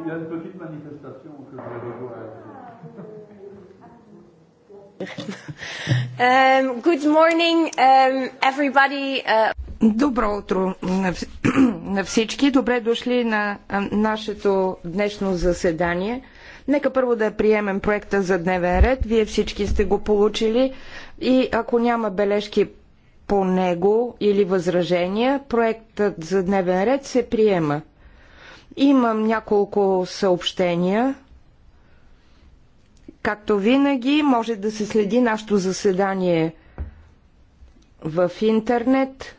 Il y a une petite manifestation que je vais voir. Um, good morning, um, everybody. Uh... Добро утро на всички. Добре дошли на нашето днешно заседание. Нека първо да приемем проекта за дневен ред. Вие всички сте го получили и ако няма бележки по него или възражения, проектът за дневен ред се приема. Имам няколко съобщения. Както винаги, може да се следи нашето заседание в интернет.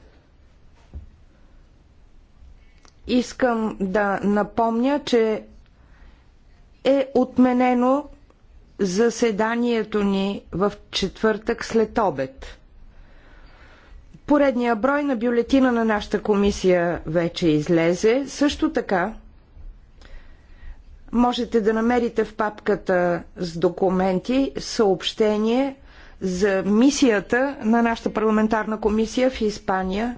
Искам да напомня, че е отменено заседанието ни в четвъртък след обед. Поредния брой на бюлетина на нашата комисия вече излезе. Също така Можете да намерите в папката с документи съобщение за мисията на нашата парламентарна комисия в Испания,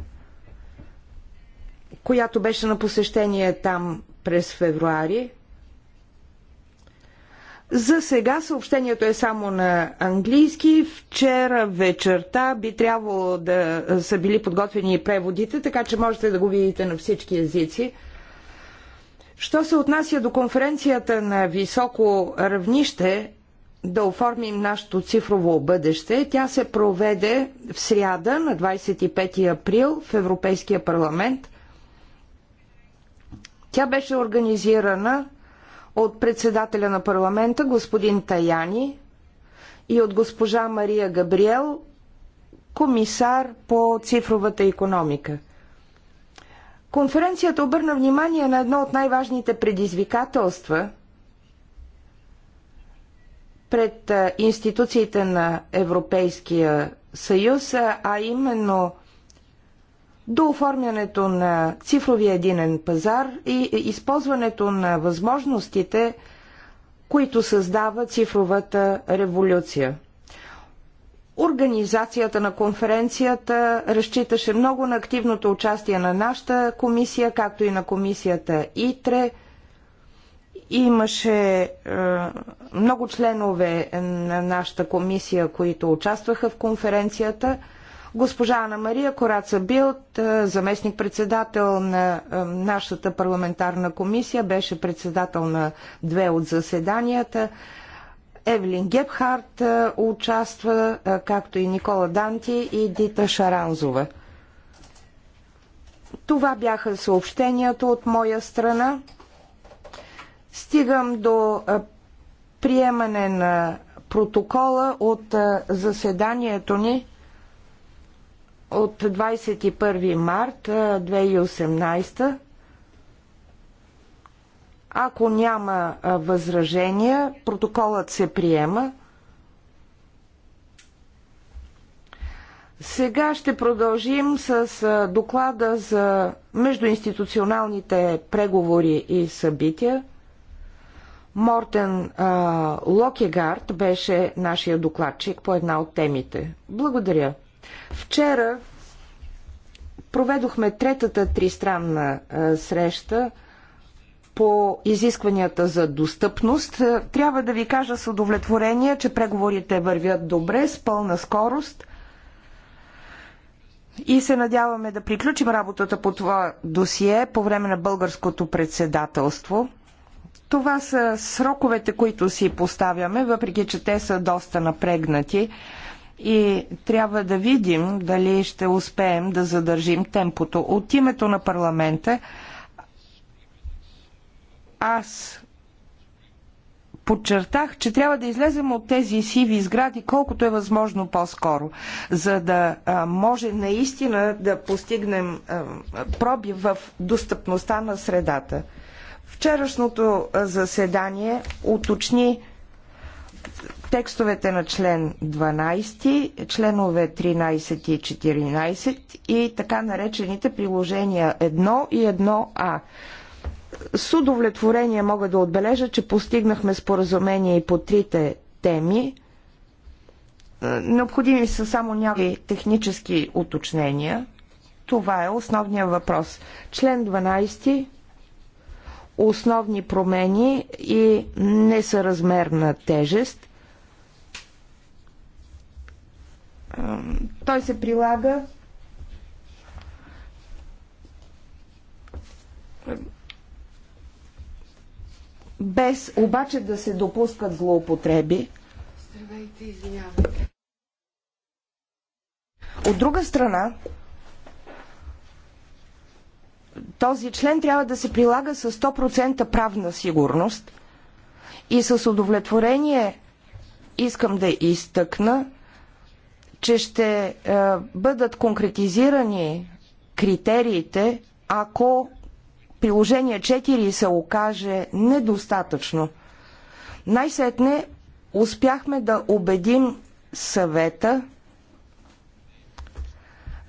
която беше на посещение там през февруари. За сега съобщението е само на английски. Вчера вечерта би трябвало да са били подготвени и преводите, така че можете да го видите на всички езици. Що се отнася до конференцията на високо равнище да оформим нашето цифрово бъдеще, тя се проведе в сряда на 25 април в Европейския парламент. Тя беше организирана от председателя на парламента господин Таяни и от госпожа Мария Габриел, комисар по цифровата економика. Конференцията обърна внимание на едно от най-важните предизвикателства пред институциите на Европейския съюз, а именно до оформянето на цифровия единен пазар и използването на възможностите, които създава цифровата революция. Организацията на конференцията разчиташе много на активното участие на нашата комисия, както и на комисията ИТРЕ. Имаше е, много членове на нашата комисия, които участваха в конференцията. Госпожа Ана Мария Кораца Билт, е, заместник-председател на е, нашата парламентарна комисия, беше председател на две от заседанията. Евлин Гепхарт е, участва, е, както и Никола Данти и Дита Шаранзова. Това бяха съобщенията от моя страна. Стигам до е, приемане на протокола от заседанието ни от 21 март 2018 ако няма възражения, протоколът се приема. Сега ще продължим с доклада за междуинституционалните преговори и събития. Мортен а, Локегард беше нашия докладчик по една от темите. Благодаря. Вчера проведохме третата тристранна а, среща – по изискванията за достъпност. Е, трябва да ви кажа с удовлетворение, че преговорите вървят добре, с пълна скорост и се надяваме да приключим работата по това досие по време на българското председателство. Това са сроковете, които си поставяме, въпреки че те са доста напрегнати и трябва да видим дали ще успеем да задържим темпото. От името на парламента аз подчертах, че трябва да излезем от тези сиви сгради колкото е възможно по-скоро, за да може наистина да постигнем проби в достъпността на средата. Вчерашното заседание уточни текстовете на член 12, членове 13 и 14 и така наречените приложения 1 и 1А. С удовлетворение мога да отбележа, че постигнахме споразумение и по трите теми. Е, необходими са само някои технически уточнения. Това е основният въпрос. Член 12. Основни промени и несъразмерна тежест. Е, той се прилага без обаче да се допускат злоупотреби. Здравейте, извинявайте. От друга страна, този член трябва да се прилага с 100% правна сигурност и с удовлетворение искам да изтъкна, че ще е, бъдат конкретизирани критериите, ако приложение 4 се окаже недостатъчно. Най-сетне успяхме да убедим съвета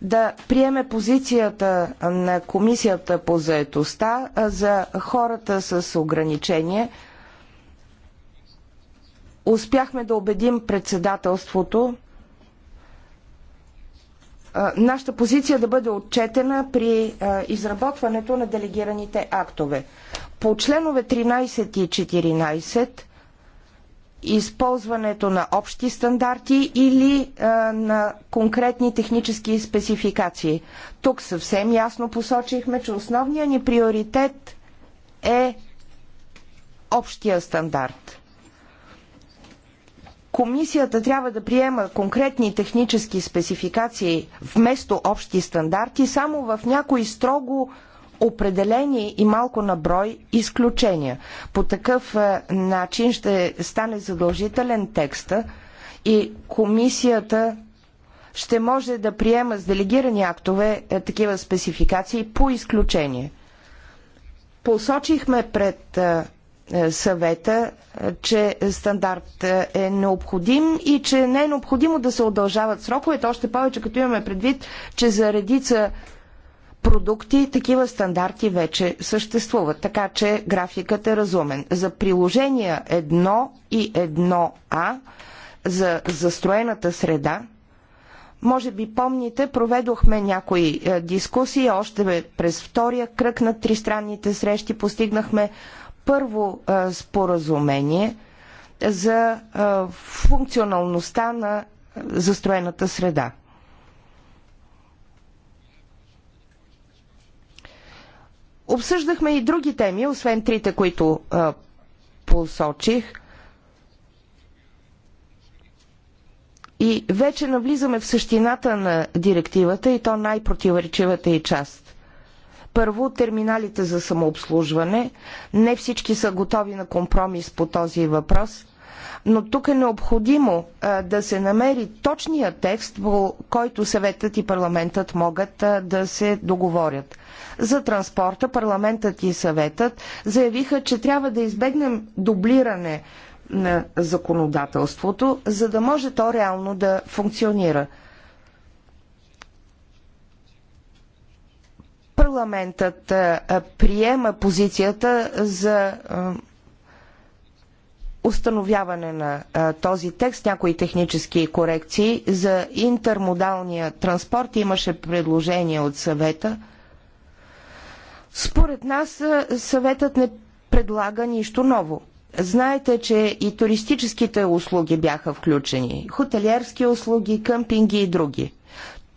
да приеме позицията на Комисията по заетостта за хората с ограничения. Успяхме да убедим председателството нашата позиция да бъде отчетена при изработването на делегираните актове. По членове 13 и 14 използването на общи стандарти или а, на конкретни технически спецификации. Тук съвсем ясно посочихме, че основният ни приоритет е общия стандарт комисията трябва да приема конкретни технически спецификации вместо общи стандарти само в някои строго определени и малко на брой изключения. По такъв е, начин ще стане задължителен текста и комисията ще може да приема с делегирани актове е, такива спецификации по изключение. Посочихме пред е, е, съвета, е, че стандарт е, е необходим и че не е необходимо да се удължават сроковете, още повече като имаме предвид, че за редица продукти такива стандарти вече съществуват, така че графикът е разумен. За приложения 1 и 1А за застроената среда, може би помните, проведохме някои дискусии още през втория кръг на тристранните срещи, постигнахме първо споразумение за функционалността на застроената среда. Обсъждахме и други теми, освен трите, които а, посочих. И вече навлизаме в същината на директивата и то най-противоречивата и част. Първо, терминалите за самообслужване. Не всички са готови на компромис по този въпрос, но тук е необходимо а, да се намери точния текст, по който съветът и парламентът могат а, да се договорят. За транспорта парламентът и съветът заявиха, че трябва да избегнем дублиране на законодателството, за да може то реално да функционира. парламентът приема позицията за установяване на този текст, някои технически корекции за интермодалния транспорт. Имаше предложение от съвета. Според нас съветът не предлага нищо ново. Знаете, че и туристическите услуги бяха включени, хотелиерски услуги, къмпинги и други.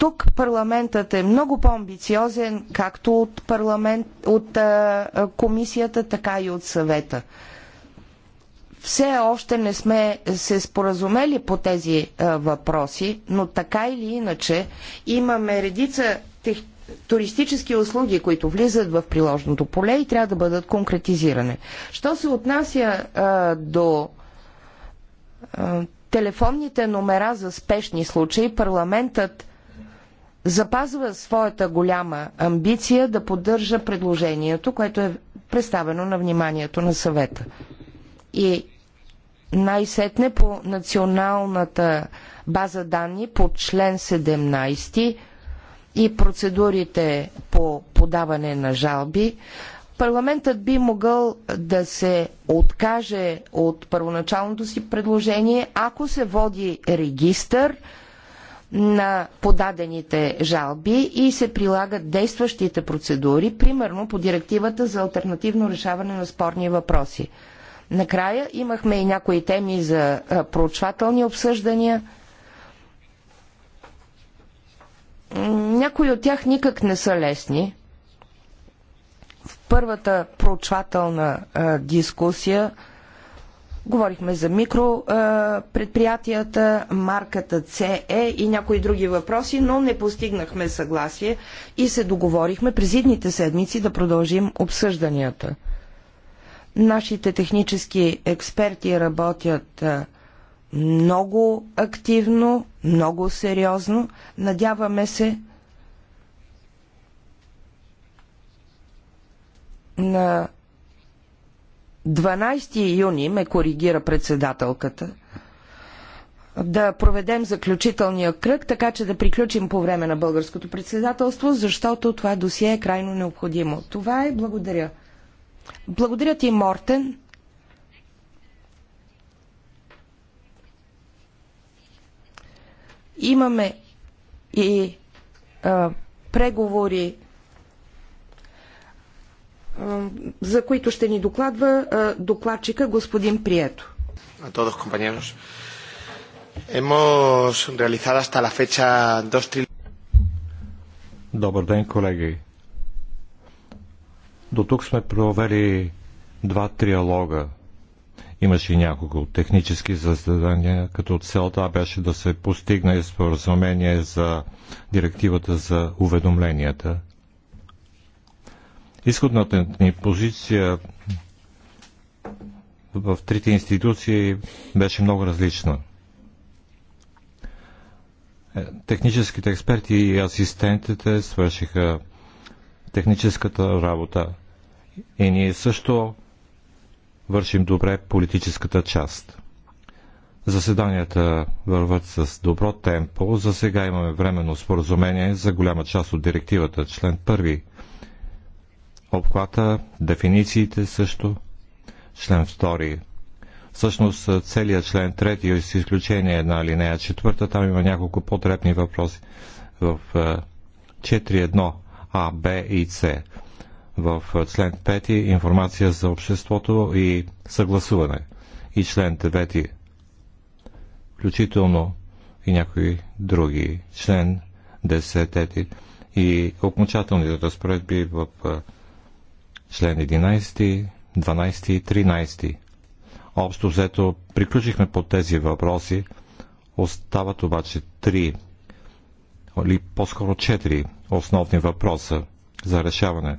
Тук парламентът е много по-амбициозен, както от, парламент, от а, комисията, така и от съвета. Все още не сме се споразумели по тези а, въпроси, но така или иначе имаме редица тех... туристически услуги, които влизат в приложното поле и трябва да бъдат конкретизирани. Що се отнася а, до телефонните номера за спешни случаи, парламентът запазва своята голяма амбиция да поддържа предложението, което е представено на вниманието на съвета. И най-сетне по националната база данни по член 17 и процедурите по подаване на жалби, парламентът би могъл да се откаже от първоначалното си предложение, ако се води регистър на подадените жалби и се прилагат действащите процедури, примерно по директивата за альтернативно решаване на спорни въпроси. Накрая имахме и някои теми за проучвателни обсъждания. Някои от тях никак не са лесни. В първата проучвателна дискусия Говорихме за микропредприятията, е, марката CE и някои други въпроси, но не постигнахме съгласие и се договорихме през идните седмици да продължим обсъжданията. Нашите технически експерти работят е, много активно, много сериозно. Надяваме се на 12 юни ме коригира председателката да проведем заключителния кръг, така че да приключим по време на българското председателство, защото това досие е крайно необходимо. Това е благодаря. Благодаря ти, Мортен. Имаме и а, преговори за които ще ни докладва докладчика господин Прието. A todos compañeros. Hemos realizado hasta la fecha dos Добър ден, колеги. До тук сме провели два триалога. Имаше и няколко технически задания, като целта беше да се постигне споразумение за директивата за уведомленията – Изходната ни позиция в трите институции беше много различна. Е, техническите експерти и асистентите свършиха техническата работа и ние също вършим добре политическата част. Заседанията върват с добро темпо. За сега имаме временно споразумение за голяма част от директивата, член обхвата, дефинициите също, член 2. Всъщност целият член 3 с изключение една линея 4, там има няколко потребни въпроси в 4.1 е, А, Б и С. В е, член 5 информация за обществото и съгласуване. И член 9 включително и някои други. Член 10 и окончателните разпоредби в е, член 11, 12 и 13. Общо взето приключихме по тези въпроси. Остават обаче три или по-скоро четири основни въпроса за решаване.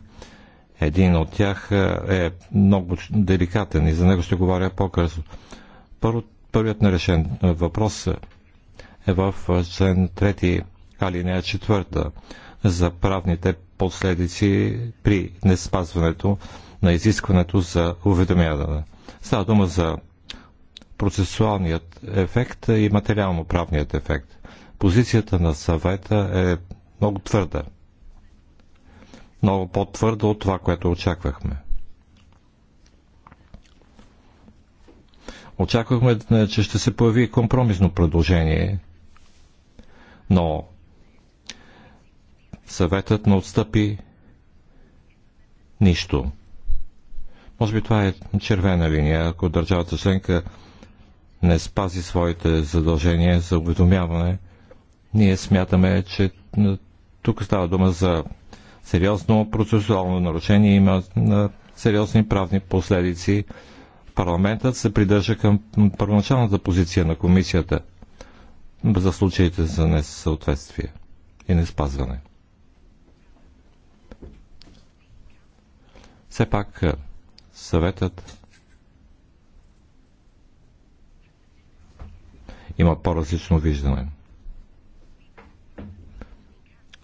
Един от тях е, е много деликатен и за него ще говоря по-късно. Първо, първият нерешен е, въпрос е в е, член 3, алинея 4 за правните последици при неспазването на изискването за уведомяване. Става дума за процесуалният ефект и материално-правният ефект. Позицията на съвета е много твърда. Много по-твърда от това, което очаквахме. Очаквахме, е, че ще се появи компромисно предложение, но Съветът не отстъпи нищо. Може би това е червена линия, ако държавата членка не спази своите задължения за уведомяване. Ние смятаме, че тук става дума за сериозно процесуално нарушение, има сериозни правни последици. Парламентът се придържа към първоначалната позиция на комисията за случаите за несъответствие и неспазване. Все пак е, съветът има по-различно виждане.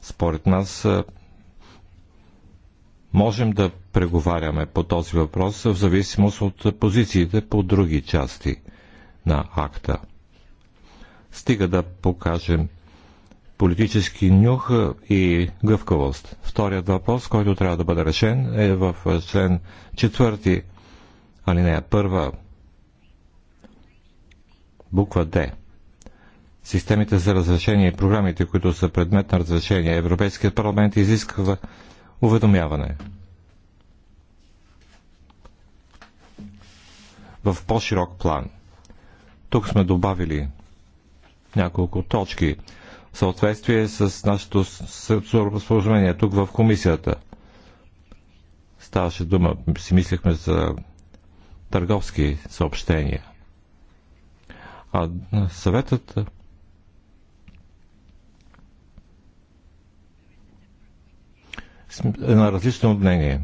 Според нас е, можем да преговаряме по този въпрос в зависимост от позициите по други части на акта. Стига да покажем политически нюх и гъвкавост. Вторият въпрос, който трябва да бъде решен, е в е, член 4, алинея 1, буква Д. Системите за разрешение и програмите, които са предмет на разрешение, Европейският парламент изисква уведомяване. В по-широк план. Тук сме добавили няколко точки – съответствие с нашето споразумение тук в комисията. Ставаше дума, си мислехме за търговски съобщения. А съветът е на различно мнение.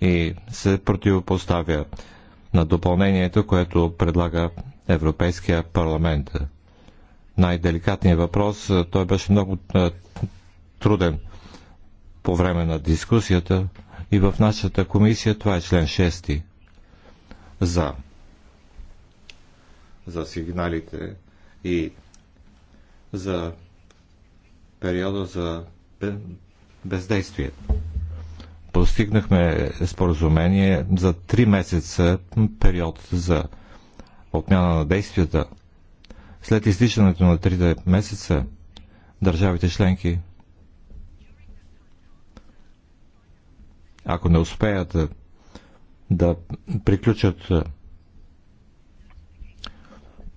И се противопоставя на допълнението, което предлага Европейския парламент. Най-деликатният въпрос, той беше много труден по време на дискусията и в нашата комисия, това е член 6 за, за сигналите и за периода за бездействие. Постигнахме споразумение за 3 месеца период за отмяна на действията. След изтичането на трите месеца, държавите членки, ако не успеят е, да приключат е,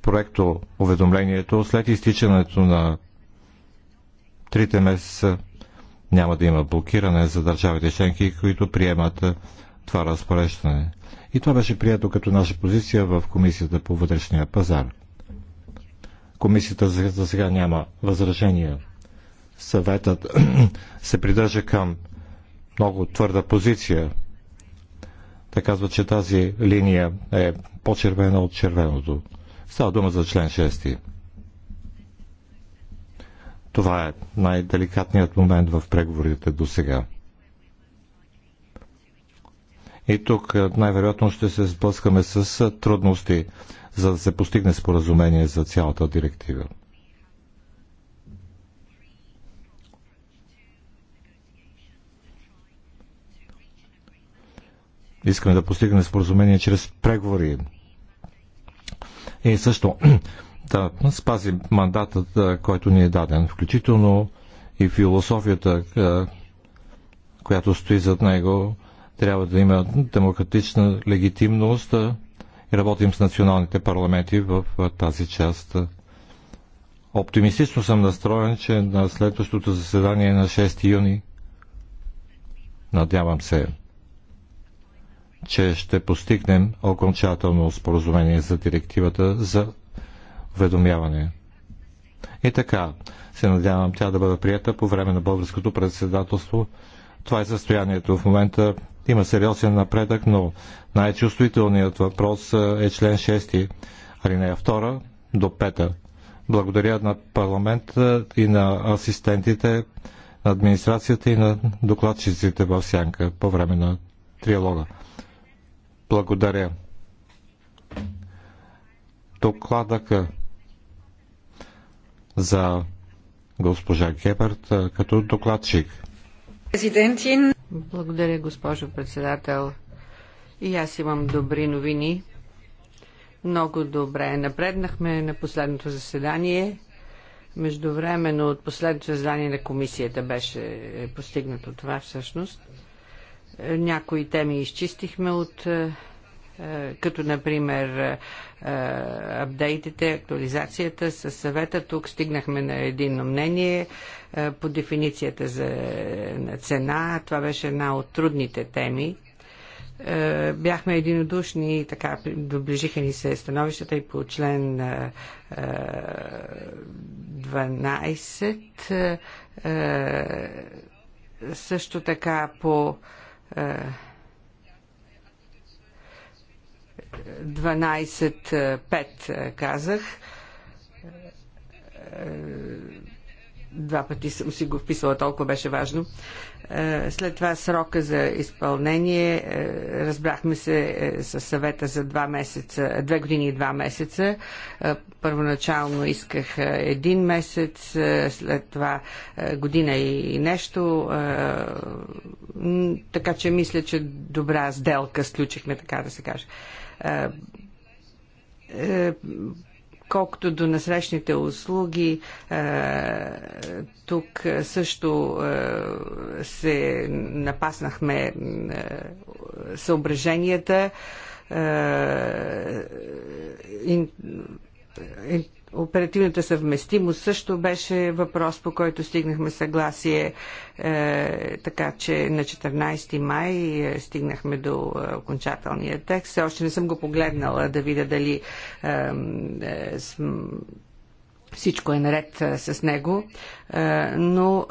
проекто уведомлението, след изтичането на трите месеца няма да има блокиране за държавите членки, които приемат е, това разпореждане. И това беше прието като наша позиция в Комисията по вътрешния пазар. Комисията за сега няма възражения. Съветът се придържа към много твърда позиция. Та казва, че тази линия е по-червена от червеното. Става дума за член 6. Това е най-деликатният момент в преговорите до сега. И тук е, най-вероятно ще се сблъскаме с е, трудности, за да се постигне споразумение за цялата директива. Искаме да постигнем споразумение чрез преговори. И също да спазим мандатът, е, който ни е даден, включително и философията, която стои зад него, трябва да има демократична легитимност и работим с националните парламенти в тази част. Оптимистично съм настроен, че на следващото заседание на 6 юни надявам се, че ще постигнем окончателно споразумение за директивата за уведомяване. И така, се надявам тя да бъде прията по време на българското председателство. Това е състоянието в момента. Има сериозен напредък, но най-чувствителният въпрос е член 6, алинея 2 до 5. Благодаря на парламента и на асистентите, на администрацията и на докладчиците в Сянка по време на триалога. Благодаря. Докладъка за госпожа Гебърт като докладчик. Президентин. Благодаря, госпожо председател. И аз имам добри новини. Много добре напреднахме на последното заседание. Междувременно от последното заседание на комисията беше постигнато това всъщност. Някои теми изчистихме от е, е, като например е, е, апдейтите, актуализацията с съвета. Тук стигнахме на едно мнение по дефиницията за цена. Това беше една от трудните теми. Бяхме единодушни и така доближиха ни се становищата и по член 12. Също така по 12.5 е, казах. Е, два пъти съм си го вписала, толкова беше важно. Е, след това срока за изпълнение. Разбрахме се със съвета за два месеца, две години и два месеца. Първоначално исках един месец, след това година и нещо. Така че мисля, че добра сделка сключихме, така да се каже. Е, колкото до насрещните услуги, тук също се напаснахме съображенията Оперативната съвместимост също беше въпрос, по който стигнахме съгласие, е, така че на 14 май е, стигнахме до е, окончателния текст. Все още не съм го погледнала да видя дали е, е, с, всичко е наред е, с него, но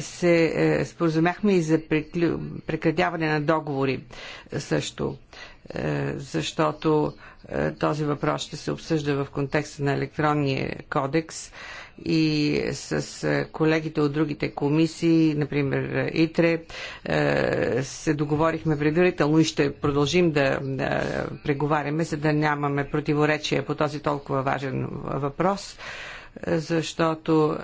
се споразумяхме и за прекратяване на договори също. Е, защото е, този въпрос ще се обсъжда в контекста на електронния кодекс и с е, колегите от другите комисии, например ИТРЕ, се договорихме предварително и ще продължим да преговаряме, за да нямаме противоречия по този толкова важен въпрос, защото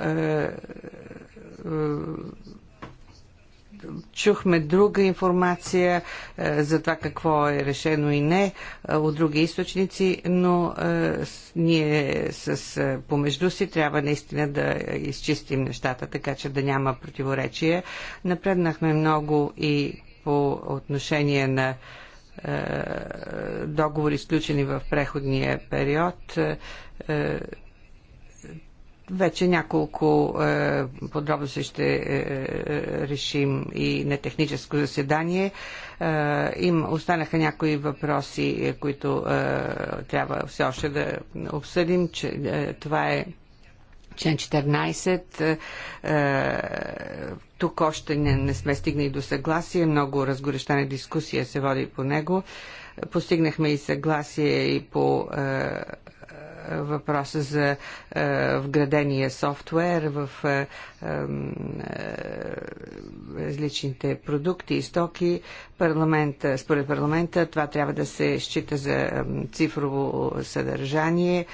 чухме друга информация е, за това какво е решено и не е, от други източници, но е, ние с помежду си трябва наистина да изчистим нещата, така че да няма противоречие. Напреднахме много и по отношение на договори, изключени в преходния период вече няколко е, подробности ще е, е, решим и на техническо заседание. Е, им останаха някои въпроси, е, които е, трябва все още да обсъдим. Че, е, това е член 14. Е, е, тук още не, не сме стигнали до съгласие. Много разгорещана дискусия се води по него. Постигнахме и съгласие и по е, въпроса за е, вградения софтуер в е, е, различните продукти и стоки. Парламента, според парламента това трябва да се счита за цифрово съдържание.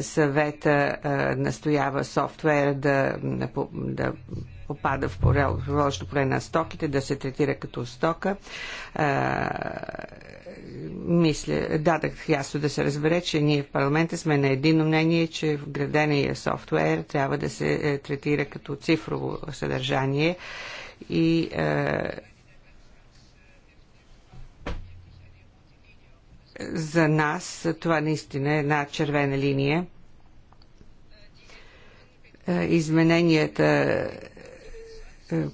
Съвета настоява софтуер да, да попада в приложното поле на стоките, да се третира като стока мисля, дадах ясно да се разбере, че ние в парламента сме на едино мнение, че вградения софтуер трябва да се е, третира като цифрово съдържание и е, за нас това наистина е една червена линия. Е, измененията е,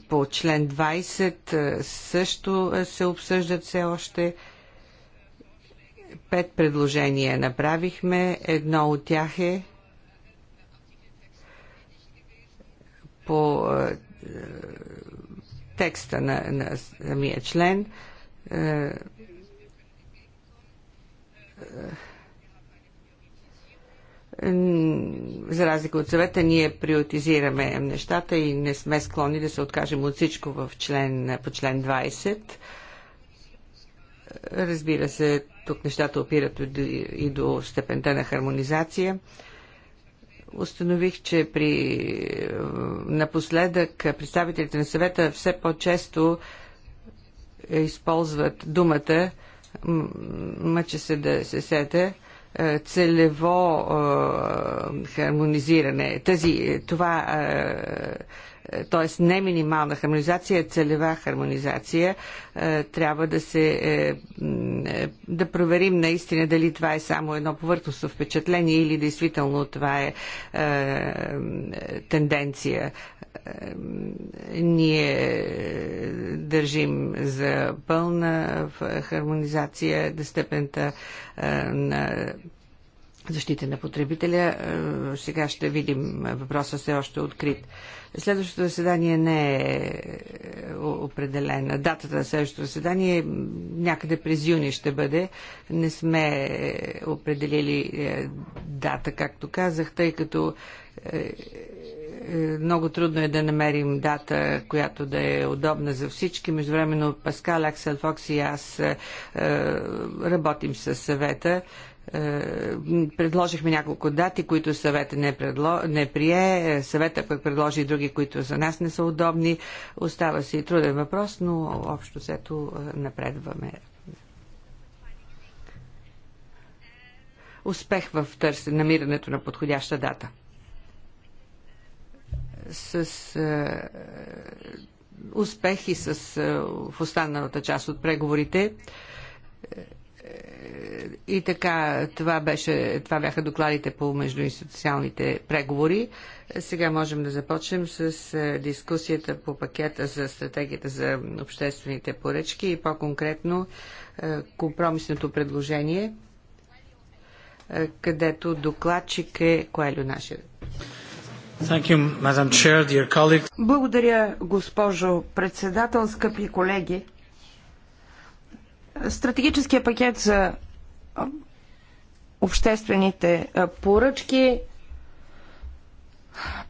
по член 20 също се обсъждат все още. Пет предложения направихме. Едно от тях е по е, текста на, на самия член. Е, е, за разлика от съвета, ние приоритизираме нещата и не сме склонни да се откажем от всичко в член, по член 20. Разбира се, тук нещата опират и до степента на хармонизация. Установих, че при, е, напоследък представителите на съвета все по-често е, използват думата, мъча се да се сете, е, целево хармонизиране. Тази, това е, т.е. не минимална хармонизация, целева хармонизация. Е, трябва да се е, е, да проверим наистина дали това е само едно повърхностно впечатление или действително това е тенденция. Ние държим за пълна хармонизация до степента на защита на потребителя. Е, сега ще видим, въпроса все още открит. Следващото заседание не е, е определена. Датата на следващото заседание някъде през юни ще бъде. Не сме е, определили дата, както казах, тъй като много трудно е да намерим дата, която да е удобна за всички. Междувременно Паскал, Аксел Фокс и аз работим с съвета е, предложихме няколко дати, които съвета не, предло... не прие. Е, съвета пък предложи други, които за нас не са удобни. Остава си труден въпрос, но общо сето е, напредваме. Успех в търсен, намирането на подходяща дата. С успех и с, в останалата част от преговорите и така, това, беше, това бяха докладите по междуинституционалните преговори. Сега можем да започнем с е, дискусията по пакета за стратегията за обществените поръчки и по-конкретно е, компромисното предложение, е, където докладчик е Коелю Нашев. You, Chair, Благодаря, госпожо председател, скъпи колеги. Стратегическия пакет за обществените поръчки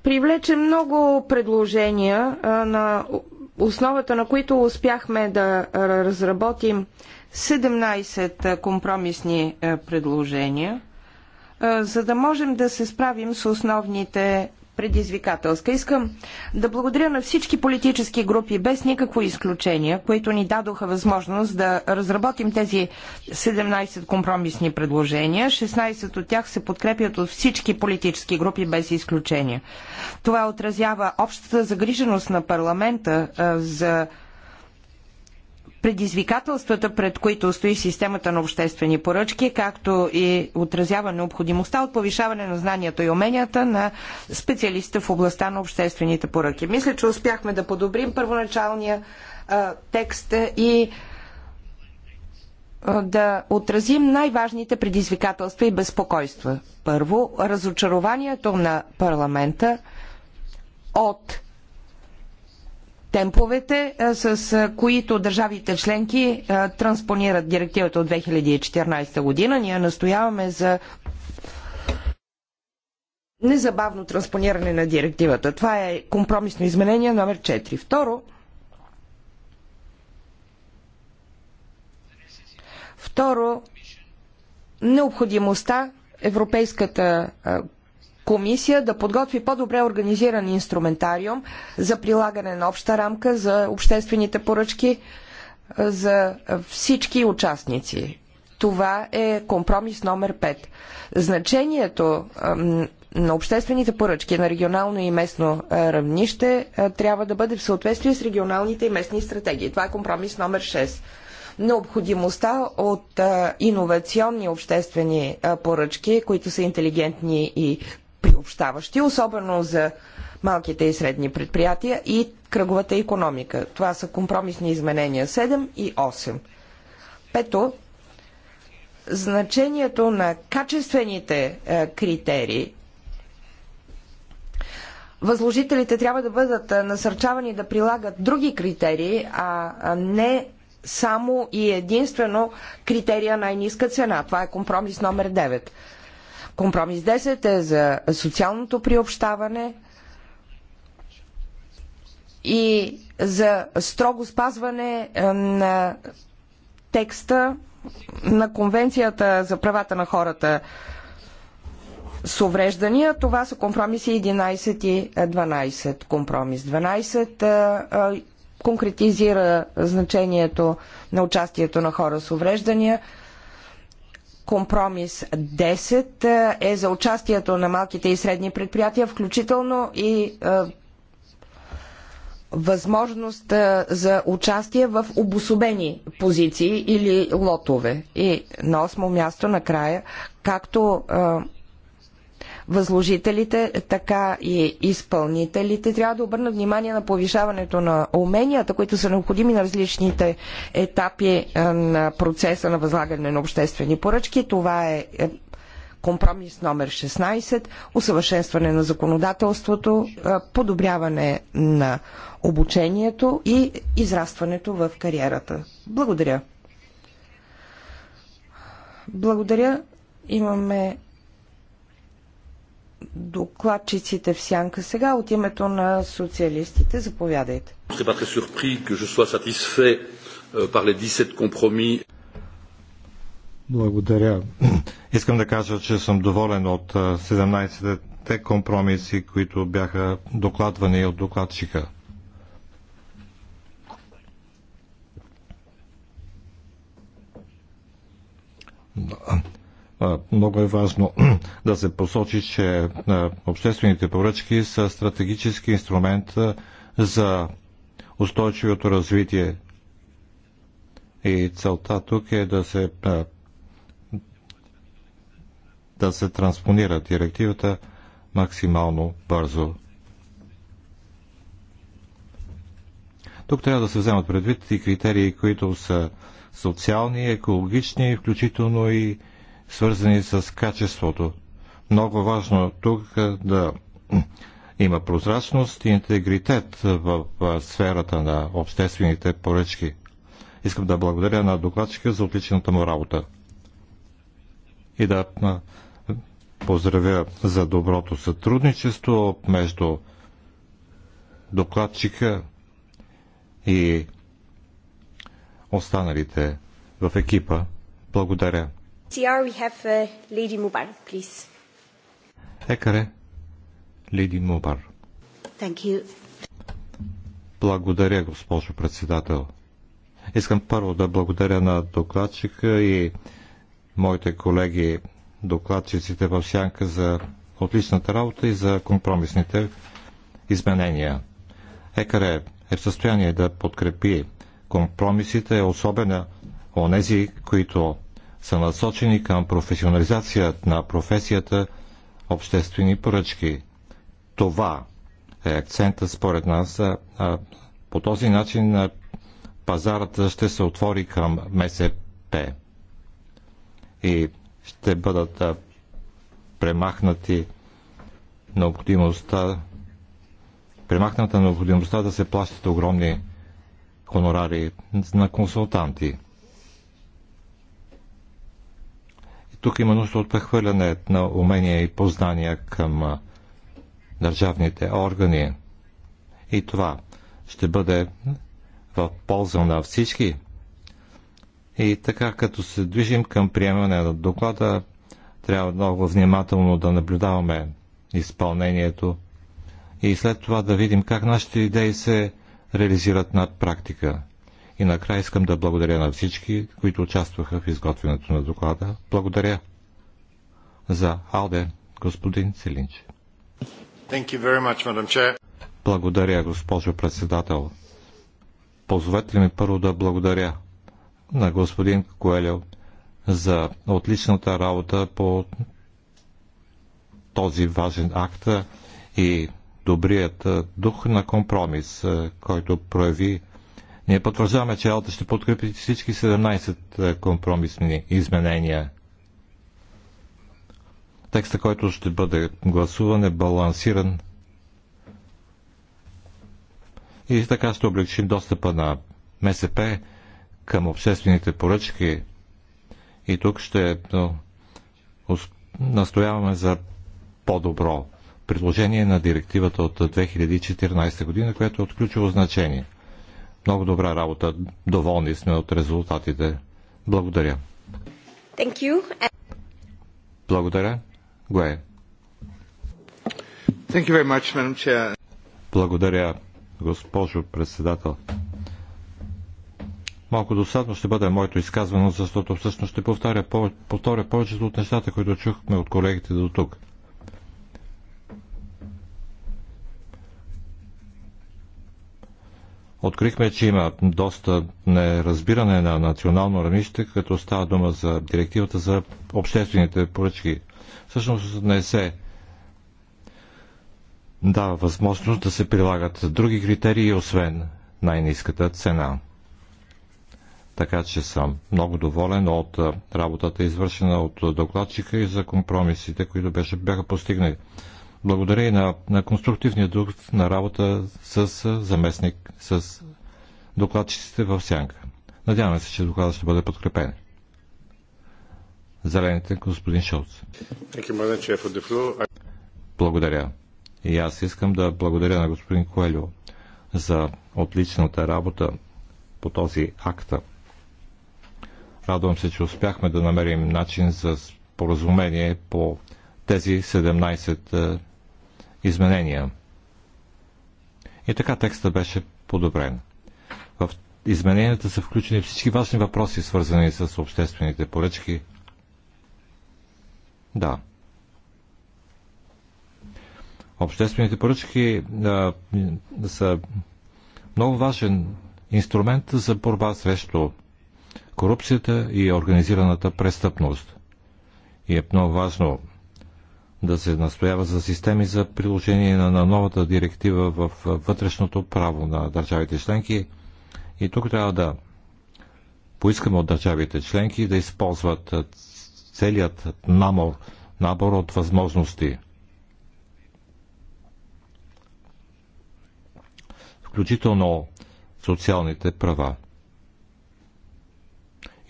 привлече много предложения, на основата на които успяхме да разработим 17 компромисни предложения, за да можем да се справим с основните предизвикателска. Искам да благодаря на всички политически групи, без никакво изключение, които ни дадоха възможност да разработим тези 17 компромисни предложения. 16 от тях се подкрепят от всички политически групи, без изключение. Това отразява общата загриженост на парламента за предизвикателствата, пред които стои системата на обществени поръчки, както и отразява необходимостта от повишаване на знанията и уменията на специалистите в областта на обществените поръчки. Мисля, че успяхме да подобрим първоначалния а, текст и да отразим най-важните предизвикателства и безпокойства. Първо, разочарованието на парламента от темповете, е, с е, които държавите членки е, транспонират директивата от 2014 година. Ние настояваме за незабавно транспониране на директивата. Това е компромисно изменение номер 4. Второ, второ необходимостта Европейската комисия да подготви по-добре организиран инструментариум за прилагане на обща рамка за обществените поръчки за всички участници. Това е компромис номер 5. Значението на обществените поръчки на регионално и местно равнище трябва да бъде в съответствие с регионалните и местни стратегии. Това е компромис номер 6 необходимостта от иновационни обществени поръчки, които са интелигентни и приобщаващи, особено за малките и средни предприятия и кръговата економика. Това са компромисни изменения 7 и 8. Пето, значението на качествените е, критерии. Възложителите трябва да бъдат е, насърчавани да прилагат други критерии, а не само и единствено критерия най-низка цена. Това е компромис номер 9. Компромис 10 е за социалното приобщаване и за строго спазване е, на текста на Конвенцията за правата на хората с увреждания. Това са компромиси 11 и 12. Компромис 12 е, е, конкретизира значението на участието на хора с увреждания – Компромис 10 е, е за участието на малките и средни предприятия, включително и е, възможност е, за участие в обособени позиции или лотове. И на осмо място накрая, както възложителите, така и изпълнителите трябва да обърнат внимание на повишаването на уменията, които са необходими на различните етапи на процеса на възлагане на обществени поръчки. Това е, е компромис номер 16, усъвършенстване на законодателството, подобряване на обучението и израстването в кариерата. Благодаря. Благодаря. Имаме докладчиците в сянка. Сега от името на социалистите, заповядайте. Euh, Благодаря. Искам да кажа, че съм доволен от 17-те компромиси, които бяха докладвани от докладчика. Да. Много е важно да се посочи, че обществените поръчки са стратегически инструмент за устойчивото развитие. И целта тук е да се да се транспонира директивата максимално бързо. Тук трябва да се вземат предвид и критерии, които са социални, екологични, включително и свързани с качеството. Много важно тук е да има прозрачност и интегритет в сферата на обществените поръчки. Искам да благодаря на докладчика за отличната му работа и да поздравя за доброто сътрудничество между докладчика и останалите в екипа. Благодаря. CR we have uh, Lady Mubar, please. Екаре, Мубар. Thank you. Благодаря, госпожо председател. Искам първо да благодаря на докладчика и моите колеги докладчиците в Сянка за отличната работа и за компромисните изменения. Екаре е в състояние да подкрепи компромисите, особено онези, които са насочени към професионализацията на професията обществени поръчки. Това е акцента според нас. По този начин пазарът ще се отвори към МСП и ще бъдат премахнати необходимостта премахната необходимостта да се плащат огромни хонорари на консултанти. Тук има нужда от прехвърляне на умения и познания към държавните органи. И това ще бъде в полза на всички. И така, като се движим към приемане на доклада, трябва много внимателно да наблюдаваме изпълнението и след това да видим как нашите идеи се реализират на практика. И накрая искам да благодаря на всички, които участваха в изготвянето на доклада. Благодаря за Алде, господин Селинч. Much, благодаря, госпожо председател. Позволете ли ми първо да благодаря на господин Коелев за отличната работа по този важен акт и добрият дух на компромис, който прояви ние потвърждаваме, че Алта ще подкрепи всички 17 е, компромисни изменения. Текста, който ще бъде гласуван е балансиран и така ще облегчим достъпа на МСП към обществените поръчки. И тук ще настояваме за по-добро предложение на директивата от 2014 е, година, което е от ключово значение – много добра работа. Доволни сме от резултатите. Благодаря. Thank you. Благодаря. Гое. Thank you very much, Madam Chair. Благодаря, госпожо председател. Малко досадно ще бъде моето изказване, защото всъщност ще повторя, повторя повечето от нещата, които чухме от колегите до тук. Открихме, че има доста неразбиране на национално равнище, като става дума за директивата за обществените поръчки. Всъщност не се дава възможност да се прилагат други критерии, освен най-низката цена. Така че съм много доволен от работата, извършена от докладчика и за компромисите, които беше, бяха постигнали. Благодаря и на, на конструктивния дух на работа с заместник, с докладчиците в сянка. Надяваме се, че докладът ще бъде подкрепен. Зелените, господин Шолц. Благодаря. И аз искам да благодаря на господин Коелю за отличната работа по този акта. Радвам се, че успяхме да намерим начин за споразумение по тези 17 изменения. И така текста беше подобрен. В измененията са включени всички важни въпроси, свързани с обществените поръчки. Да. Обществените поръчки а, са много важен инструмент за борба срещу корупцията и организираната престъпност. И е много важно да се настоява за системи за приложение на, на новата директива в вътрешното право на държавите членки. И тук трябва да поискаме от държавите членки да използват целият намор, набор от възможности. Включително социалните права.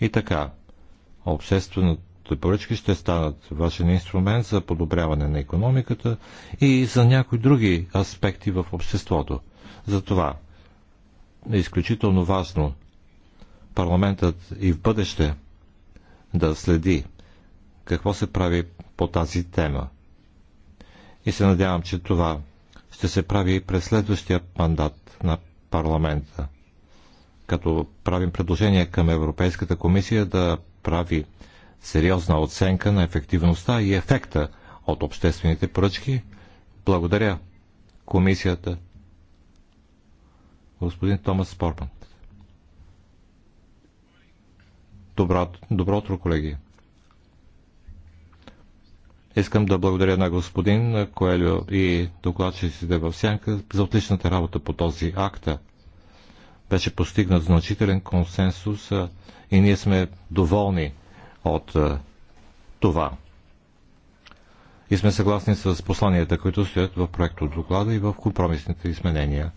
И така, общественото поръчки ще станат важен инструмент за подобряване на економиката и за някои други аспекти в обществото. Затова е изключително важно парламентът и в бъдеще да следи какво се прави по тази тема. И се надявам, че това ще се прави и през следващия мандат на парламента. Като правим предложение към Европейската комисия да прави сериозна оценка на ефективността и ефекта от обществените поръчки. Благодаря комисията. Господин Томас Спорман. Добро, добро утро, колеги. Искам да благодаря на господин Коелю и докладчиците в Сянка за отличната работа по този акт. Беше постигнат значителен консенсус и ние сме доволни от е, това. И сме съгласни с посланията, които стоят в от доклада и в компромисните изменения.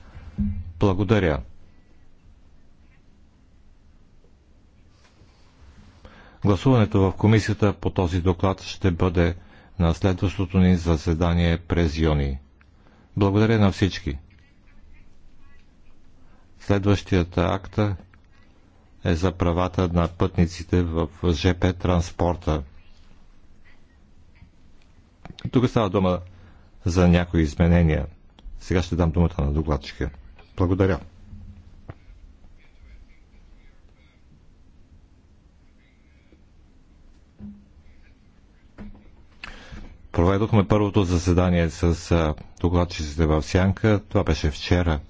Благодаря. Гласуването в комисията по този доклад ще бъде на следващото ни заседание през юни. Благодаря на всички. Следващията акта е за правата на пътниците в ЖП транспорта. Тук става дума за някои изменения. Сега ще дам думата на докладчика. Благодаря. Проведохме първото заседание с докладчиците в Сянка. Това беше вчера.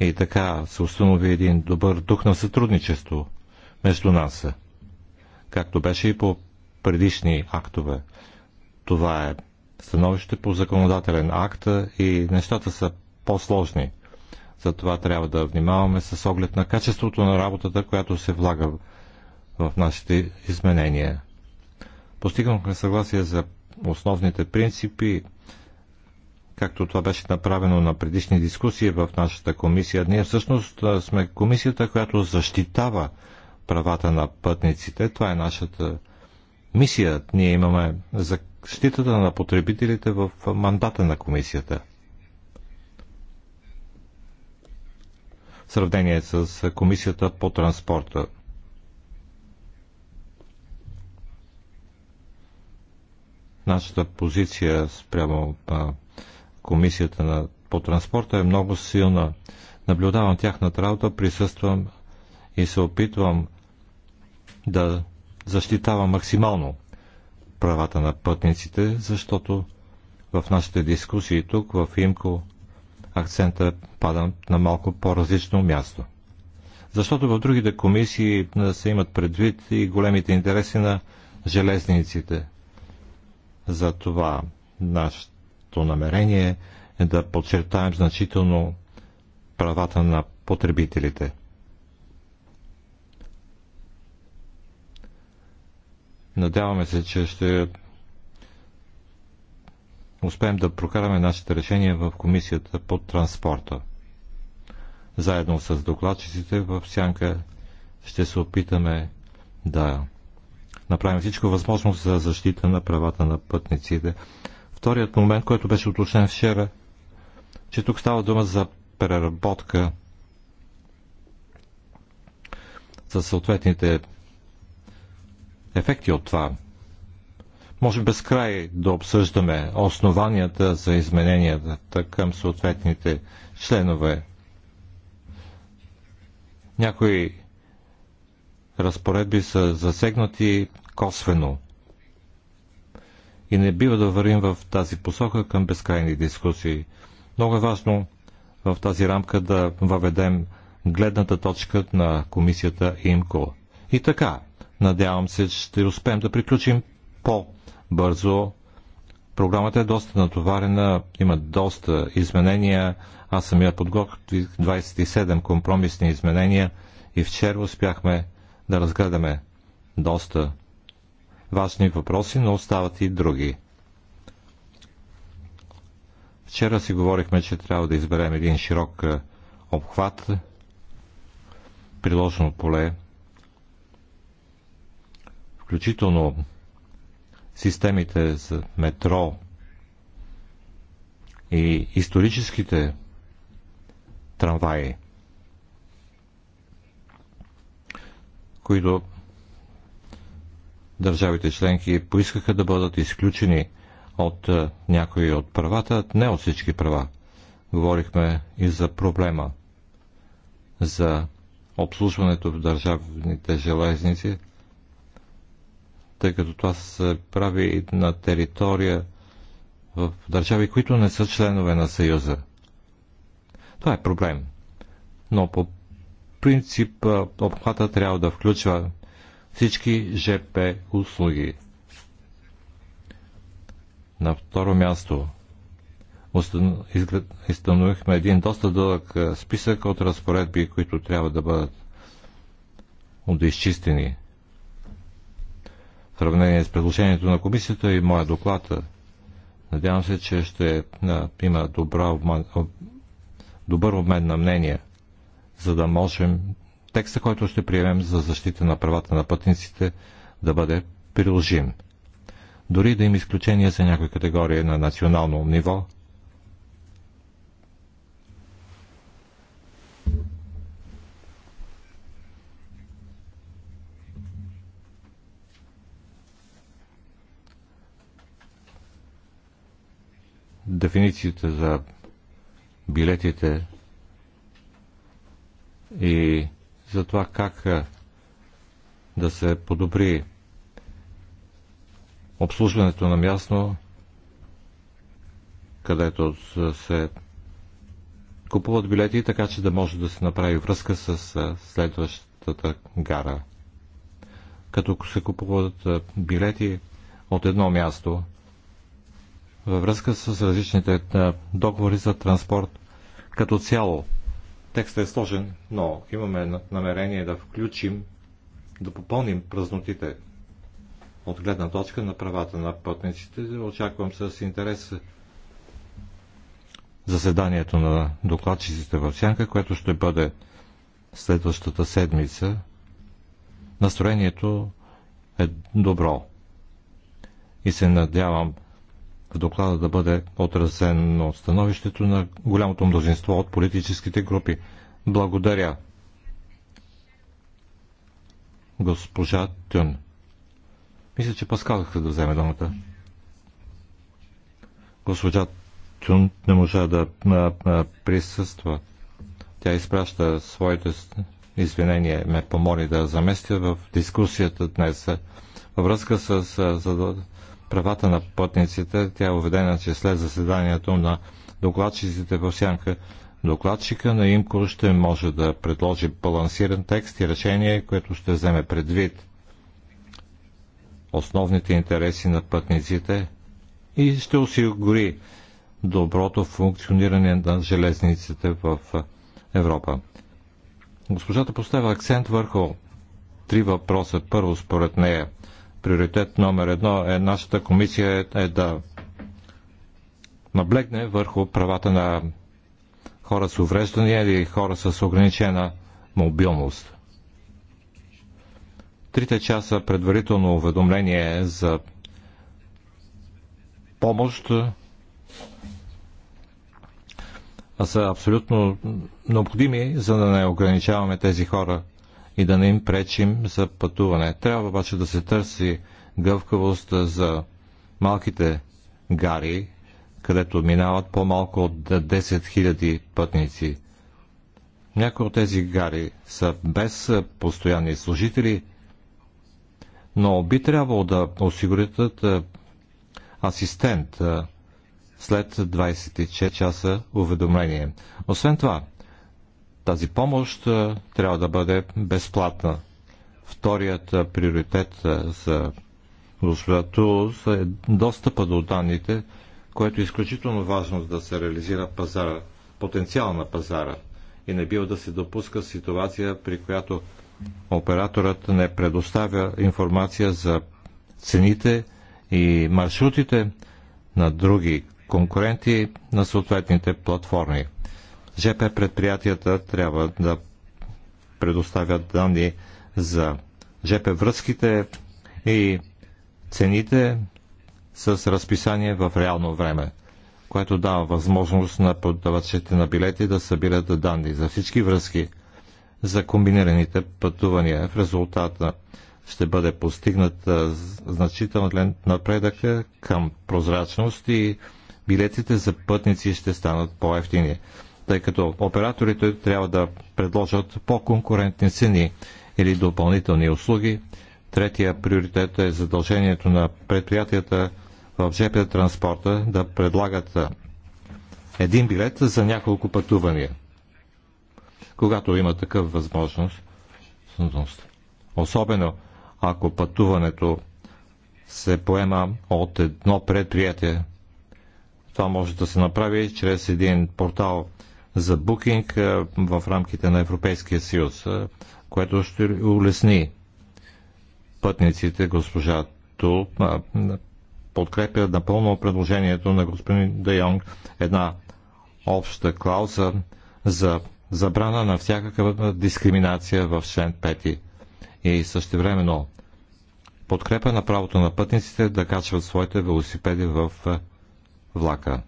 И така се установи един добър дух на сътрудничество между нас, както беше и по предишни актове. Това е становище по законодателен акт и нещата са по-сложни. Затова трябва да внимаваме с оглед на качеството на работата, която се влага в нашите изменения. Постигнахме съгласие за основните принципи както това беше направено на предишни дискусии в нашата комисия. Ние всъщност сме комисията, която защитава правата на пътниците. Това е нашата мисия. Ние имаме защитата на потребителите в мандата на комисията. В сравнение с комисията по транспорта. Нашата позиция спрямо комисията на, по транспорта е много силна. Наблюдавам тяхната работа, присъствам и се опитвам да защитавам максимално правата на пътниците, защото в нашите дискусии тук в ИМКО акцента пада на малко по-различно място. Защото в другите комисии се имат предвид и големите интереси на железниците. Затова наш Нашето намерение е да подчертаем значително правата на потребителите. Надяваме се, че ще успеем да прокараме нашите решения в комисията по транспорта. Заедно с докладчиците в Сянка ще се опитаме да направим всичко възможно за защита на правата на пътниците. Вторият момент, който беше уточнен вчера, че тук става дума за преработка за съответните ефекти от това. Може без край да обсъждаме основанията за измененията към съответните членове. Някои разпоредби са засегнати косвено – и не бива да вървим в тази посока към безкрайни дискусии. Много е важно в тази рамка да въведем гледната точка на комисията ИМКО. И така, надявам се, ще успеем да приключим по-бързо. Програмата е доста натоварена, има доста изменения. Аз самия подготвих 27 компромисни изменения и вчера успяхме да разгледаме доста важни въпроси, но остават и други. Вчера си говорихме, че трябва да изберем един широк е, обхват, приложено поле, включително системите за метро и историческите трамваи, които държавите членки поискаха да бъдат изключени от е, някои от правата, не от всички права. Говорихме и за проблема за обслужването в държавните железници, тъй като това се прави на територия в държави, които не са членове на Съюза. Това е проблем. Но по принцип е, обхвата трябва да включва всички ЖП услуги. На второ място изстановихме един доста дълъг списък от разпоредби, които трябва да бъдат изчистени. В сравнение с предложението на комисията и моя доклад, надявам се, че ще има добра добър обмен на мнения, за да можем текста, който ще приемем за защита на правата на пътниците, да бъде приложим. Дори да има изключения за някои категории на национално ниво, дефиницията за билетите и за това как да се подобри обслужването на място, където се купуват билети, така че да може да се направи връзка с следващата гара. Като се купуват билети от едно място, във връзка с различните договори за транспорт, като цяло Текстът е сложен, но имаме намерение да включим, да попълним празнотите от гледна точка на правата на пътниците. Очаквам с интерес заседанието на докладчиците в Сянка, което ще бъде следващата седмица. Настроението е добро и се надявам в доклада да бъде отразено становището на голямото мнозинство от политическите групи. Благодаря. Госпожа Тюн. Мисля, че Паскал да вземе думата. Госпожа Тюн не можа да присъства. Тя изпраща своите извинения. Ме помоли да заместя в дискусията днес във връзка с правата на пътниците. Тя е уведена, че след заседанието на докладчиците в Сянка, докладчика на Имко ще може да предложи балансиран текст и решение, което ще вземе предвид основните интереси на пътниците и ще осигури доброто функциониране на железниците в Европа. Госпожата поставя акцент върху три въпроса. Първо, според нея – приоритет номер едно е нашата комисия е, е да наблегне върху правата на хора с увреждания или хора с ограничена мобилност. Трите часа предварително уведомление за помощ са абсолютно необходими, за да не ограничаваме тези хора и да не им пречим за пътуване. Трябва обаче да се търси гъвкавост за малките гари, където минават по-малко от 10 000 пътници. Някои от тези гари са без постоянни служители, но би трябвало да осигурят е, асистент е, след 24 часа уведомление. Освен това, тази помощ трябва да бъде безплатна. Вторият приоритет за госпожа Тулус е достъпа до данните, което е изключително важно да се реализира пазара, потенциал на пазара и не бива да се допуска ситуация, при която операторът не предоставя информация за цените и маршрутите на други конкуренти на съответните платформи. ЖП предприятията трябва да предоставят данни за ЖП връзките и цените с разписание в реално време, което дава възможност на продавачите на билети да събират данни за всички връзки за комбинираните пътувания. В резултата ще бъде постигнат значителен напредък към прозрачност и билетите за пътници ще станат по-ефтини тъй като операторите трябва да предложат по-конкурентни цени или допълнителни услуги. Третия приоритет е задължението на предприятията в ЖП транспорта да предлагат един билет за няколко пътувания, когато има такъв възможност. Особено ако пътуването се поема от едно предприятие. Това може да се направи чрез един портал за букинг в рамките на Европейския съюз, което ще улесни пътниците. Госпожа Тул подкрепя напълно предложението на господин Де Йонг една обща клауза за забрана на всякаква дискриминация в член 5 и същевременно подкрепа на правото на пътниците да качват своите велосипеди в влака.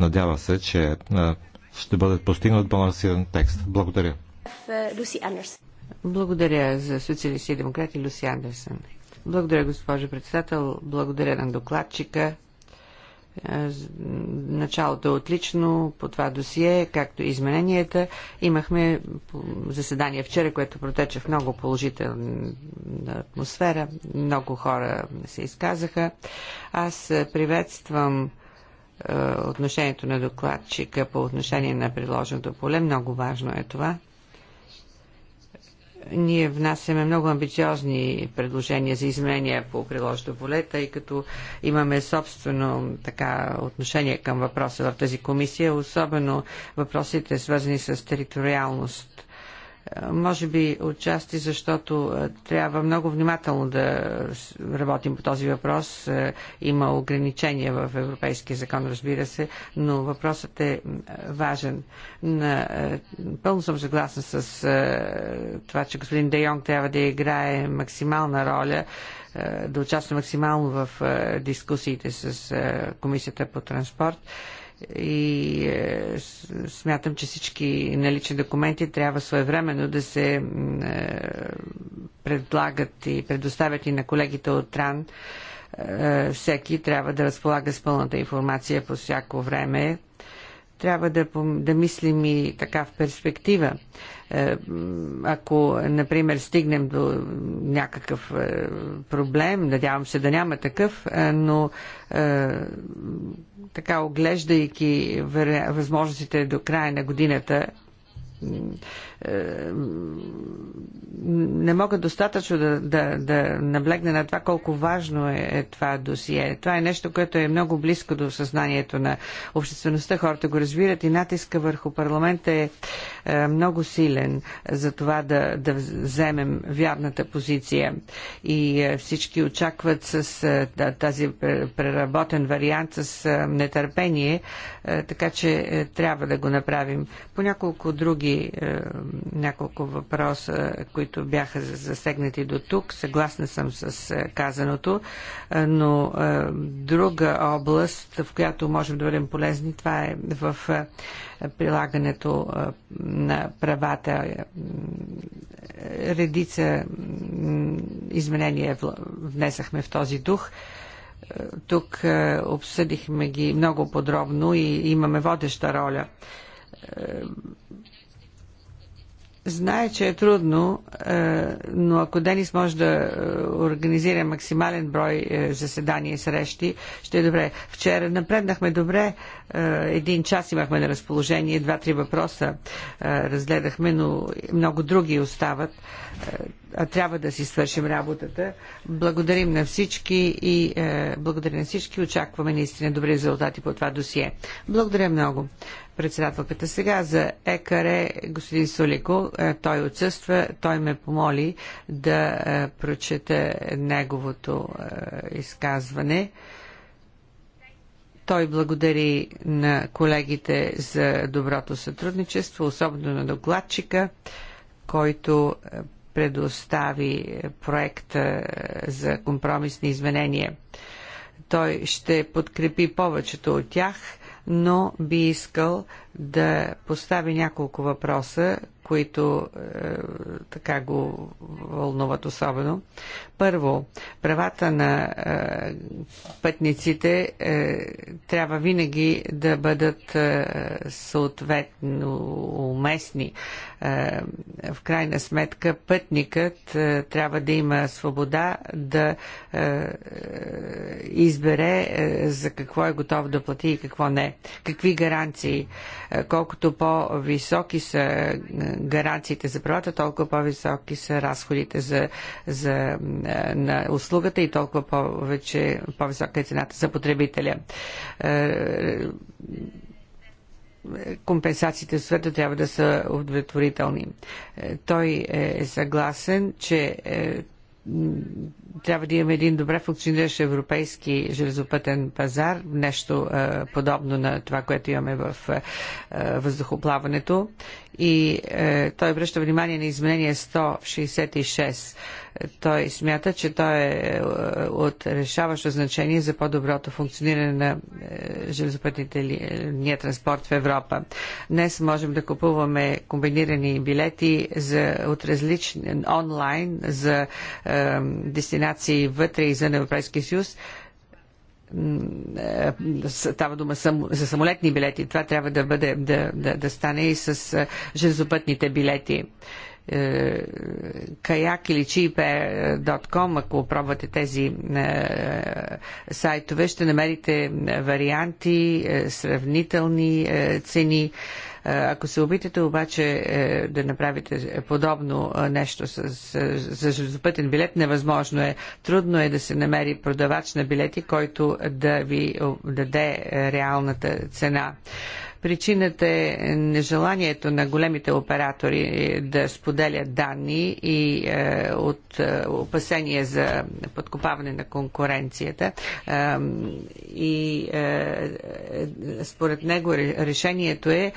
Надява се, че ще бъде постигнат балансиран текст. Благодаря. Люси Благодаря за социалисти и демократи Люси Андерсън. Благодаря, госпожо председател. Благодаря на докладчика. Е, началото е отлично по това досие, както и измененията. Имахме заседание вчера, което протече в много положителна атмосфера. Много хора се изказаха. Аз приветствам е, отношението на докладчика по отношение на приложеното поле. Много важно е това. Ние внасяме много амбициозни предложения за изменения по приложеното поле, тъй като имаме собствено така, отношение към въпроса в тази комисия, особено въпросите свързани с териториалност може би отчасти, защото трябва много внимателно да работим по този въпрос. Има ограничения в Европейския закон, разбира се, но въпросът е важен. Пълно съм съгласна с това, че господин Де Йонг трябва да играе максимална роля да участва максимално в дискусиите с Комисията по транспорт и е, смятам, че всички налични документи трябва своевременно да се е, предлагат и предоставят и на колегите от РАН. Е, всеки трябва да разполага с пълната информация по всяко време трябва да, да мислим и така в перспектива. Е, ако, например, стигнем до някакъв е, проблем, надявам се да няма такъв, е, но така оглеждайки възможностите до края на годината, не мога достатъчно да, да, да наблегна на това колко важно е, е това досие. Това е нещо, което е много близко до съзнанието на обществеността. Хората го разбират и натиска върху парламента е, е много силен за това да, да вземем вярната позиция. И е, всички очакват с е, тази преработен вариант с е, нетърпение, е, така че е, трябва да го направим. По няколко други е, няколко въпроса, които бяха засегнати до тук. Съгласна съм с е, казаното, е, но е, друга област, в която можем да бъдем полезни, това е в прилагането на правата. Редица изменения внесахме в този дух. Тук обсъдихме ги много подробно и имаме водеща роля Знае, че е трудно, е, но ако Денис може да е, организира максимален брой е, заседания и срещи, ще е добре. Вчера напреднахме добре. Един час имахме на разположение, два-три въпроса разгледахме, но много други остават. А трябва да си свършим работата. Благодарим на всички и благодаря на всички. Очакваме наистина добри резултати по това досие. Благодаря много председателката. Сега за ЕКАРЕ, господин Солико, е, той отсъства, той ме помоли да е, прочета неговото е, изказване. Той благодари на колегите за доброто сътрудничество, особено на докладчика, който предостави проекта за компромисни изменения. Той ще подкрепи повечето от тях – но би искал да постави няколко въпроса, които е, така го вълнуват особено. Първо, правата на е, пътниците е, трябва винаги да бъдат е, съответно уместни е, в крайна сметка пътникът е, трябва да има свобода да е, избере за какво е готов да плати и какво не. Какви гаранции? Колкото по-високи са гаранциите за правата, толкова по-високи са разходите за, за, на услугата и толкова повече, по-висока е цената за потребителя компенсациите в света трябва да са удовлетворителни. Е, той е съгласен, че е, трябва да имаме един добре функциониращ европейски железопътен пазар, нещо е, подобно на това, което имаме в въздухоплаването и е, той връща внимание на изменение 166. Той смята, че той е, е от решаващо значение за по-доброто функциониране на е, железопътните линия е, транспорт в Европа. Днес можем да купуваме комбинирани билети за, от различни онлайн за е, дестинации вътре и за Европейския съюз. Е, става дума за самолетни билети. Това трябва да, бъде, да, да, да стане и с е, железопътните билети. Е, Каяк или cheapair.com, ако пробвате тези сайтове, ще намерите варианти, сравнителни цени е, ако се опитате обаче е, да направите подобно е, нещо с, за железопътен билет, невъзможно е. Трудно е да се намери продавач на билети, който да ви даде реалната цена. Причината е нежеланието на големите оператори е, да споделят данни и е, от е, опасение за подкопаване на конкуренцията. Е, и е, според него решението е,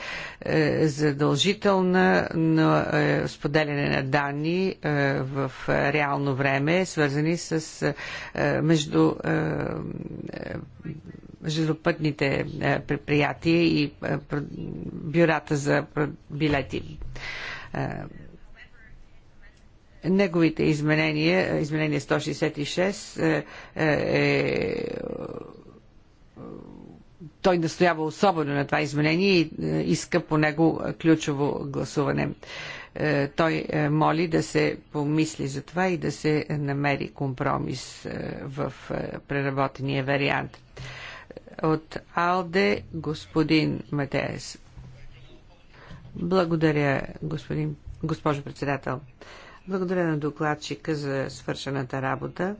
е задължително на споделяне на данни в реално време, свързани с между железопътните е, предприятия и е, бюрата за билети. Е, неговите изменения, изменение 166 е той настоява особено на това изменение и иска по него ключово гласуване. Той моли да се помисли за това и да се намери компромис в преработения вариант. От Алде господин Матеес. Благодаря, господин, госпожо председател. Благодаря на докладчика за свършената работа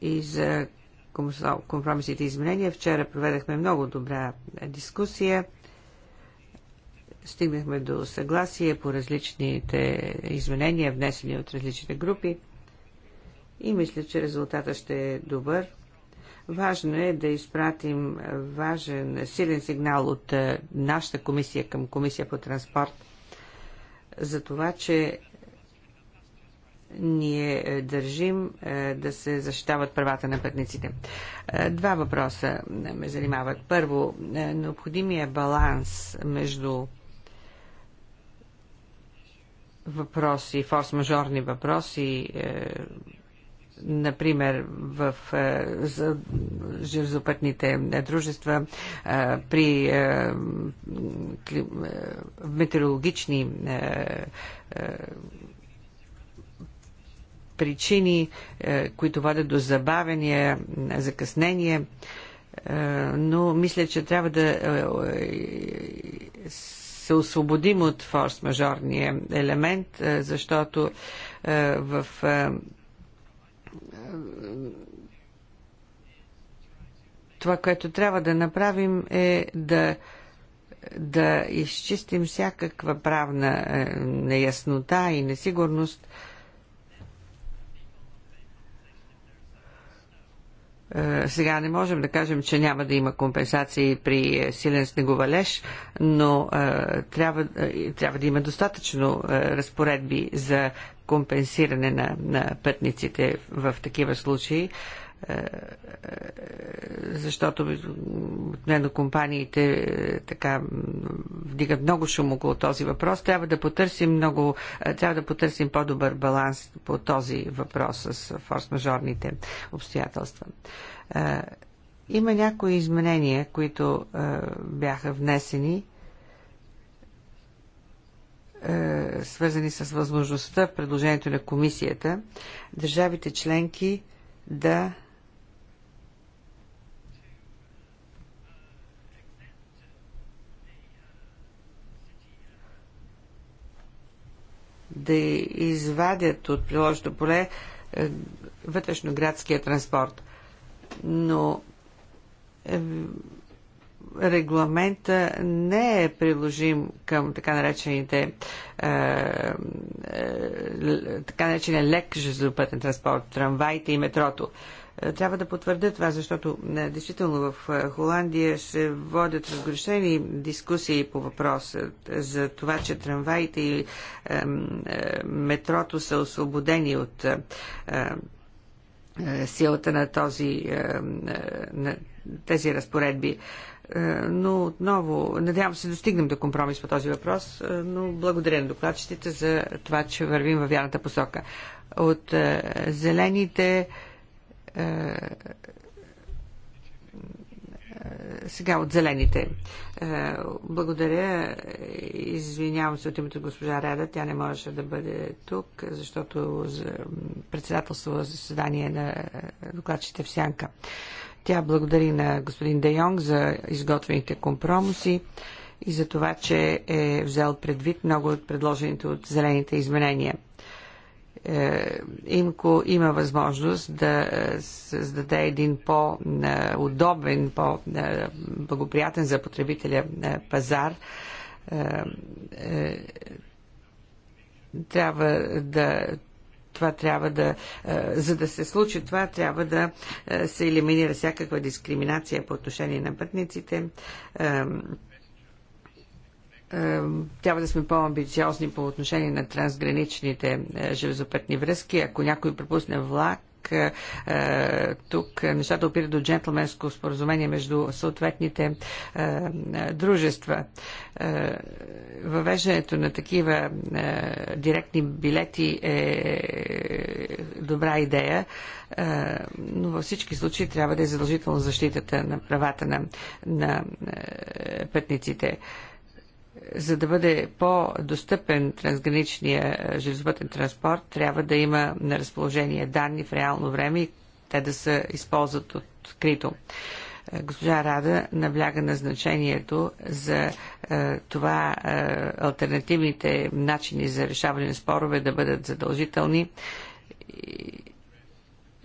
и за компромисите и изменения. Вчера проведахме много добра дискусия. Стигнахме до съгласие по различните изменения, внесени от различните групи. И мисля, че резултата ще е добър. Важно е да изпратим важен, силен сигнал от нашата комисия към комисия по транспорт за това, че ние държим да се защитават правата на пътниците. Два въпроса ме занимават. Първо, необходимия баланс между въпроси, форс-мажорни въпроси, е, например, в е, железопътните дружества е, при е, метеорологични причини, които водят до забавения, закъснение, но мисля, че трябва да се освободим от форс-мажорния елемент, защото в това, което трябва да направим е да да изчистим всякаква правна е, неяснота и несигурност. Е, сега не можем да кажем, че няма да има компенсации при е, силен снеговалеж, но трябва, трябва да има достатъчно разпоредби за компенсиране на, на пътниците в такива случаи е, е, защото обикновено компаниите е, така вдигат много шум около този въпрос. Трябва да потърсим много, трябва да потърсим по-добър баланс по този въпрос с форс-мажорните обстоятелства. Има някои изменения, които бяха внесени е, свързани с възможността в предложението на комисията държавите членки да да извадят от приложното поле е, вътрешноградския транспорт. Но е, регламента не е приложим към така наречените е, е, така наречения лек железопътен транспорт, трамваите и метрото. Е, трябва да потвърдя това, защото действително в Холандия се водят разгрешени дискусии по въпроса за това, че трамваите и метрото са освободени от силата на, този, на тези разпоредби. Е, но отново, надявам се, да стигнем до компромис по този въпрос, е, но благодаря на докладчетите за това, че вървим във вярната посока. От е, зелените сега от зелените. Благодаря. Извинявам се от името госпожа Реда. Тя не можеше да бъде тук, защото председателство заседание на докладчите в Сянка. Тя благодари на господин Де Йонг за изготвените компромиси и за това, че е взел предвид много от предложените от зелените изменения. Е, Имко има възможност да е, създаде един по-удобен, по-благоприятен за потребителя е, пазар. Трябва да това трябва да, е, за да се случи това, трябва да е, се елиминира всякаква дискриминация по отношение на пътниците. Трябва да сме по-амбициозни по отношение на трансграничните е, железопътни връзки. Ако някой пропусне влак, е, тук нещата опират до джентлменско споразумение между съответните е, дружества. Е, въвеждането на такива директни билети е добра идея, но във всички случаи трябва да е задължително защитата на правата на, на пътниците за да бъде по-достъпен трансграничния е, железопътен транспорт, трябва да има на разположение данни в реално време и те да се използват открито. Е, госпожа Рада набляга на значението за е, това е, альтернативните начини за решаване на спорове да бъдат задължителни и,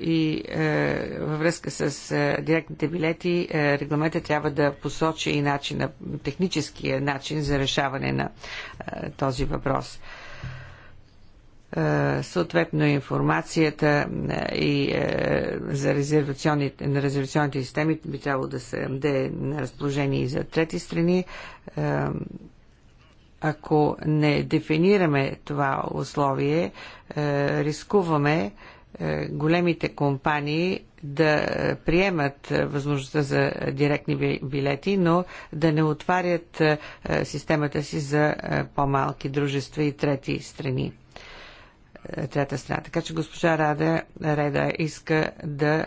и е, във връзка с е, директните билети е, регламента трябва да посочи и начина, техническия начин за решаване на е, този въпрос. Е, съответно информацията е, и е, за резервационните, на резервационните системи би трябвало да се е на разположение и за трети страни. Е, ако не дефинираме това условие, е, рискуваме е, големите компании да приемат е, възможността за директни билети, но да не отварят е, системата си за по-малки дружества и трети страни. Трета страна. Така че госпожа Рада Реда иска да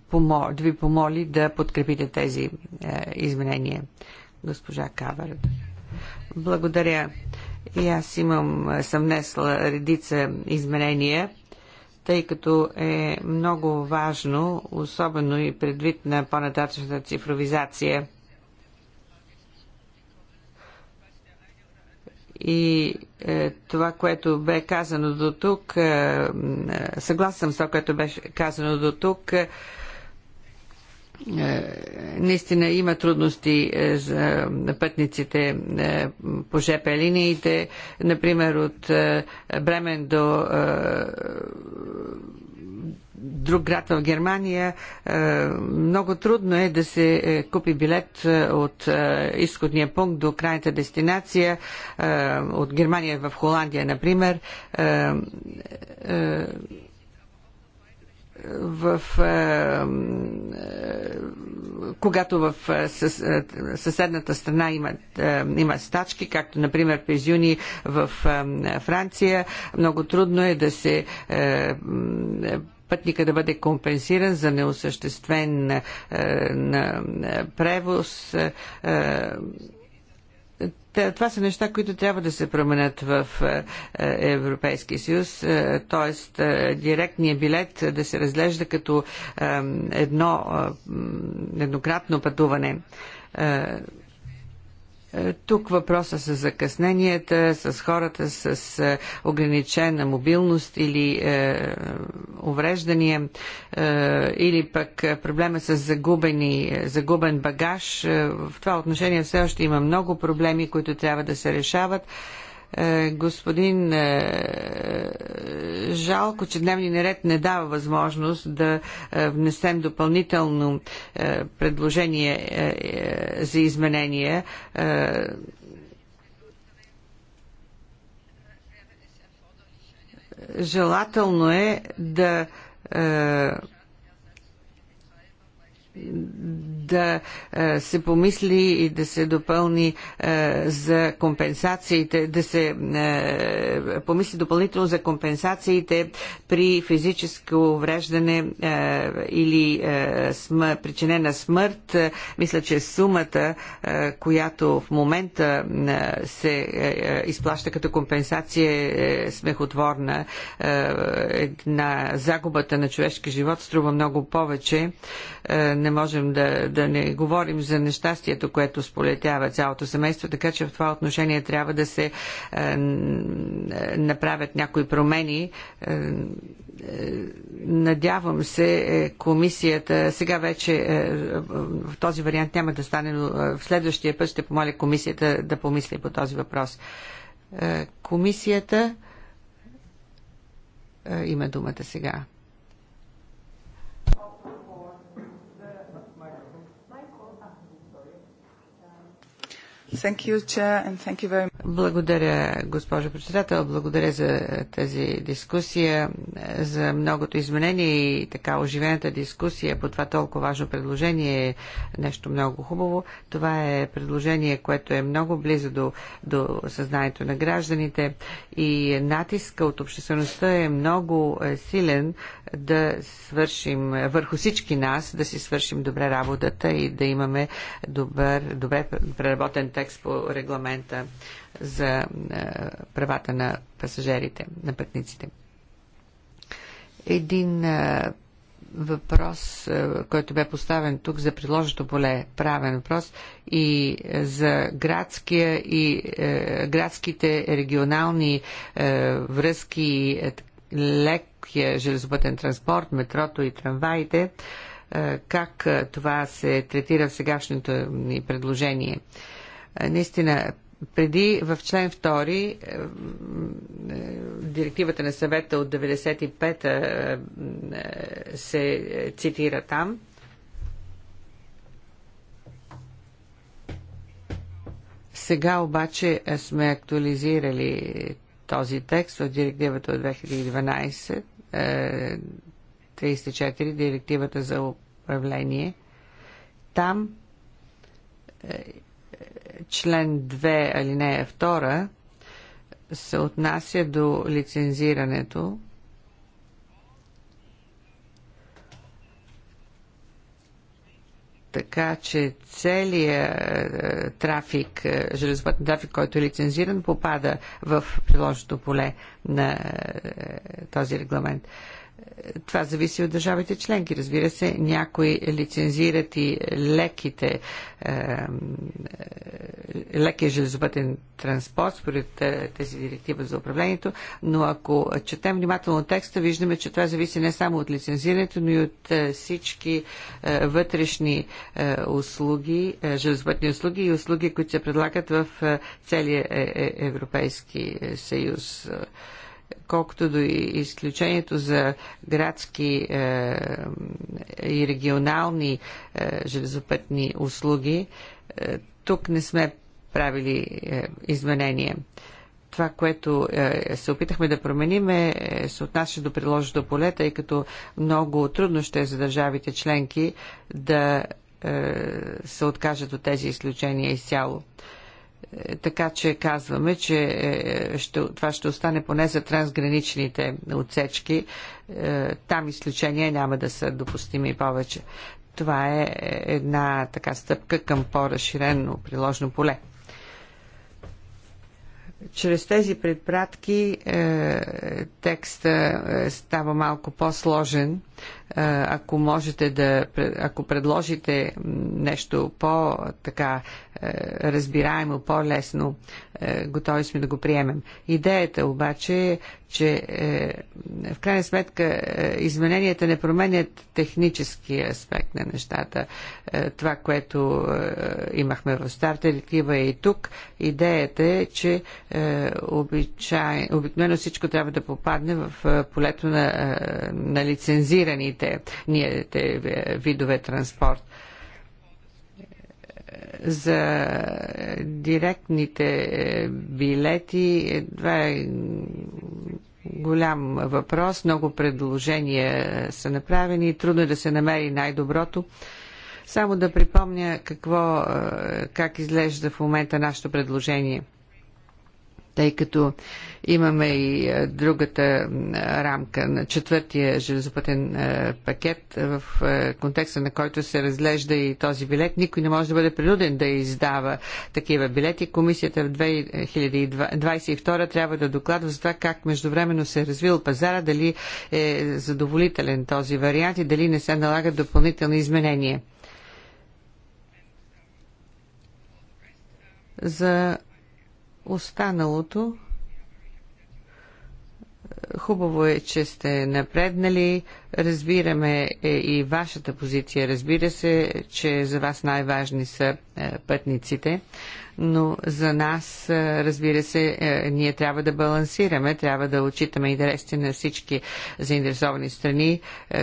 да ви помоли да подкрепите тези изменения. Госпожа Кавард. Благодаря. И аз имам, съм внесла редица изменения, тъй като е много важно, особено и предвид на по-нататъчната цифровизация и е, това, което бе казано до тук, е, съгласен с това, което беше казано до тук, е, е, наистина има трудности е, за пътниците е, по ЖП линиите, например от Бремен до друг град в Германия, много трудно е да се купи билет от изходния пункт до крайната дестинация, от Германия в Холандия, например в, е, е, когато в е, със, съседната страна имат, имат стачки, както например през юни в Франция, много трудно е да се пътника да бъде компенсиран за неосъществен превоз това са неща, които трябва да се променят в е, е, Европейския съюз, т.е. Е, директният билет да се разглежда като едно еднократно пътуване е, тук въпроса с закъсненията, с хората с е, ограничена мобилност или е, увреждания, е, или пък е, проблема с загубени, загубен багаж. В това отношение все още има много проблеми, които трябва да се решават. Е, господин е, жалко, че дневния наред не дава възможност да е, внесем допълнително предложение за изменение. Желателно е да да е, се помисли и да се допълни е, за компенсациите, да се е, помисли допълнително за компенсациите при физическо увреждане или причинена смърт. Мисля, че сумата, която в момента се изплаща като компенсация е смехотворна. на загубата на човешки живот струва много повече. Не не можем да, да не говорим за нещастието, което сполетява цялото семейство, така че в това отношение трябва да се е, е направят някои промени. Е, е надявам се е, комисията, сега вече е, в този вариант няма да стане, но в следващия път ще помоля комисията да помисли по този въпрос. Е, комисията е, има думата сега. благодаря, госпожо председател. Благодаря за тази дискусия, за многото изменение и така оживената дискусия по това толкова важно предложение е нещо много хубаво. Това е предложение, което е много близо до, до съзнанието на гражданите и натиска от обществеността е много силен да свършим върху всички нас, да си свършим добре работата и да имаме добър, добре преработен текст текст по регламента за е, правата на пасажирите, на пътниците. Един е, въпрос, е, който бе поставен тук за приложното поле, правен въпрос и за градския и е, градските регионални е, връзки, е, лекия железопътен транспорт, метрото и трамваите, е, как това се третира в сегашното ни предложение. Е, е, наистина, преди в член 2 е, е, директивата на съвета от 95 се цитира там. Сега обаче сме актуализирали този текст от директивата от 2012 34, директивата за управление. Там член 2, алинея 2 се отнася до лицензирането. Така че целият е, трафик, е, железопътен трафик, който е лицензиран, попада в приложното поле на е, този регламент това зависи от държавите членки. Разбира се, някои лицензират и леките, е, лекия железопътен транспорт, според е, тези директива за управлението, но ако четем внимателно текста, виждаме, че това зависи не само от лицензирането, но и от е, всички вътрешни услуги, железопътни услуги и услуги, които се предлагат в целия Европейски съюз колкото до изключението за градски е, и регионални е, железопътни услуги, е, тук не сме правили е, изменения. Това, което е, се опитахме да променим е, се отнася до приложното поле, тъй като много трудно ще е за държавите членки да е, се откажат от тези изключения изцяло. Е, е, така че казваме, че е, ще, това ще остане поне за трансграничните отсечки. Е, там изключения няма да са допустими повече. Това е една така стъпка към по-разширено приложно поле. Чрез тези предпратки текста става малко по-сложен ако можете да, ако предложите нещо по-така е, разбираемо, по-лесно, е, готови сме да го приемем. Идеята обаче е, че е, в крайна сметка измененията не променят техническия аспект на нещата. Това, което имахме в старта директива е и тук. Идеята е, че обичай... обикновено всичко трябва да попадне в полето на, на лицензиране комбинираните ние, е, видове транспорт за директните е, билети. Е, това е голям въпрос. Много предложения са направени. Трудно е да се намери най-доброто. Само да припомня какво, как изглежда в момента нашето предложение – тъй като имаме и другата рамка на четвъртия железопътен пакет, в контекста на който се разглежда и този билет. Никой не може да бъде принуден да издава такива билети. Комисията в 2022 трябва да докладва за това как междувременно се е развил пазара, дали е задоволителен този вариант и дали не се налагат допълнителни изменения. За Останалото хубаво е, че сте напреднали. Разбираме е, и вашата позиция. Разбира се, че за вас най-важни са е, пътниците но за нас, разбира се, ние трябва да балансираме, трябва да отчитаме интересите на всички заинтересовани страни,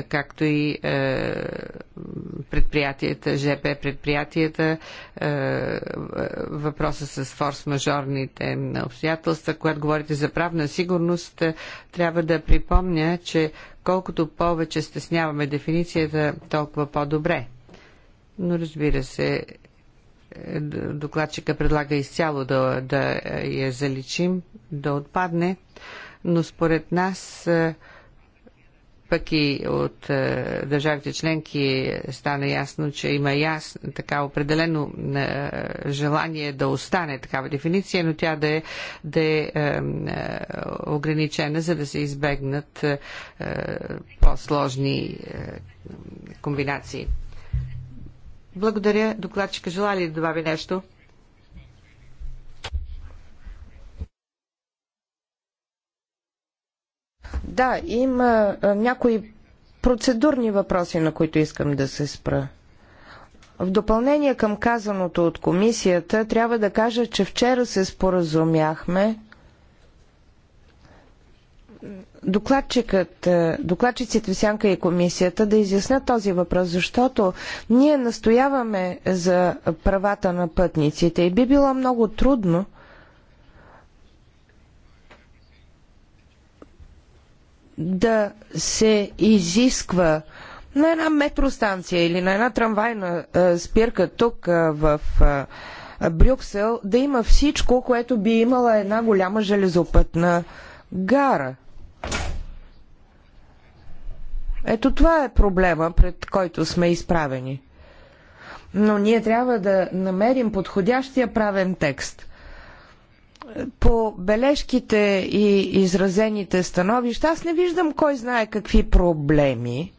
както и предприятията, ЖП предприятията, въпроса с форс-мажорните обстоятелства, когато говорите за правна сигурност, трябва да припомня, че колкото повече стесняваме дефиницията, толкова по-добре. Но разбира се, докладчика предлага изцяло да, да я заличим, да отпадне, но според нас е, пък и от е, държавите членки стана ясно, че има ясно, така определено е, желание да остане такава дефиниция, но тя да е, да е, ограничена, за да се избегнат по-сложни комбинации. Благодаря. Докладчика желая ли да добави нещо? Да, има някои процедурни въпроси, на които искам да се спра. В допълнение към казаното от комисията, трябва да кажа, че вчера се споразумяхме докладчикът, е, докладчиците в Сянка и комисията да изяснят този въпрос, защото ние настояваме за правата на пътниците и би било много трудно да се изисква на една метростанция или на една трамвайна е, спирка тук е, в Брюксел да има всичко, което би имала една голяма железопътна гара – ето това е проблема, пред който сме изправени. Но ние трябва да намерим подходящия правен текст. По бележките и изразените становища, аз не виждам кой знае какви проблеми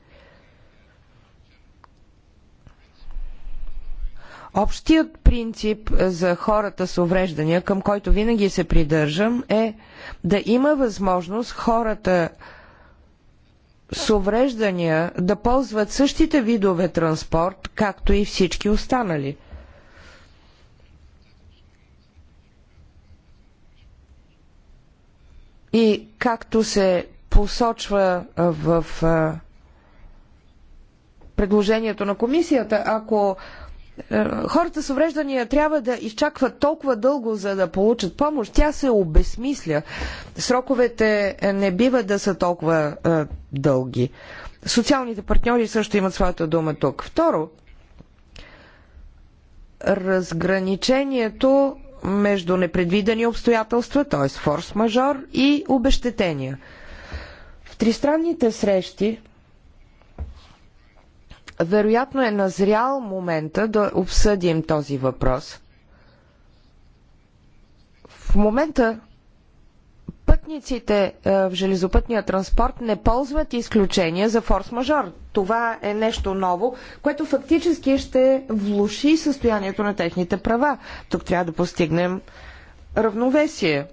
Общият принцип е, за хората с увреждания, към който винаги се придържам, е да има възможност хората с увреждания да ползват същите видове транспорт, както и всички останали. И както се посочва в предложението на комисията, ако е, хората с увреждания трябва да изчакват толкова дълго, за да получат помощ, тя се обесмисля. Сроковете не бива да са толкова е, дълги. Социалните партньори също имат своята дума тук. Второ, разграничението между непредвидени обстоятелства, т.е. форс-мажор и обещетения. В тристранните срещи вероятно е назрял момента да обсъдим този въпрос. В момента пътниците е, в железопътния транспорт не ползват изключения за форс-мажор. Това е нещо ново, което фактически ще влуши състоянието на техните права. Тук трябва да постигнем равновесие.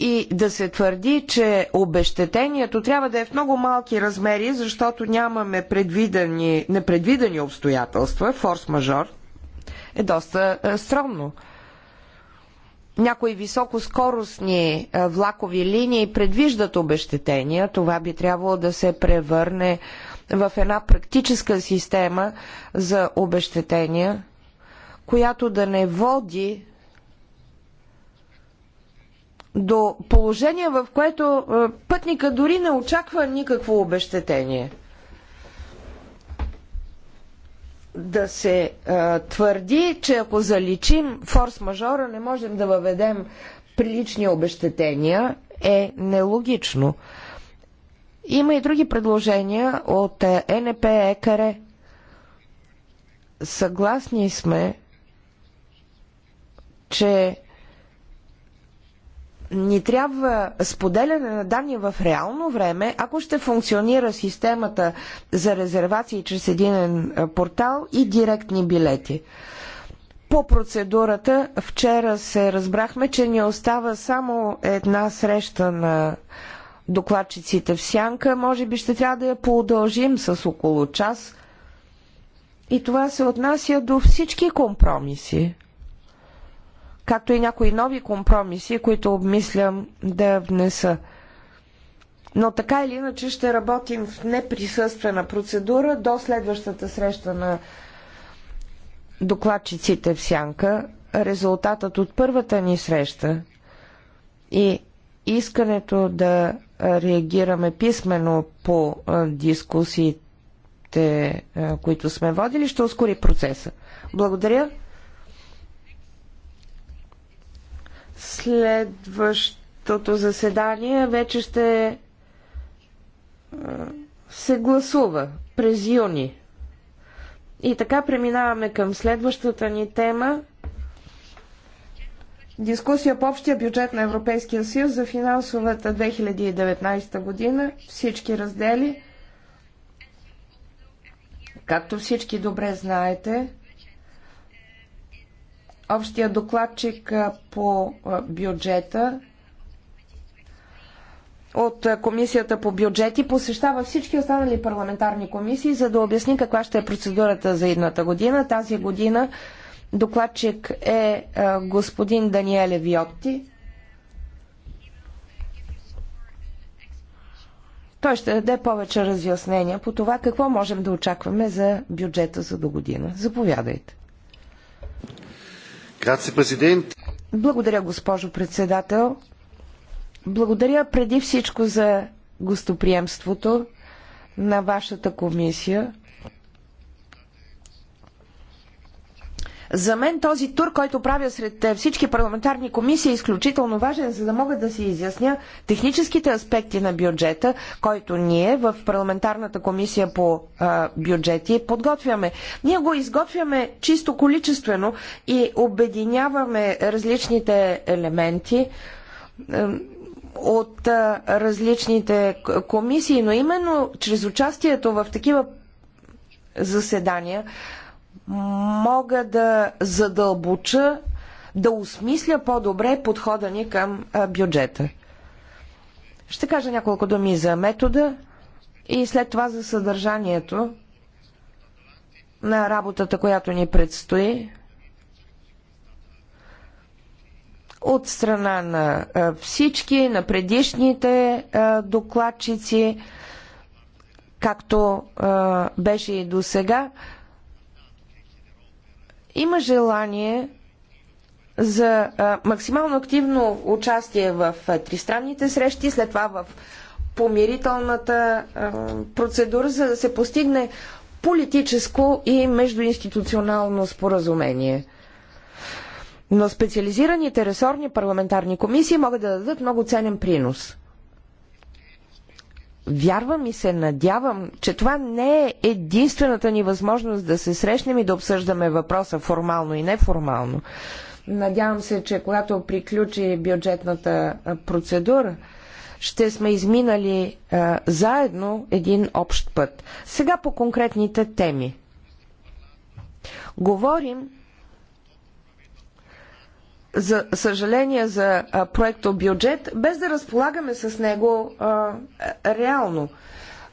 и да се твърди, че обещетението трябва да е в много малки размери, защото нямаме предвидени, непредвидени обстоятелства, форс-мажор, е доста е, странно. Някои високоскоростни е, влакови линии предвиждат обещетения. Това би трябвало да се превърне в една практическа система за обещетения, която да не води до положение, в което е, пътника дори не очаква никакво обещетение. Да се а, е, твърди, че ако заличим форс-мажора, не можем да въведем прилични обещетения, е нелогично. Има и други предложения от е, НП ЕКАРЕ. Съгласни сме, че ни трябва споделяне на данни в реално време, ако ще функционира системата за резервации чрез един портал и директни билети. По процедурата вчера се разбрахме, че ни остава само една среща на докладчиците в сянка. Може би ще трябва да я поудължим с около час. И това се отнася до всички компромиси както и някои нови компромиси, които обмислям да внеса. Но така или иначе ще работим в неприсъствена процедура до следващата среща на докладчиците в Сянка. Резултатът от първата ни среща и искането да реагираме писменно по дискусиите, които сме водили, ще ускори процеса. Благодаря. Следващото заседание вече ще се гласува през юни. И така преминаваме към следващата ни тема. Дискусия по общия бюджет на Европейския съюз за финансовата 2019 година. Всички раздели. Както всички добре знаете, общия докладчик по бюджета от Комисията по бюджети посещава всички останали парламентарни комисии, за да обясни каква ще е процедурата за едната година. Тази година докладчик е господин Даниеле Виотти. Той ще даде повече разяснения по това какво можем да очакваме за бюджета за до година. Заповядайте. Благодаря, госпожо председател. Благодаря преди всичко за гостоприемството на вашата комисия. За мен този тур, който правя сред е, всички парламентарни комисии, е изключително важен, за да мога да си изясня техническите аспекти на бюджета, който ние в парламентарната комисия по а, бюджети подготвяме. Ние го изготвяме чисто количествено и обединяваме различните елементи от а, различните комисии, но именно чрез участието в такива заседания мога да задълбоча, да осмисля по-добре подхода ни към бюджета. Ще кажа няколко думи за метода и след това за съдържанието на работата, която ни предстои от страна на всички, на предишните докладчици, както беше и до сега. Има желание за максимално активно участие в тристранните срещи, след това в помирителната процедура, за да се постигне политическо и междуинституционално споразумение. Но специализираните ресорни парламентарни комисии могат да дадат много ценен принос. Вярвам и се надявам, че това не е единствената ни възможност да се срещнем и да обсъждаме въпроса формално и неформално. Надявам се, че когато приключи бюджетната процедура, ще сме изминали а, заедно един общ път. Сега по конкретните теми. Говорим за съжаление за проекто бюджет, без да разполагаме с него а, реално.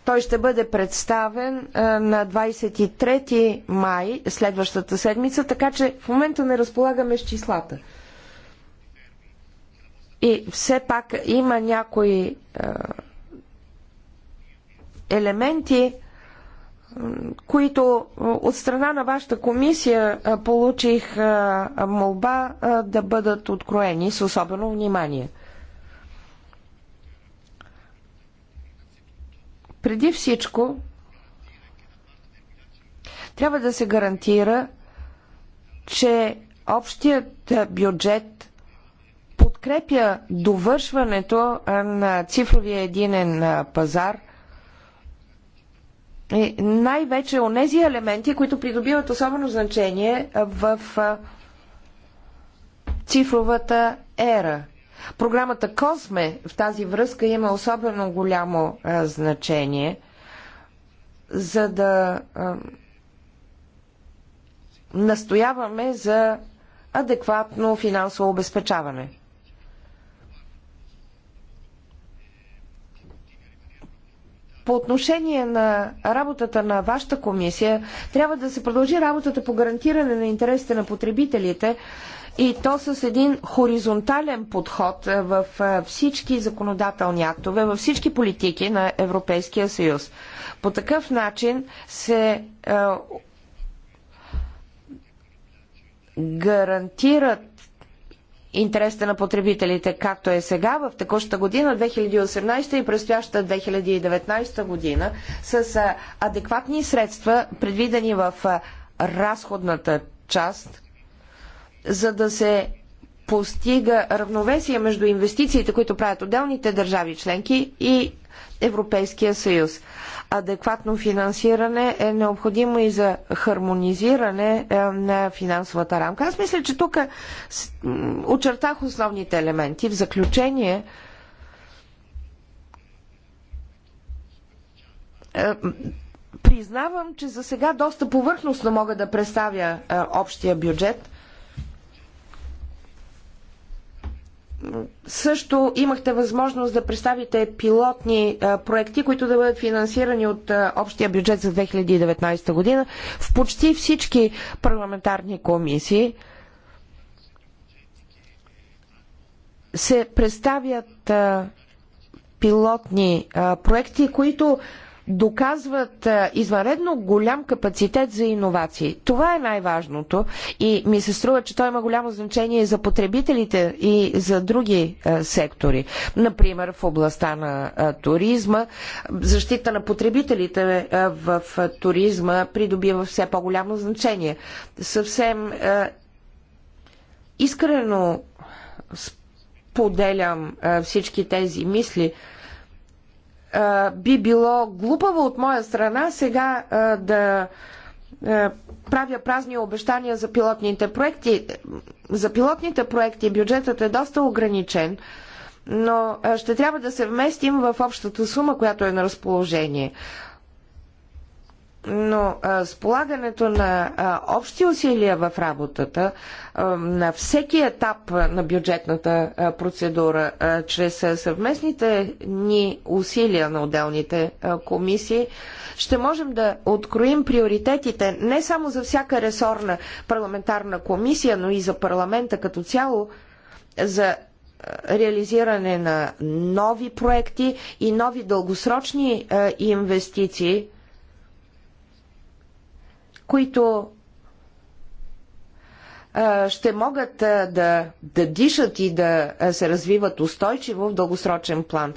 Той ще бъде представен а, на 23 май следващата седмица, така че в момента не разполагаме с числата. И все пак има някои а, елементи, които от страна на вашата комисия получих молба да бъдат откроени с особено внимание. Преди всичко, трябва да се гарантира, че общият бюджет подкрепя довършването на цифровия единен пазар – най-вече онези елементи, които придобиват особено значение в цифровата ера. Програмата Косме в тази връзка има особено голямо значение, за да настояваме за адекватно финансово обезпечаване. по отношение на работата на вашата комисия, трябва да се продължи работата по гарантиране на интересите на потребителите и то с един хоризонтален подход е, в е, всички законодателни актове, във всички политики на Европейския съюз. По такъв начин се е, гарантират интересите на потребителите, както е сега в текущата година, 2018 и предстояща 2019 година, с адекватни средства, предвидени в разходната част, за да се постига равновесие между инвестициите, които правят отделните държави членки и Европейския съюз адекватно финансиране е необходимо и за хармонизиране е, на финансовата рамка. Аз мисля, че тук е, очертах основните елементи. В заключение, е, признавам, че за сега доста повърхностно мога да представя общия бюджет. също имахте възможност да представите пилотни проекти, които да бъдат финансирани от общия бюджет за 2019 година в почти всички парламентарни комисии. Се представят пилотни проекти, които доказват извънредно голям капацитет за иновации. Това е най-важното и ми се струва, че то има голямо значение и за потребителите и за други сектори. Например, в областта на туризма, защита на потребителите в туризма придобива все по-голямо значение. Съвсем искрено споделям всички тези мисли би било глупаво от моя страна сега да правя празни обещания за пилотните проекти. За пилотните проекти бюджетът е доста ограничен, но ще трябва да се вместим в общата сума, която е на разположение но а, с полагането на а, общи усилия в работата, а, на всеки етап на бюджетната а, процедура, а, чрез а, съвместните ни усилия на отделните а, комисии, ще можем да откроим приоритетите не само за всяка ресорна парламентарна комисия, но и за парламента като цяло за реализиране на нови проекти и нови дългосрочни а, инвестиции които ще могат да, да дишат и да се развиват устойчиво в дългосрочен план.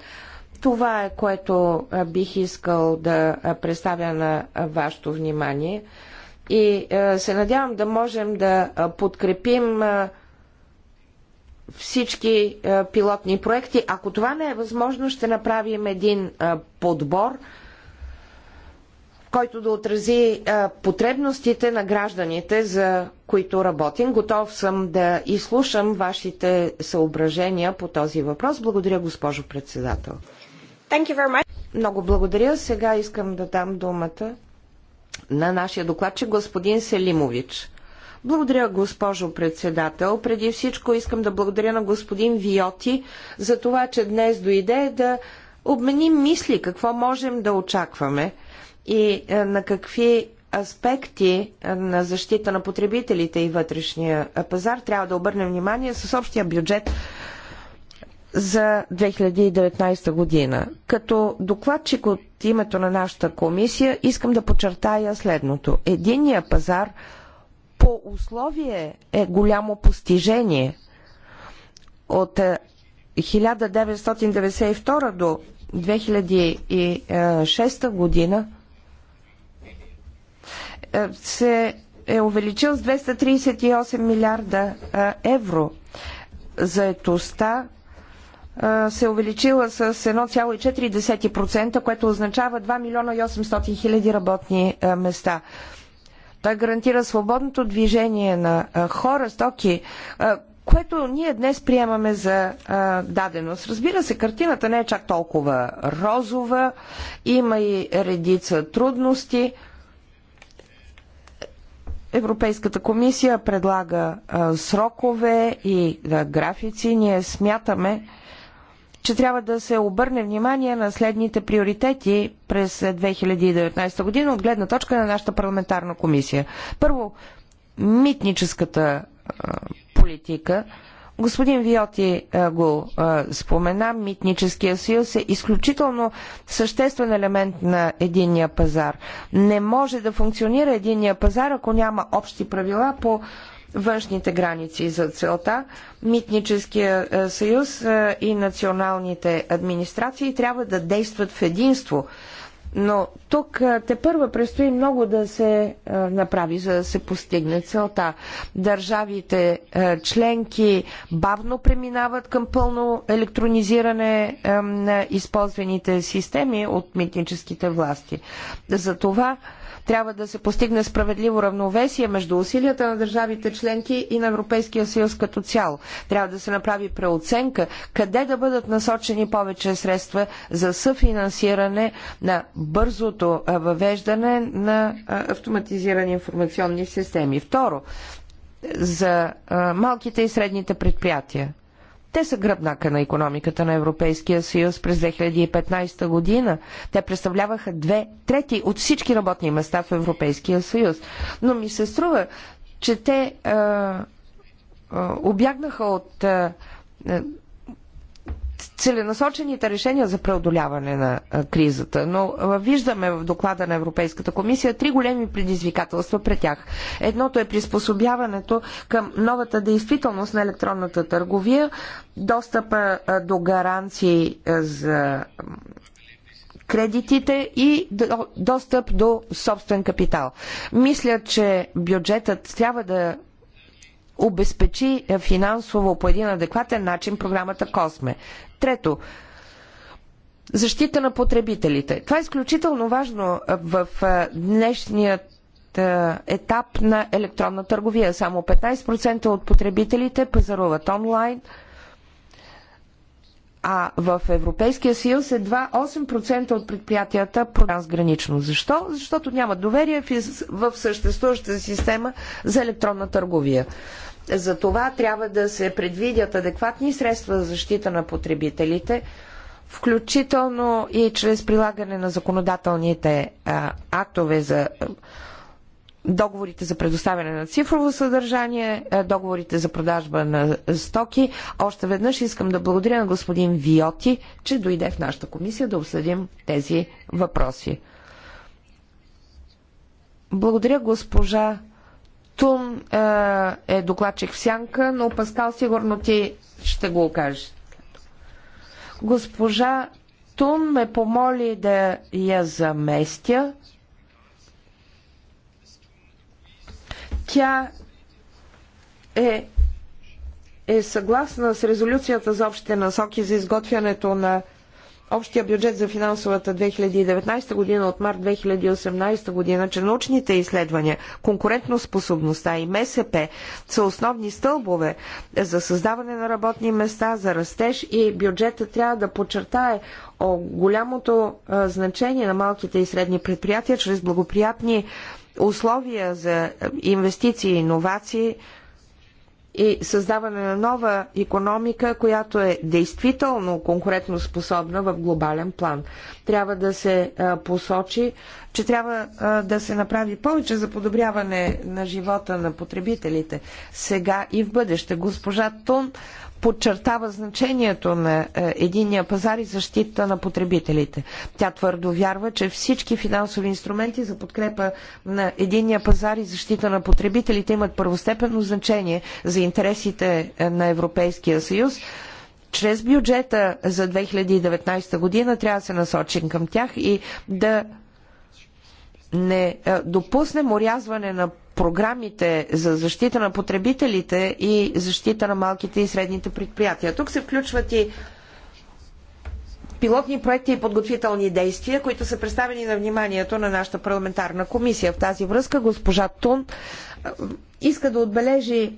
Това е което бих искал да представя на вашето внимание и се надявам да можем да подкрепим всички пилотни проекти. Ако това не е възможно, ще направим един подбор който да отрази потребностите на гражданите, за които работим. Готов съм да изслушам вашите съображения по този въпрос. Благодаря, госпожо председател. Много благодаря. Сега искам да дам думата на нашия докладчик господин Селимович. Благодаря, госпожо председател. Преди всичко искам да благодаря на господин Виоти за това, че днес дойде да обменим мисли какво можем да очакваме и е, на какви аспекти е, на защита на потребителите и вътрешния е, пазар трябва да обърнем внимание с общия бюджет за 2019 година. Като докладчик от името на нашата комисия искам да подчертая следното. единия пазар по условие е голямо постижение. От 1992 до 2006 година е, се е увеличил с 238 милиарда е, евро. Заетостта е, се е увеличила с 1,4%, което означава 2 милиона и 800 хиляди работни места. Той гарантира свободното движение на хора, стоки, което ние днес приемаме за даденост. Разбира се, картината не е чак толкова розова, има и редица трудности. Европейската комисия предлага а, срокове и а, графици. Ние смятаме, че трябва да се обърне внимание на следните приоритети през 2019 година от гледна точка на нашата парламентарна комисия. Първо, митническата а, политика. Господин Виоти е, го е, спомена, митническия съюз е изключително съществен елемент на единния пазар. Не може да функционира единния пазар, ако няма общи правила по външните граници за целта. Митническия е, съюз и националните администрации трябва да действат в единство, но тук те първа предстои много да се направи, за да се постигне целта. Държавите членки бавно преминават към пълно електронизиране на използваните системи от митническите власти. За това трябва да се постигне справедливо равновесие между усилията на държавите членки и на Европейския съюз като цяло. Трябва да се направи преоценка къде да бъдат насочени повече средства за съфинансиране на бързото въвеждане на автоматизирани информационни системи. Второ, за малките и средните предприятия. Те са гръбнака на економиката на Европейския съюз през 2015 година. Те представляваха две трети от всички работни места в Европейския съюз. Но ми се струва, че те а, а, обягнаха от а, целенасочените решения за преодоляване на кризата. Но виждаме в доклада на Европейската комисия три големи предизвикателства пред тях. Едното е приспособяването към новата действителност на електронната търговия, достъпа до гаранции за кредитите и достъп до собствен капитал. Мисля, че бюджетът трябва да обезпечи финансово по един адекватен начин програмата Косме. Трето, защита на потребителите. Това е изключително важно в днешният етап на електронна търговия. Само 15% от потребителите пазаруват онлайн, а в Европейския съюз едва 8% от предприятията продават трансгранично. Защо? Защото нямат доверие в съществуващата система за електронна търговия. За това трябва да се предвидят адекватни средства за защита на потребителите, включително и чрез прилагане на законодателните а, актове за договорите за предоставяне на цифрово съдържание, договорите за продажба на стоки. Още веднъж искам да благодаря на господин Виоти, че дойде в нашата комисия да обсъдим тези въпроси. Благодаря госпожа Тун е, е докладчик в сянка, но Паскал сигурно ти ще го окаже. Госпожа Тун ме помоли да я заместя. Тя е, е съгласна с резолюцията за общите насоки за изготвянето на общия бюджет за финансовата 2019 година от март 2018 година, че научните изследвания, конкурентноспособността и МСП са основни стълбове за създаване на работни места, за растеж и бюджета трябва да подчертае о голямото значение на малките и средни предприятия чрез благоприятни условия за инвестиции и иновации, и създаване на нова економика, която е действително конкурентно способна в глобален план. Трябва да се посочи, че трябва да се направи повече за подобряване на живота на потребителите сега и в бъдеще. Госпожа Тун подчертава значението на е, единния пазар и защита на потребителите. Тя твърдо вярва, че всички финансови инструменти за подкрепа на единния пазар и защита на потребителите имат първостепенно значение за интересите е, на Европейския съюз. Чрез бюджета за 2019 година трябва да се насочим към тях и да не е, допуснем урязване на програмите за защита на потребителите и защита на малките и средните предприятия. Тук се включват и пилотни проекти и подготвителни действия, които са представени на вниманието на нашата парламентарна комисия. В тази връзка госпожа Тун е, иска да отбележи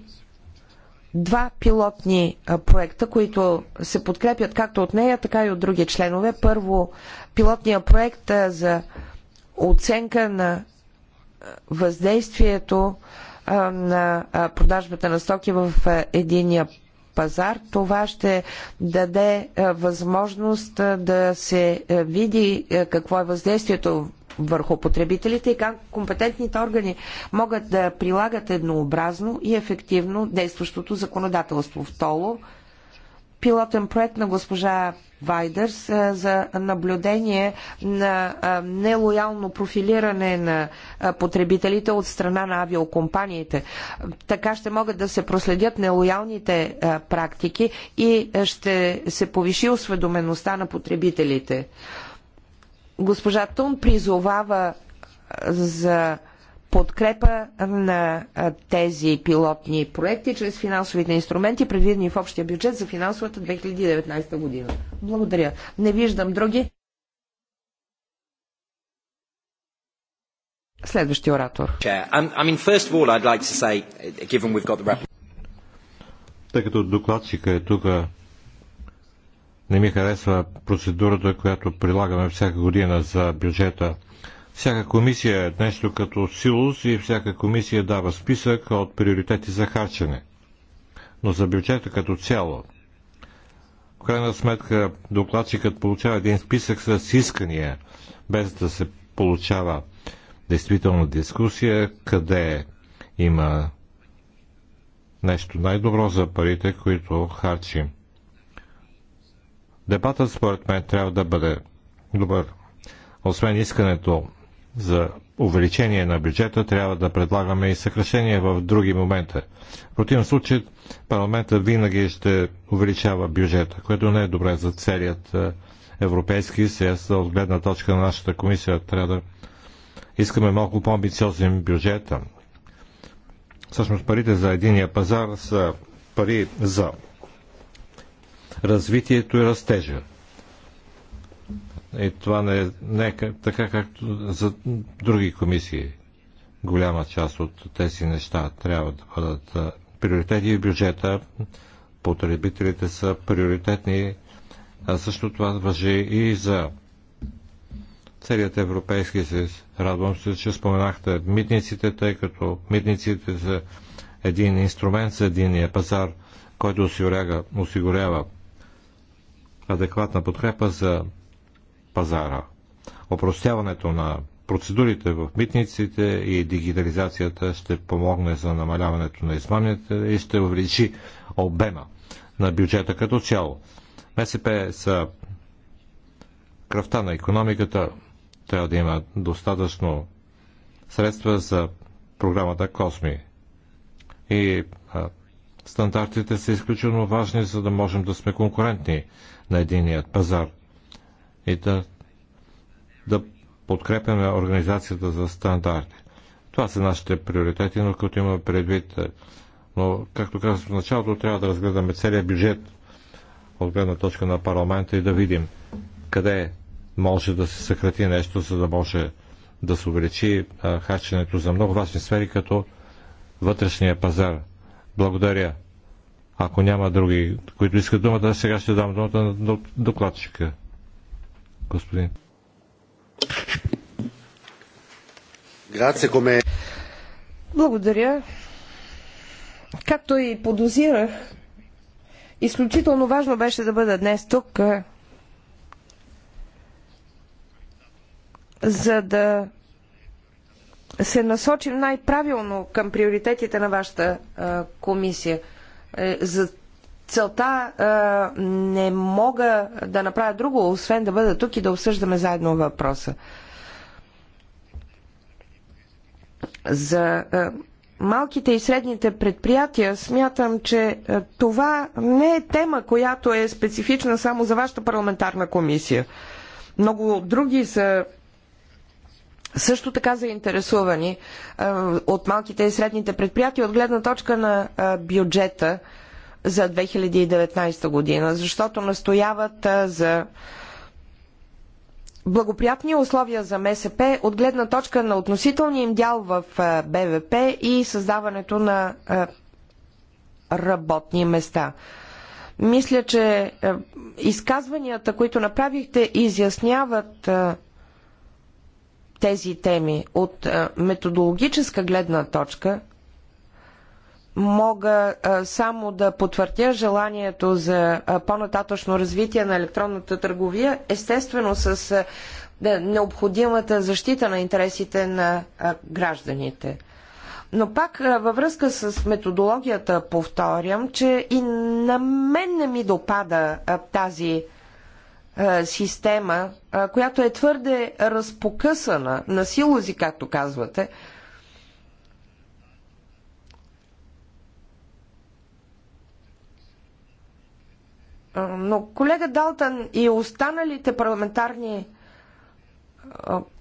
два пилотни е, проекта, които се подкрепят както от нея, така и от други членове. Първо, пилотният проект за оценка на въздействието на продажбата на стоки в единия пазар. Това ще даде възможност да се види какво е въздействието върху потребителите и как компетентните органи могат да прилагат еднообразно и ефективно действащото законодателство. Второ, пилотен проект на госпожа Вайдърс за наблюдение на нелоялно профилиране на потребителите от страна на авиокомпаниите. Така ще могат да се проследят нелоялните практики и ще се повиши осведомеността на потребителите. Госпожа Тун призовава за подкрепа на тези пилотни проекти чрез финансовите инструменти, предвидени в общия бюджет за финансовата 2019 година. Благодаря. Не виждам други. Следващия оратор. Тъй като докладчика е тук, не ми харесва процедурата, която прилагаме всяка година за бюджета – всяка комисия е нещо като силус и всяка комисия дава списък от приоритети за харчене. Но за бюджета като цяло, в крайна сметка докладчикът получава един списък с искания, без да се получава действителна дискусия, къде има нещо най-добро за парите, които харчим. Дебатът според мен трябва да бъде добър. Освен искането за увеличение на бюджета, трябва да предлагаме и съкращение в други моменти. В противен случай парламента винаги ще увеличава бюджета, което не е добре за целият е, Европейски съюз. От гледна точка на нашата комисия трябва да искаме малко по-амбициозен бюджет. Всъщност парите за единия пазар са пари за развитието и растежа. И е, това не, е не е така както за други комисии. Голяма част от тези неща трябва да бъдат приоритети в бюджета. Потребителите са приоритетни. А също това въжи и за целият Европейски съюз. Радвам се, че споменахте митниците, тъй като митниците са един инструмент за единния пазар, който осигурява адекватна подкрепа за пазара. Опростяването на процедурите в митниците и дигитализацията ще помогне за намаляването на измамите и ще увеличи обема на бюджета като цяло. МСП са кръвта на економиката. Трябва да има достатъчно средства за програмата Косми. И а, стандартите са изключително важни, за да можем да сме конкурентни на единият пазар и да, да подкрепяме Организацията за стандарти. Това са нашите приоритети, но като имаме предвид, е, но както казах в началото, трябва да разгледаме целият бюджет от гледна точка на парламента и да видим къде може да се съкрати нещо, за да може да се увеличи е, харченето за много важни сфери, като вътрешния пазар. Благодаря. Ако няма други, които искат думата, сега ще дам думата на докладчика господин. Благодаря. Както и подозирах, изключително важно беше да бъда днес тук, за да се насочим най-правилно към приоритетите на вашата комисия. Е, за целта а, не мога да направя друго, освен да бъда тук и да обсъждаме заедно въпроса. За а, малките и средните предприятия смятам, че а, това не е тема, която е специфична само за вашата парламентарна комисия. Много други са също така заинтересувани а, от малките и средните предприятия от гледна точка на а, бюджета. А, за 2019 година, защото настояват за благоприятни условия за МСП от гледна точка на относителния им дял в БВП и създаването на работни места. Мисля, че изказванията, които направихте, изясняват тези теми от методологическа гледна точка – мога само да потвърдя желанието за по-нататъчно развитие на електронната търговия, естествено с необходимата защита на интересите на гражданите. Но пак във връзка с методологията повторям, че и на мен не ми допада тази система, която е твърде разпокъсана на силози, както казвате, Но колега Далтан и останалите парламентарни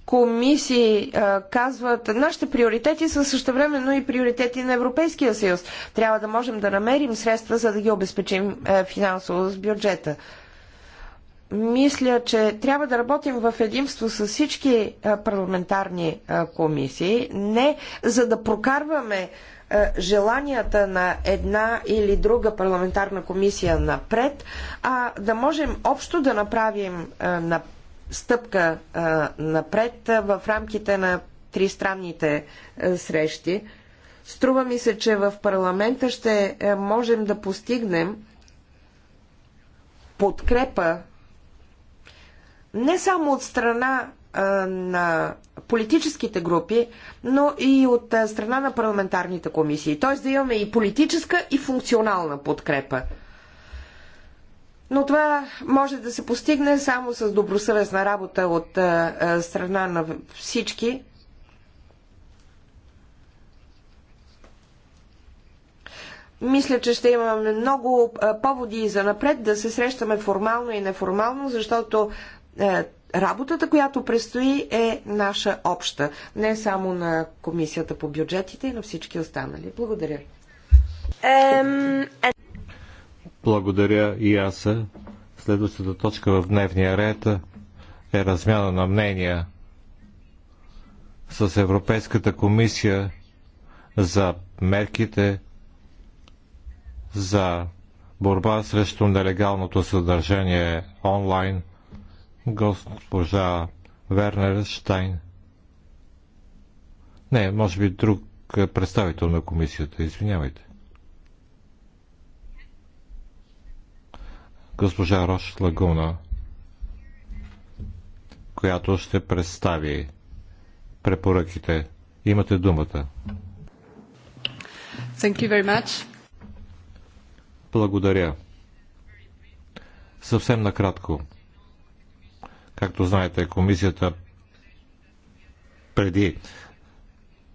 комисии казват, нашите приоритети са същевременно и приоритети на Европейския съюз. Трябва да можем да намерим средства, за да ги обезпечим е, финансово с бюджета. Мисля, че трябва да работим в единство с всички парламентарни комисии, не за да прокарваме е, желанията на една или друга парламентарна комисия напред, а да можем общо да направим е, на стъпка е, напред в рамките на тристранните срещи. Струва ми се, че в парламента ще можем да постигнем подкрепа не само от страна на политическите групи, но и от страна на парламентарните комисии. Т.е. да имаме и политическа, и функционална подкрепа. Но това може да се постигне само с добросъвестна работа от страна на всички. Мисля, че ще имаме много поводи за напред да се срещаме формално и неформално, защото Работата, която предстои, е наша обща, не само на Комисията по бюджетите и на всички останали. Благодаря. Е- Благодаря и аз. Следващата точка в дневния ред е размяна на мнения с Европейската комисия за мерките за борба срещу нелегалното съдържание онлайн – госпожа Вернер Штайн. Не, може би друг представител на комисията. Извинявайте. Госпожа Рош Лагуна, която ще представи препоръките. Имате думата. Thank you very much. Благодаря. Съвсем накратко. Както знаете, комисията преди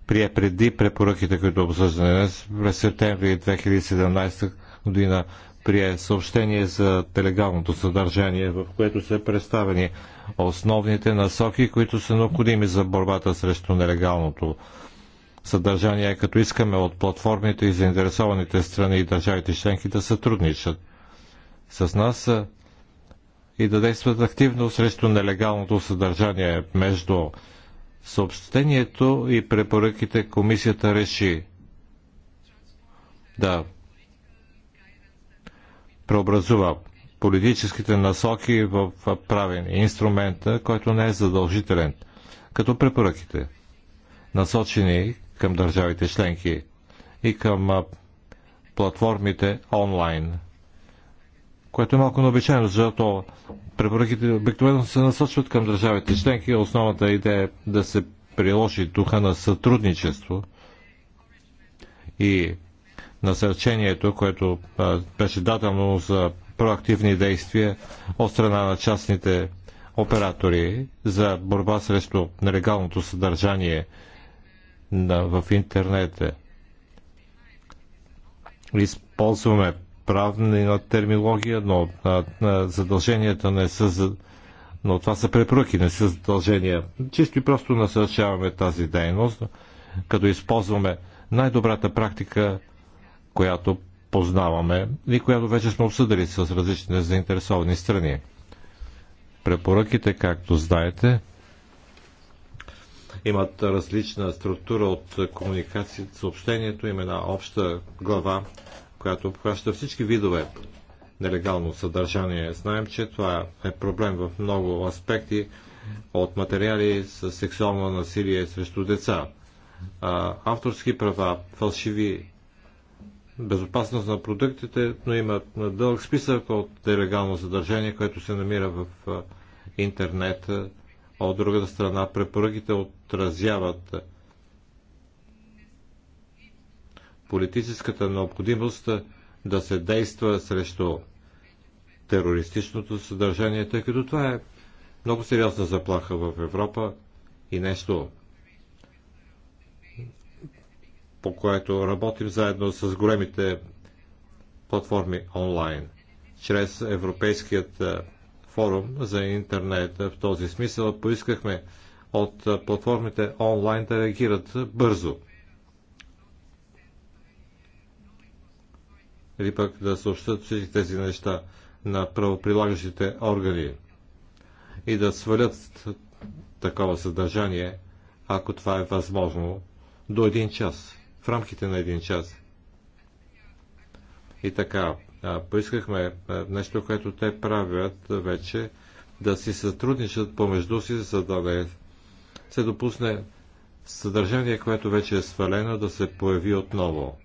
прие преди препоръките, които обсъждане през септември 2017 година прие съобщение за телегалното съдържание, в което са представени основните насоки, които са необходими за борбата срещу нелегалното съдържание, като искаме от платформите и заинтересованите страни и държавите членки да сътрудничат с нас и да действат активно срещу нелегалното съдържание между съобщението и препоръките комисията реши да преобразува политическите насоки в правен инструмент, който не е задължителен, като препоръките, насочени към държавите членки и към платформите онлайн – което е малко необичайно, защото препоръките обикновено се насочват към държавите членки. Основната идея е да се приложи духа на сътрудничество и насърчението, което беше дадено за проактивни действия от страна на частните оператори за борба срещу нелегалното съдържание в интернет. Използваме правна терминология, но на, на задълженията не са за... но това са препоръки, не са задължения. Чисто и просто насърчаваме тази дейност, като използваме най-добрата практика, която познаваме и която вече сме обсъдили с различни заинтересовани страни. Препоръките, както знаете, имат различна структура от комуникация, съобщението, има една обща глава, която обхваща всички видове нелегално съдържание. Знаем, че това е проблем в много аспекти от материали с сексуално насилие срещу деца, авторски права, фалшиви, безопасност на продуктите, но има дълъг списък от нелегално съдържание, което се намира в интернет. От другата страна препоръките отразяват политическата необходимост да се действа срещу терористичното съдържание, тъй като това е много сериозна заплаха в Европа и нещо, по което работим заедно с големите платформи онлайн, чрез Европейският форум за интернет. В този смисъл поискахме от платформите онлайн да реагират бързо или пък да съобщат всички тези неща на правоприлагащите органи и да свалят такова съдържание, ако това е възможно, до един час, в рамките на един час. И така, поискахме нещо, което те правят вече, да си сътрудничат помежду си, за да не се допусне съдържание, което вече е свалено, да се появи отново.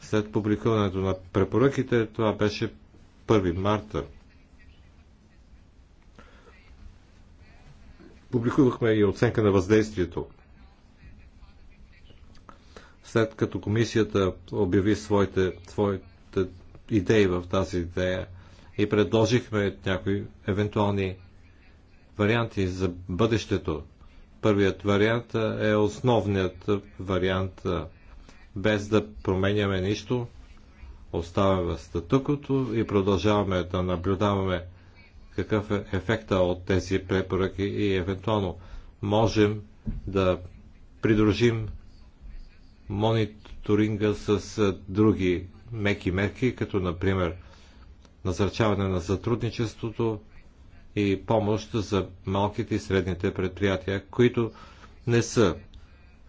След публикуването на препоръките, това беше 1 марта. Публикувахме и оценка на въздействието. След като комисията обяви своите, своите идеи в тази идея и предложихме някои евентуални варианти за бъдещето. Първият вариант е основният вариант без да променяме нищо. Оставяме в статукото и продължаваме да наблюдаваме какъв е ефекта от тези препоръки и евентуално можем да придружим мониторинга с други меки мерки, като например насърчаване на сътрудничеството и помощ за малките и средните предприятия, които не са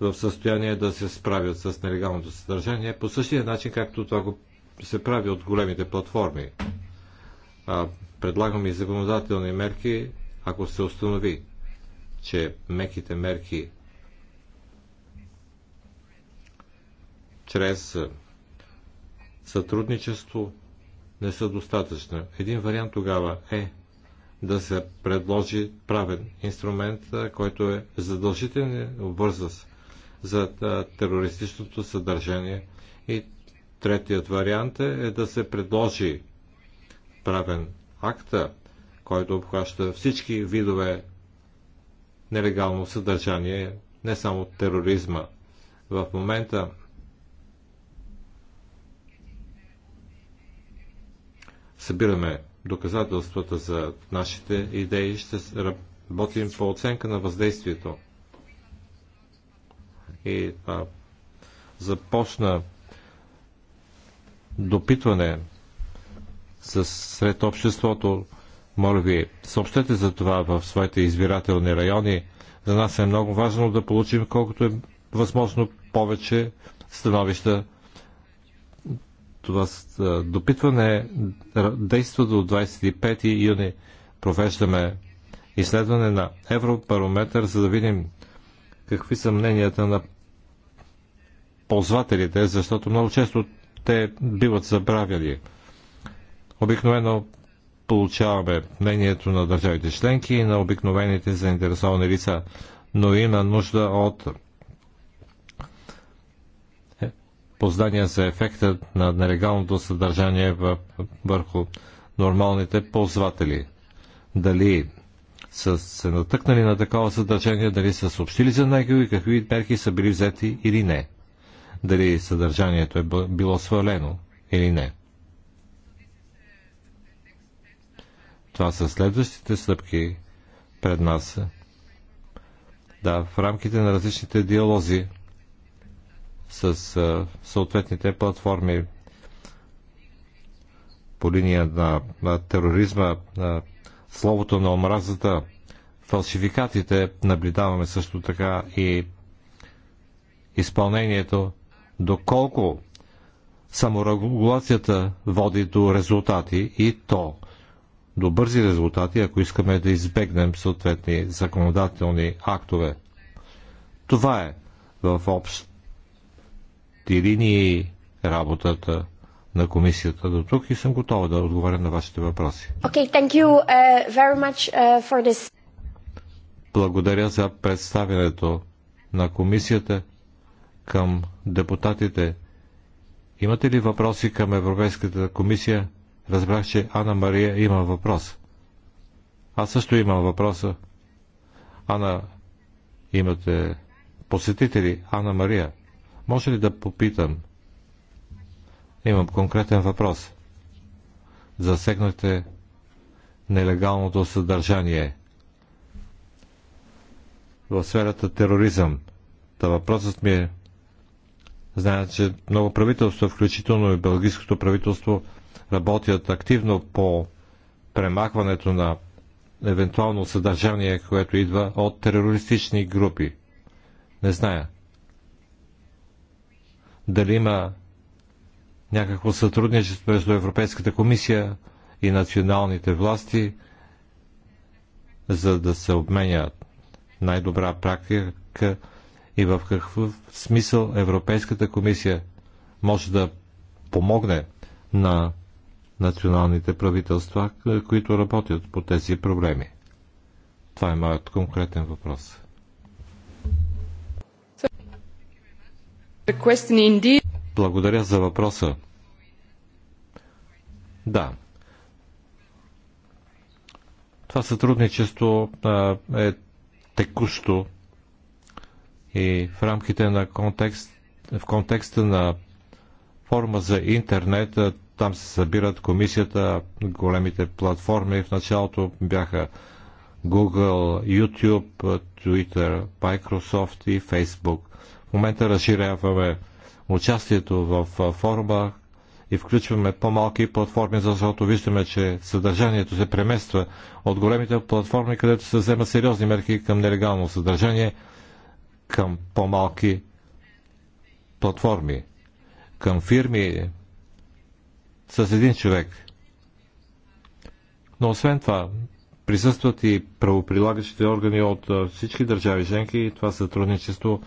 в състояние да се справят с нелегалното съдържание по същия начин, както това го се прави от големите платформи. А, предлагам и законодателни мерки, ако се установи, че меките мерки чрез сътрудничество не са достатъчни. Един вариант тогава е да се предложи правен инструмент, който е задължителен, обвърза за терористичното съдържание. И третият вариант е, е да се предложи правен акта, който обхваща всички видове нелегално съдържание, не само тероризма. В момента събираме доказателствата за нашите идеи, ще работим по оценка на въздействието и а, започна допитване с, сред обществото. Моля ви, съобщете за това в своите избирателни райони. За нас е много важно да получим колкото е възможно повече становища. Това допитване действа до 25 юни. Провеждаме изследване на Европарометър, за да видим какви са мненията на ползвателите, защото много често те биват забравяли. Обикновено получаваме мнението на държавите членки и на обикновените заинтересовани лица, но има нужда от е, познания за ефекта на нелегалното съдържание върху нормалните ползватели. Дали са се натъкнали на такова съдържание, дали са съобщили за него и какви мерки са били взети или не. Дали съдържанието е било свалено или не. Това са следващите стъпки пред нас. Да, в рамките на различните диалози с съответните платформи по линия на, на тероризма, на словото на омразата, фалшификатите, наблюдаваме също така и изпълнението, доколко саморегулацията води до резултати и то до бързи резултати, ако искаме да избегнем съответни законодателни актове. Това е в общи линии работата на комисията до тук и съм готова да отговоря на вашите въпроси. Okay, thank you, uh, very much, uh, for this. Благодаря за представянето на комисията към депутатите. Имате ли въпроси към Европейската комисия? Разбрах, че Ана Мария има въпрос. Аз също имам въпроса. Ана, имате посетители, Ана Мария. Може ли да попитам? Имам конкретен въпрос. Засегнахте нелегалното съдържание в сферата тероризъм. Та въпросът ми е, знаят, че много правителства, включително и бългийското правителство, работят активно по премахването на евентуално съдържание, което идва от терористични групи. Не зная. Дали има някакво сътрудничество между Европейската комисия и националните власти, за да се обменя най-добра практика и в какъв смисъл Европейската комисия може да помогне на националните правителства, които работят по тези проблеми. Това е моят конкретен въпрос. Благодаря за въпроса. Да. Това сътрудничество е текущо и в рамките на контекст, в контекста на форма за интернет, там се събират комисията, големите платформи. В началото бяха Google, YouTube, Twitter, Microsoft и Facebook. В момента разширяваме участието в форума и включваме по-малки платформи, защото виждаме, че съдържанието се премества от големите платформи, където се вземат сериозни мерки към нелегално съдържание, към по-малки платформи, към фирми с един човек. Но освен това, присъстват и правоприлагащите органи от всички държави женки, и това сътрудничество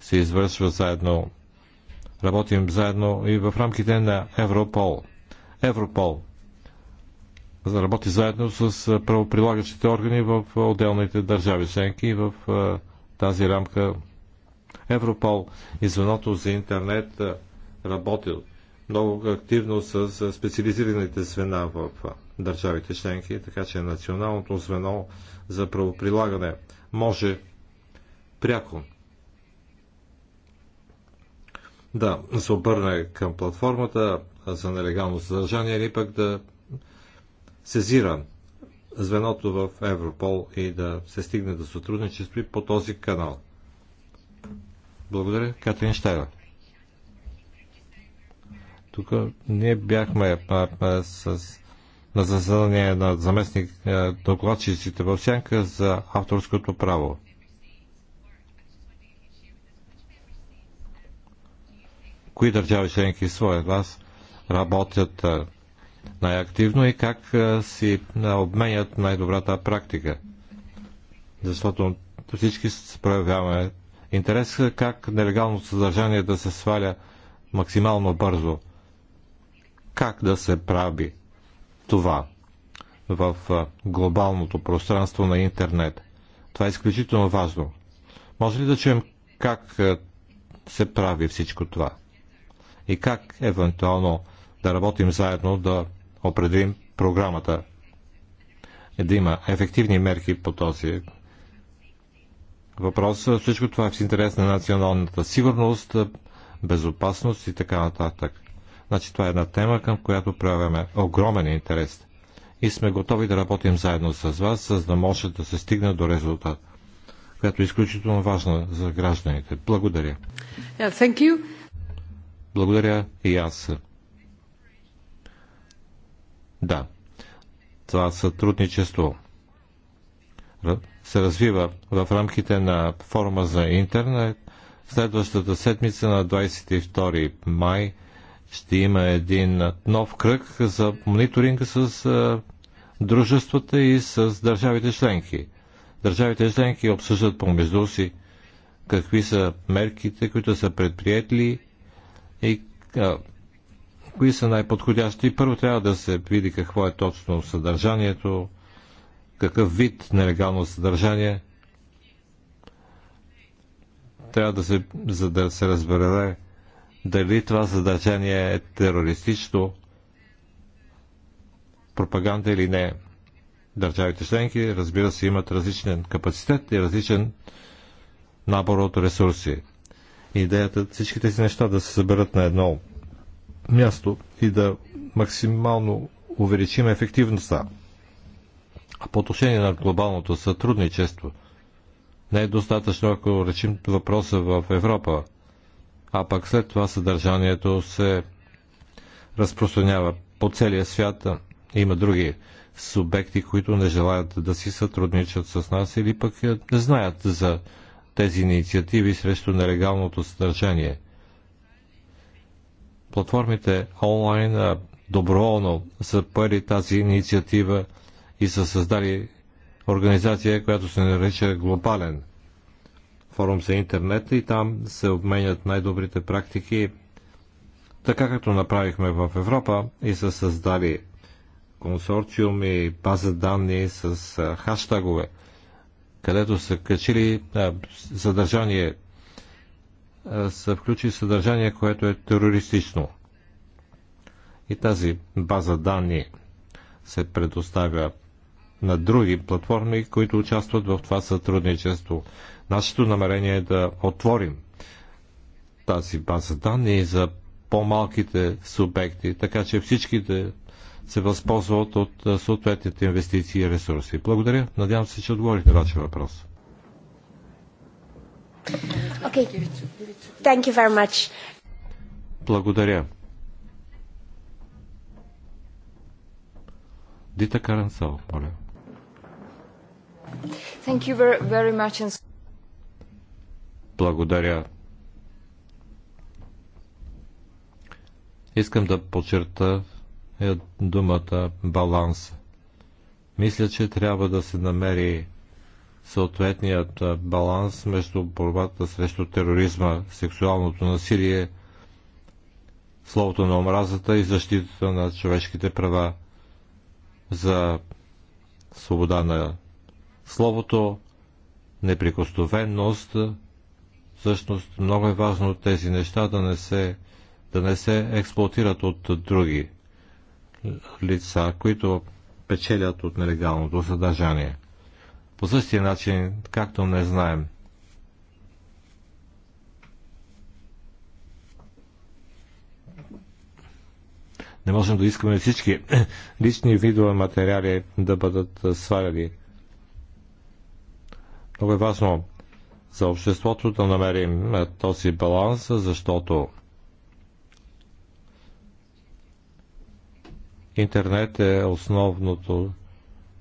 се извършва заедно работим заедно и в рамките на Европол. Европол работи заедно с правоприлагащите органи в отделните държави членки и в тази рамка Европол и звеното за интернет работи много активно с специализираните звена в държавите членки, така че националното звено за правоприлагане може пряко да се обърне към платформата за нелегално съдържание или пък да сезира звеното в Европол и да се стигне до сътрудничество и по този канал. Благодаря, Катрин Штайла. Тук ние бяхме а, а, с, на заседание на заместник е, докладчиците в сянка за авторското право. кои държави членки своя глас работят най-активно и как си обменят най-добрата практика. Защото всички се проявяваме интерес как нелегалното съдържание да се сваля максимално бързо. Как да се прави това в глобалното пространство на интернет? Това е изключително важно. Може ли да чуем как се прави всичко това? и как евентуално да работим заедно да определим програмата да има ефективни мерки по този въпрос. Всичко това е в интерес на националната сигурност, безопасност и така нататък. Значи това е една тема, към която проявяме огромен интерес. И сме готови да работим заедно с вас, за да може да се стигне до резултат, която е изключително важна за гражданите. Благодаря. Yeah, благодаря и аз. Да, това сътрудничество се развива в рамките на форма за интернет. Следващата седмица на 22 май ще има един нов кръг за мониторинга с дружествата и с държавите членки. Държавите членки обсъждат помежду си какви са мерките, които са предприятели и а, кои са най-подходящи. Първо трябва да се види какво е точно съдържанието, какъв вид нелегално съдържание. Трябва да се, за да се разбере дали това съдържание е терористично, пропаганда или не. Държавите членки, разбира се, имат различен капацитет и различен набор от ресурси. Идеята всички тези неща да се съберат на едно място и да максимално увеличим ефективността. А по отношение на глобалното сътрудничество, не е достатъчно, ако речим въпроса в Европа, а пък след това съдържанието се разпространява по целия свят. Има други субекти, които не желаят да си сътрудничат с нас или пък не знаят за тези инициативи срещу нелегалното съдържание. Платформите онлайн доброволно са пари тази инициатива и са създали организация, която се нарича Глобален форум за интернет и там се обменят най-добрите практики, така както направихме в Европа и са създали консорциуми, база данни с хаштагове – където са качили а, съдържание, а, са включили съдържание, което е терористично. И тази база данни се предоставя на други платформи, които участват в това сътрудничество. Нашето намерение е да отворим тази база данни за по-малките субекти, така че всичките се възползват от съответните инвестиции и ресурси. Благодаря. Надявам се, че отговорих на вашия въпрос. Okay. Thank you very much. Благодаря. Дита Карансал, моля. Thank you very, very much. Благодаря. Искам да подчерта е думата баланс. Мисля, че трябва да се намери съответният баланс между борбата срещу тероризма, сексуалното насилие, словото на омразата и защитата на човешките права за свобода на словото, неприкосновеност. Всъщност много е важно тези неща да не се, да не се експлуатират от други лица, които печелят от нелегалното съдържание. По същия начин, както не знаем Не можем да искаме всички лични видове материали да бъдат сваляли. Много е важно за обществото да намерим този баланс, защото Интернет е основното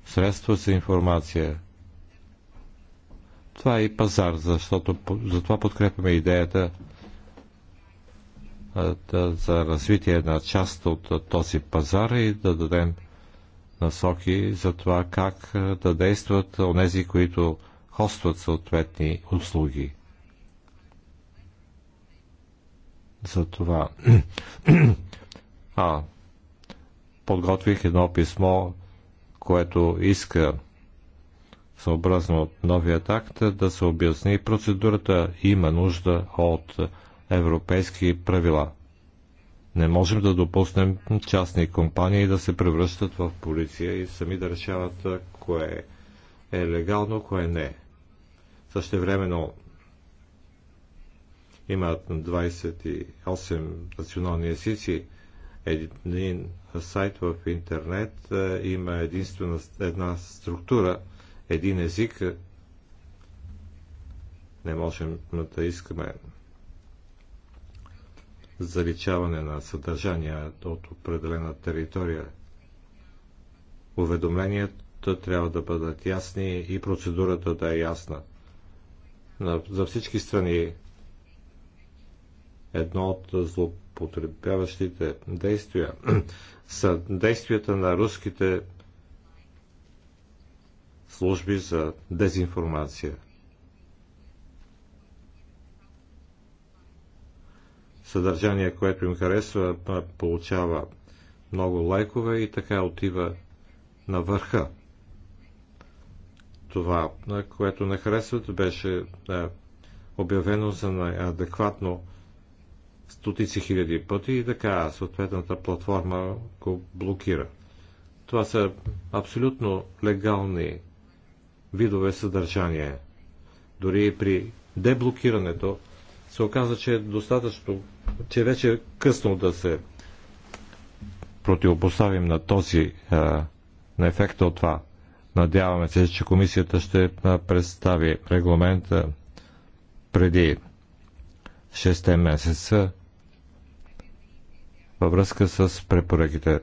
средство за информация. Това е и пазар, защото затова подкрепяме идеята за развитие на част от този пазар и да дадем насоки за това как да действат онези, които хостват съответни услуги. За това. а, подготвих едно писмо, което иска съобразно от новия акт да се обясни процедурата има нужда от европейски правила. Не можем да допуснем частни компании да се превръщат в полиция и сами да решават кое е легално, кое не. времено имат 28 национални езици, един сайт в интернет има единствена една структура, един език. Не можем да искаме заличаване на съдържания от определена територия. Уведомленията трябва да бъдат ясни и процедурата да е ясна. За всички страни едно от злоупотребите потребяващите действия са действията на руските служби за дезинформация. Съдържание, което им харесва, получава много лайкове и така отива на върха. Това, което не харесват, беше обявено за неадекватно стотици хиляди пъти и така съответната платформа го блокира. Това са абсолютно легални видове съдържание. Дори и при деблокирането се оказа, че е достатъчно, че вече е късно да се противопоставим на този, на ефекта от това. Надяваме се, че комисията ще представи регламента преди 6 месеца във връзка с препоръките.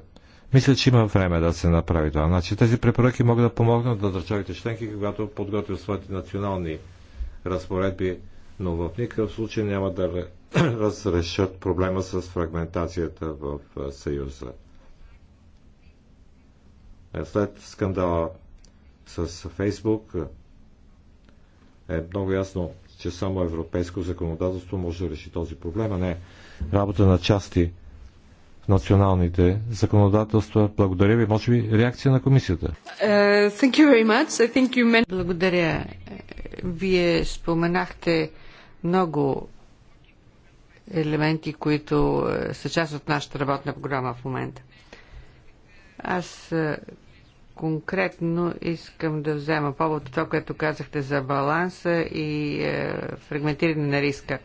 Мисля, че има време да се направи това. Значи тези препоръки могат да помогнат на да държавите членки, когато подготвят своите национални разпоредби, но в никакъв случай няма да разрешат проблема с фрагментацията в Съюза. Е, след скандала с Фейсбук е много ясно че само европейско законодателство може да реши този проблем, а не работа на части в националните законодателства. Благодаря ви. Може би реакция на комисията? Uh, Благодаря. Вие споменахте много елементи, които е, са част от нашата работна програма в момента. Аз е, Конкретно искам да взема повод от това, което казахте за баланса и е, фрагментиране на риска.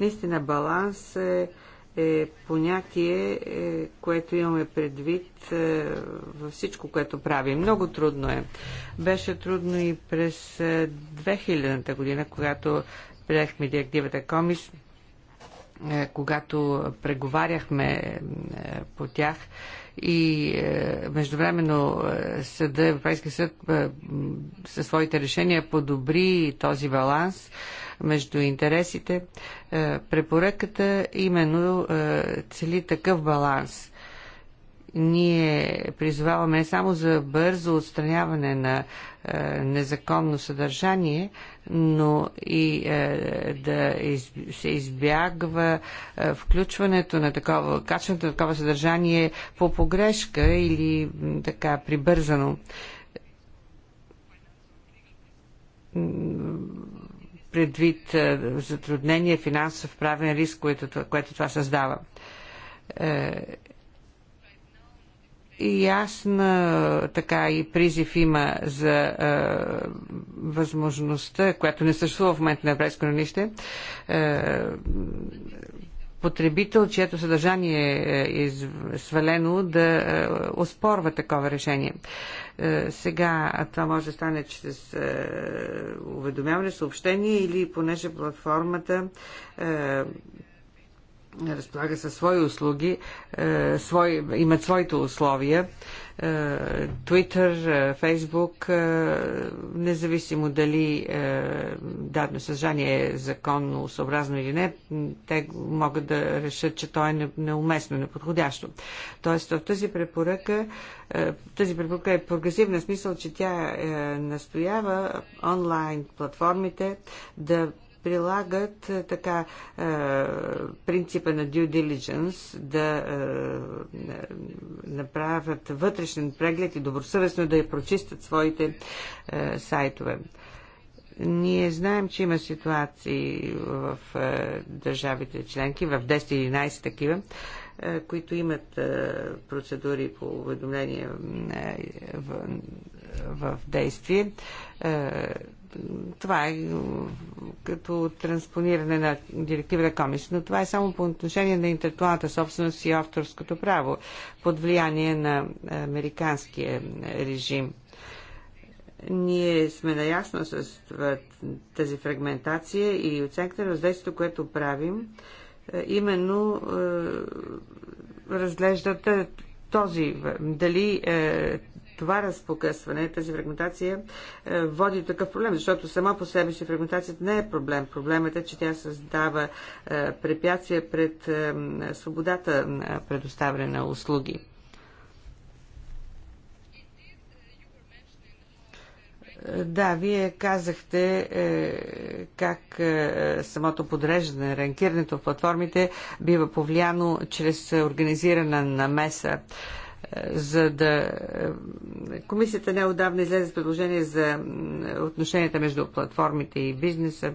Наистина баланс е, е понятие, е, което имаме предвид е, във всичко, което правим. Много трудно е. Беше трудно и през 2000-та е, година, когато приехме директивата Комис, е, когато преговаряхме е, по тях. Е, и е, междувременно е, съда, Европейския съд е, със своите решения подобри този баланс между интересите. Е, препоръката именно е, цели такъв баланс – ние призоваваме не само за бързо отстраняване на е, незаконно съдържание, но и е, да из, се избягва е, включването на такова, качването на такова съдържание по погрешка или така прибързано предвид е, затруднения, финансов правен риск, което, което това създава. Е, ясна така и призив има за е, възможността, която не съществува в момента на еврейско нанище, е, потребител, чието съдържание е свалено, да е, оспорва такова решение. Е, сега това може да стане чрез е, уведомяване, съобщение или понеже платформата разполага със свои услуги, е, имат своите условия. Е, Twitter, е, Facebook, независимо дали дадено съжание е законно съобразно или не, те могат да решат, че то е неуместно, неподходящо. Тоест в тази препоръка, тази препоръка е прогресивна смисъл, че тя настоява онлайн платформите да прилагат е, така е, принципа на due diligence, да е, направят вътрешен преглед и добросъвестно да я прочистят своите сайтове. Ние знаем, че има ситуации в държавите членки, в 10-11 такива, които имат процедури по уведомление в, в действие това е като транспониране на директивата Комиш, но това е само по отношение на интелектуалната собственост и авторското право под влияние на американския режим. Ние сме наясно с тази фрагментация и оценката на въздействието, което правим, е, именно е, разглеждат е, този, дали това разпокъсване, тази фрагментация е, води до такъв проблем, защото само по себе си фрагментацията не е проблем. Проблемът е, че тя създава е, препятствия пред е, свободата на предоставяне на услуги. Да, вие казахте е, как е, самото подреждане, ранкирането в платформите бива повлияно чрез организирана намеса. Е, за да... Е, комисията неодавна излезе с предложение за отношенията между платформите и бизнеса.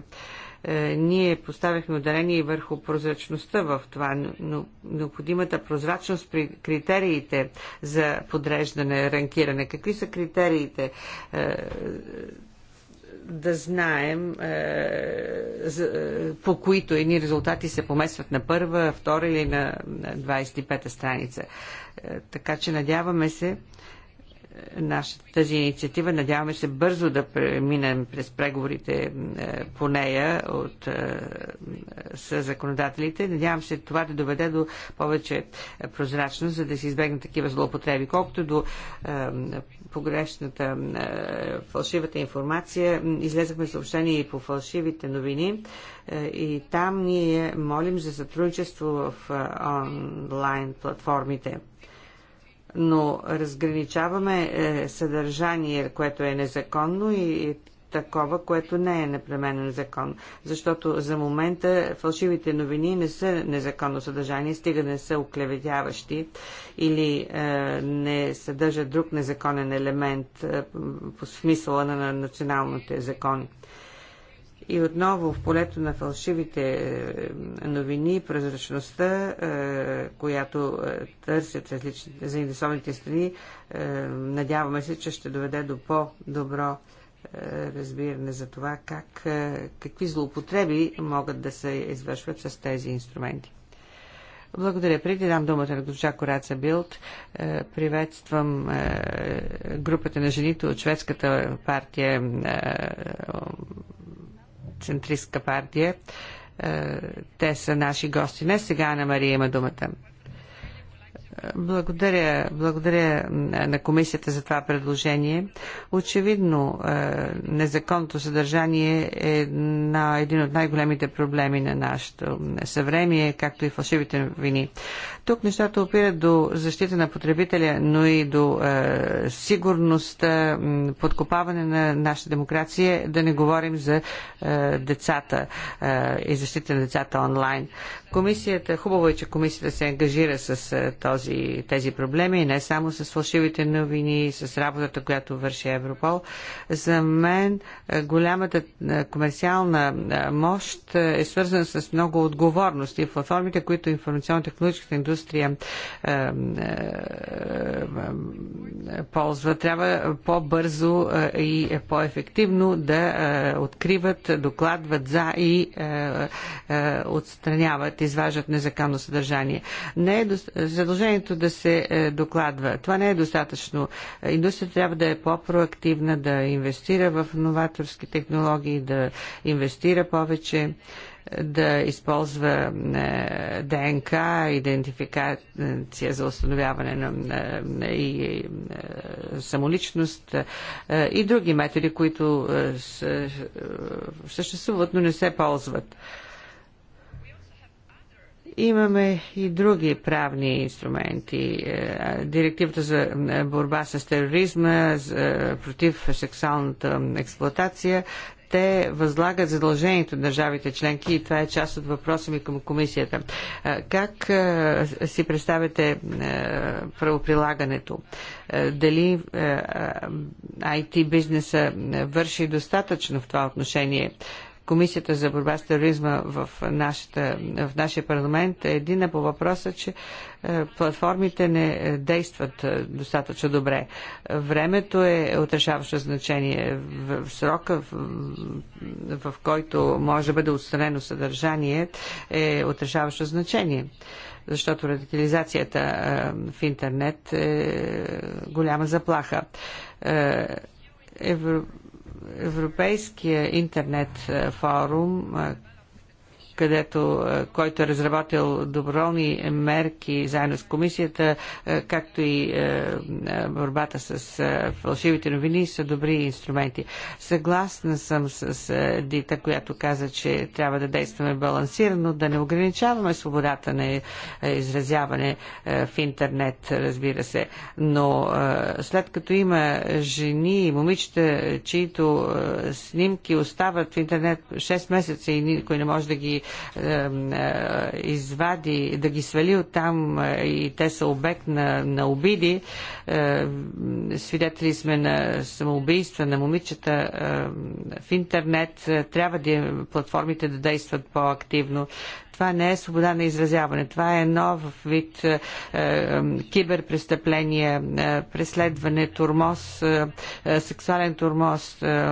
Е, ние поставихме ударение върху прозрачността в това, но необходимата прозрачност при критериите за подреждане, ранкиране. Какви са критериите? Е, да знаем по които едни резултати се поместват на първа, втора или на 25-та страница. Така че надяваме се е, нашата, тази инициатива, надяваме се бързо да преминем през преговорите е, по нея от, е, с законодателите. Надявам се това да доведе до повече прозрачност, за да се избегнат такива злоупотреби. Колкото до погрешната, фалшивата информация. Излезахме съобщение и по фалшивите новини и там ние молим за сътрудничество в онлайн платформите но разграничаваме е, съдържание, което е незаконно и такова, което не е непременно незаконно. Защото за момента фалшивите новини не са незаконно съдържание, стига не са оклеветяващи или е, не съдържат друг незаконен елемент е, по смисъла на националните закони. И отново в полето на фалшивите е, новини, прозрачността, е, която е, търсят различните заинтересованите страни, надяваме се, че ще доведе до по-добро разбиране за това как, какви злоупотреби могат да се извършват с тези инструменти. Благодаря. Преди дам думата на госпожа Кораца Билд, приветствам групата на жените от шведската партия центристка партия. Е, те са наши гости днес. Сега Ана Мария има думата. Благодаря, благодаря на комисията за това предложение. Очевидно, е, незаконното съдържание е на един от най-големите проблеми на нашето съвремие, както и фалшивите вини. Тук нещата опират до защита на потребителя, но и до е, сигурност, е, подкопаване на нашата демокрация, да не говорим за децата и защита на децата онлайн. Комисията, хубаво е, че комисията се ангажира с този този, тези проблеми, не само с фалшивите новини, с работата, която върши Европол. За мен е, голямата е, комерциална е, мощ е свързана с много отговорности в формите, които информационно технологическа индустрия е, е, е, ползва. Трябва по-бързо и по-ефективно да откриват, докладват за и отстраняват, изваждат незаконно съдържание. Не е задължение положението да се е, докладва. Това не е достатъчно. Индустрията трябва да е по-проактивна, да инвестира в новаторски технологии, да инвестира повече е, да използва е, ДНК, идентификация за установяване на и самоличност и други методи, които съществуват, но не се ползват. Имаме и други правни инструменти. Е, директивата за е, борба с тероризма, е, против сексуалната експлоатация, те възлагат задължението на държавите членки и това е част от въпроса ми към комисията. Как си представяте правоприлагането? Дали IT бизнеса върши достатъчно в това отношение? Комисията за борба с тероризма в, нашата, в нашия парламент е едина по въпроса, че е, платформите не е, действат е, достатъчно добре. Времето е отрешаващо значение. В срока, в, в който може да бъде отстранено съдържание, е отрешаващо значение защото радикализацията в интернет е голяма заплаха. Евро... Европейския интернет форум, където, е, който е разработил доброволни мерки заедно с комисията, е, както и е, борбата с фалшивите новини, са добри инструменти. Съгласна съм с Дита, която каза, че трябва да действаме балансирано, да не ограничаваме свободата на изразяване в интернет, разбира се. Но след като има жени и момичета, чието снимки остават в интернет 6 месеца и никой не може да ги е, е, извади, да ги свали от там е, и те са обект на, на обиди. свидетели сме на самоубийства на момичета в интернет. Трябва да платформите да действат по-активно това не е свобода на изразяване. Това е нов вид е, е, киберпрестъпление, е, преследване, турмоз, е, е, сексуален турмоз, е,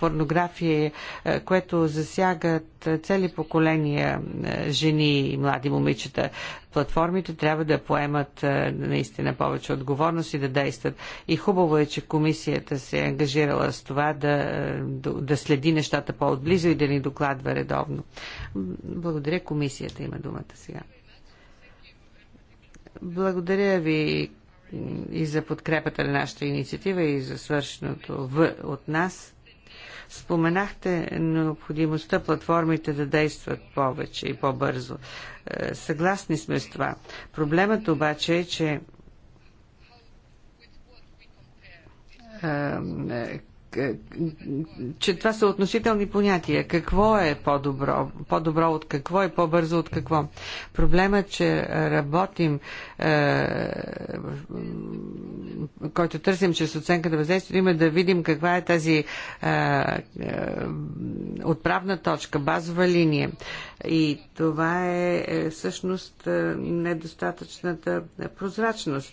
порнография, е, което засягат е, цели поколения е, жени и млади момичета платформите трябва да поемат е, наистина повече отговорност и да действат. И хубаво е, че комисията се е ангажирала с това да, е, да следи нещата по-отблизо и да ни докладва редовно. Благодаря, комисията има думата сега. Благодаря ви и за подкрепата на нашата инициатива и за свършеното в, от нас. Споменахте необходимостта платформите да действат повече и по-бързо. Е, съгласни сме с това. Проблемът обаче е, че е, е, че това са относителни понятия. Какво е по-добро? По-добро от какво и по-бързо от какво? Проблемът, че работим, е, който търсим чрез оценка на въздействието, има да видим каква е тази е, е, отправна точка, базова линия. И това е всъщност недостатъчната прозрачност.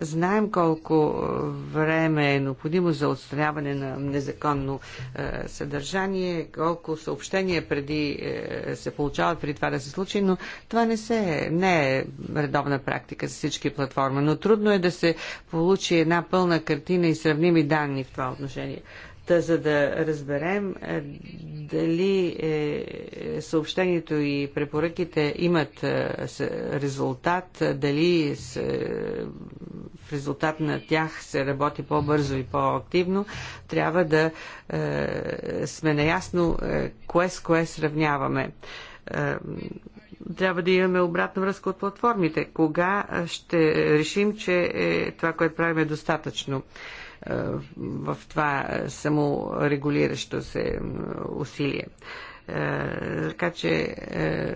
Знаем колко е, време е необходимо за отстраняване на незаконно е, съдържание, колко съобщения преди е, се получават преди това да се случи, но това не, се, не е редовна практика за всички платформи. Но трудно е да се получи една пълна картина и сравними данни в това отношение. Та за да разберем е, дали е, съобщението и препоръките имат е, резултат, дали в резултат на тях се работи по-бързо и по-активно, трябва да сме наясно кое с кое сравняваме трябва да имаме обратна връзка от платформите. Кога ще решим, че е, това, което правим е достатъчно? Е, в това саморегулиращо се усилие. Е, така че е,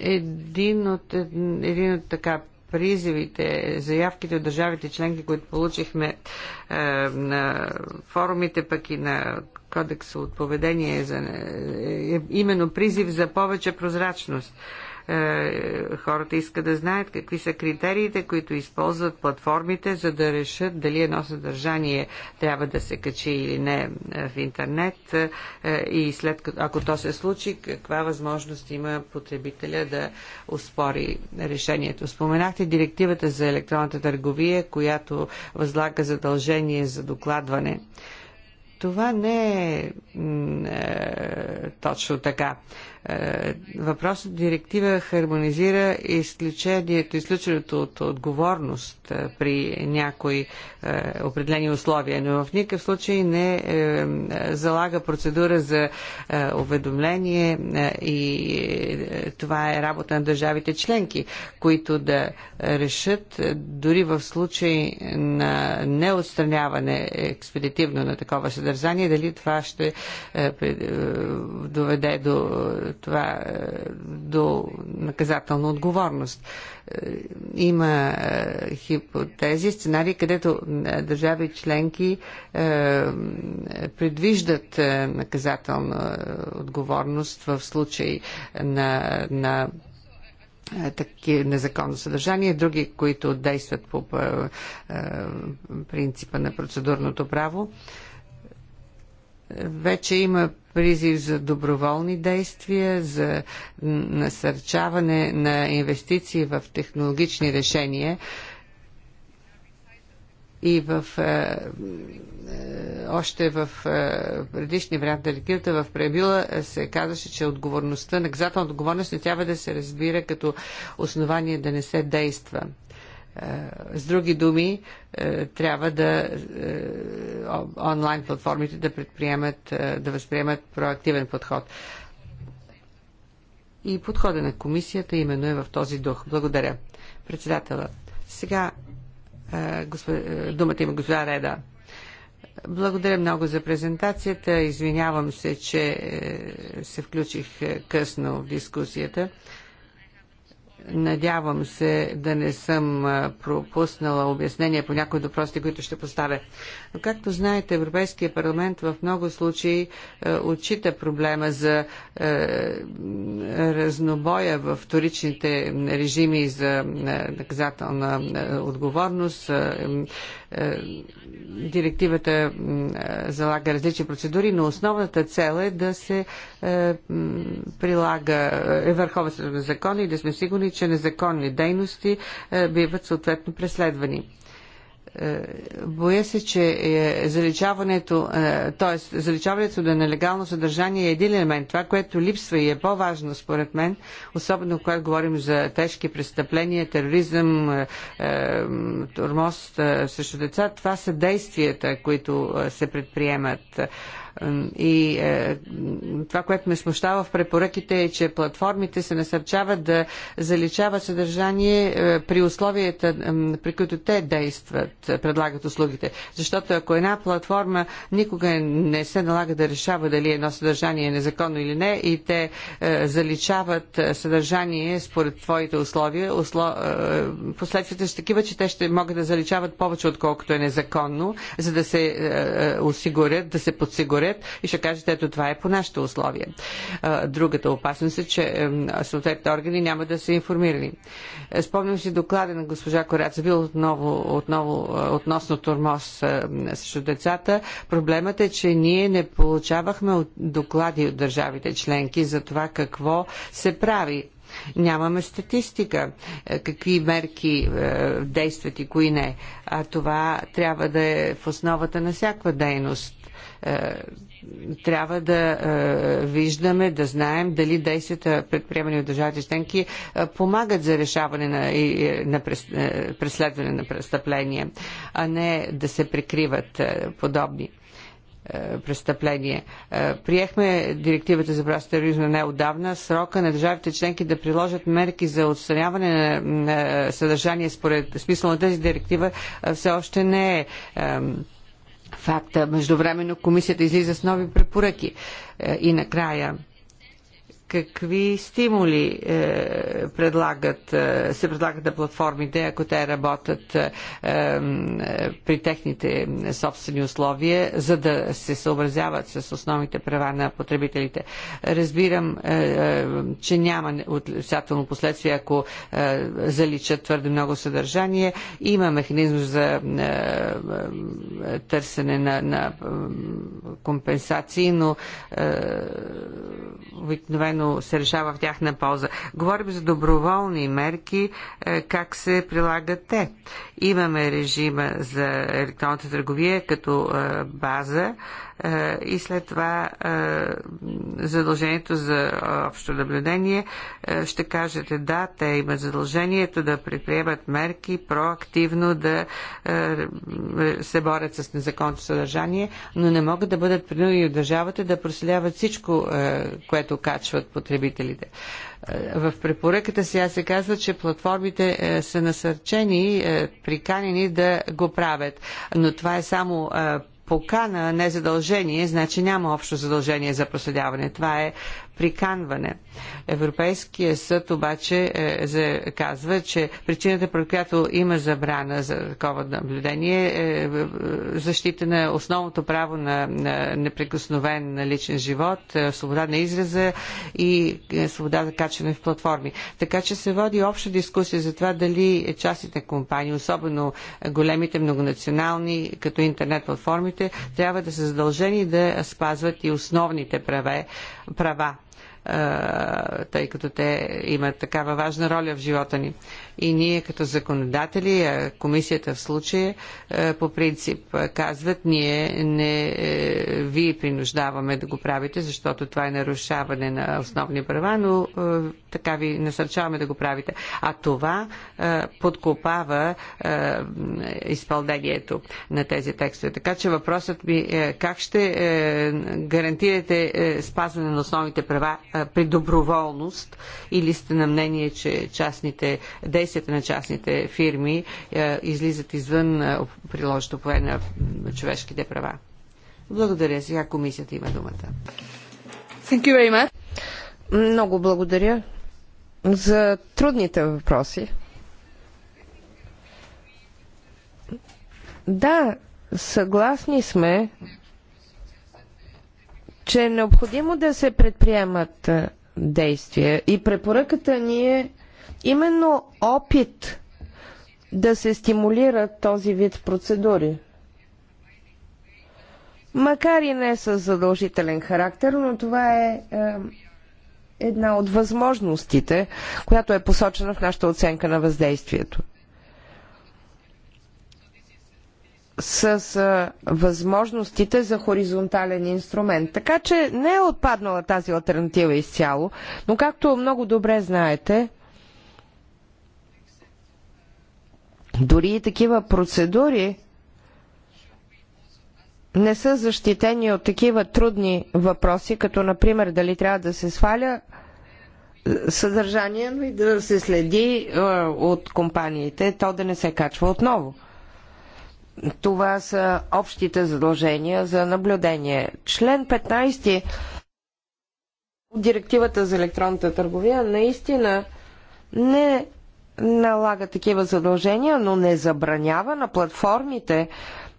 един от, един от така призивите, заявките от държавите членки, които получихме е, на форумите, пък и на кодекса от поведение, за, е, именно призив за повече прозрачност. Е, е, хората искат да знаят какви са критериите, които използват платформите, за да решат дали едно съдържание трябва да се качи или не е, в интернет е, и след като, ако то се случи, каква възможност има потребителя да успори решението. Споменахте директивата за електронната търговия, която възлага задължение за докладване това не е, е точно така. Е, въпросът директива хармонизира изключението, изключеното от отговорност е, при някои е, определени условия, но в никакъв случай не залага процедура за уведомление и това е работа на държавите членки, които да решат дори в случай на неотстраняване експедитивно на такова съдържание, дали това ще доведе до това е, до наказателна отговорност. Е, има е, хипотези, сценарии, където държави членки предвиждат наказателна отговорност в случай на, на таки незаконно съдържание, други, които действат по принципа на процедурното право. Вече има призив за доброволни действия, за насърчаване на инвестиции в технологични решения и в, е, е, още в е, предишни вариант директивата в Пребила е, се казваше, че отговорността, наказателна отговорност не трябва да се разбира като основание да не се действа. Е, с други думи, е, трябва да е, онлайн платформите да предприемат, да възприемат проактивен подход. И подхода на комисията именно е в този дух. Благодаря. Председателът. сега думата има госпожа Реда. Благодаря много за презентацията. Извинявам се, че се включих късно в дискусията. Надявам се да не съм пропуснала обяснение по някои въпроси, които ще поставя. Както знаете, Европейския парламент в много случаи е, отчита проблема за е, разнобоя в вторичните режими за е, наказателна отговорност. Директивата залага различни процедури, но основната цел е да се прилага върховата на закони и да сме сигурни, че незаконни дейности биват съответно преследвани. Е, боя се, че е, заличаването, е, т.е. заличаването на нелегално съдържание е един елемент. Това, което липсва и е по-важно според мен, особено когато говорим за тежки престъпления, тероризъм, тормоз срещу деца, това са действията, които се предприемат и е, това, което ме смущава в препоръките е, че платформите се насърчават да заличават съдържание е, при условията, при които те действат, е, предлагат услугите. Защото ако една платформа никога не се налага да решава дали едно съдържание е незаконно или не, и те заличават съдържание според твоите условия, е, последствията са такива, че те ще могат да заличават повече, отколкото е незаконно, за да се осигурят, да се подсигурят спорят и ще кажат, ето това е по нашите условия. Другата опасност е, че съответните органи няма да са информирани. Е, спомням си доклада на госпожа Вил отново, отново е, относно тормоз е, срещу децата. Проблемът е, че ние не получавахме доклади от държавите членки за това какво се прави нямаме статистика какви мерки действат и кои не. А това трябва да е в основата на всяка дейност. Е, трябва да е, виждаме, да знаем дали действията предприемани от държавите членки е, помагат за решаване на, на преследване на престъпления, а не да се прикриват подобни престъпление. Приехме директивата за борба с тероризма неодавна. Срока на държавите членки да приложат мерки за отстраняване на съдържание според смисъл на тази директива все още не е факта. Междувременно комисията излиза с нови препоръки. Е, и накрая какви стимули е, предлагат, е, се предлагат на платформите, ако те работят е, е, при техните собствени условия, за да се съобразяват с основните права на потребителите. Разбирам, е, е, че няма отрицателно последствие, ако заличат твърде много съдържание. Има механизъм за търсене на, на компенсации, но обикновено но се решава в тяхна полза. Говорим за доброволни мерки, е, как се прилагат те. Имаме режима за електронната търговия като е, база е, и след това е, задължението за е, общо наблюдение. Ще кажете да, те имат задължението да предприемат мерки, проактивно да се борят с незаконното съдържание, но не могат да бъдат принудени от държавата да проследяват всичко, което качват потребителите. В препоръката сега се казва, че платформите са насърчени, приканени да го правят, но това е само покана, а не задължение, значи няма общо задължение за проследяване. Това е приканване. Европейския съд обаче е, казва, че причината, по която има забрана за такова наблюдение е, е защита на основното право на, на неприкосновен на личен живот, е, свобода на израза и е, свобода за качване в платформи. Така че се води обща дискусия за това дали частните компании, особено големите многонационални, като интернет платформите, трябва да са задължени да спазват и основните праве, права, тъй като те имат такава важна роля в живота ни и ние като законодатели, а комисията в случая е, по принцип е, казват, ние не е, ви принуждаваме да го правите, защото това е нарушаване на основни права, но така ви насърчаваме да го правите. А това подкопава изпълнението на тези текстове. Така че въпросът ми е как ще гарантирате спазване на основните права при доброволност или сте на мнение, че частните действия действията на частните фирми е, излизат извън е, приложното поле на човешките права. Благодаря. Сега комисията има думата. Thank you very much. Много благодаря за трудните въпроси. Да, съгласни сме, че е необходимо да се предприемат е, действия и препоръката ни е именно опит да се стимулират този вид процедури. Макар и не с задължителен характер, но това е, е една от възможностите, която е посочена в нашата оценка на въздействието. с е, възможностите за хоризонтален инструмент. Така че не е отпаднала тази альтернатива изцяло, но както много добре знаете, Дори и такива процедури не са защитени от такива трудни въпроси, като например дали трябва да се сваля е, съдържание, но и да се следи е, от компаниите, то да не се качва отново. Това са общите задължения за наблюдение. Член 15 от директивата за електронната търговия наистина не налага такива задължения, но не забранява на платформите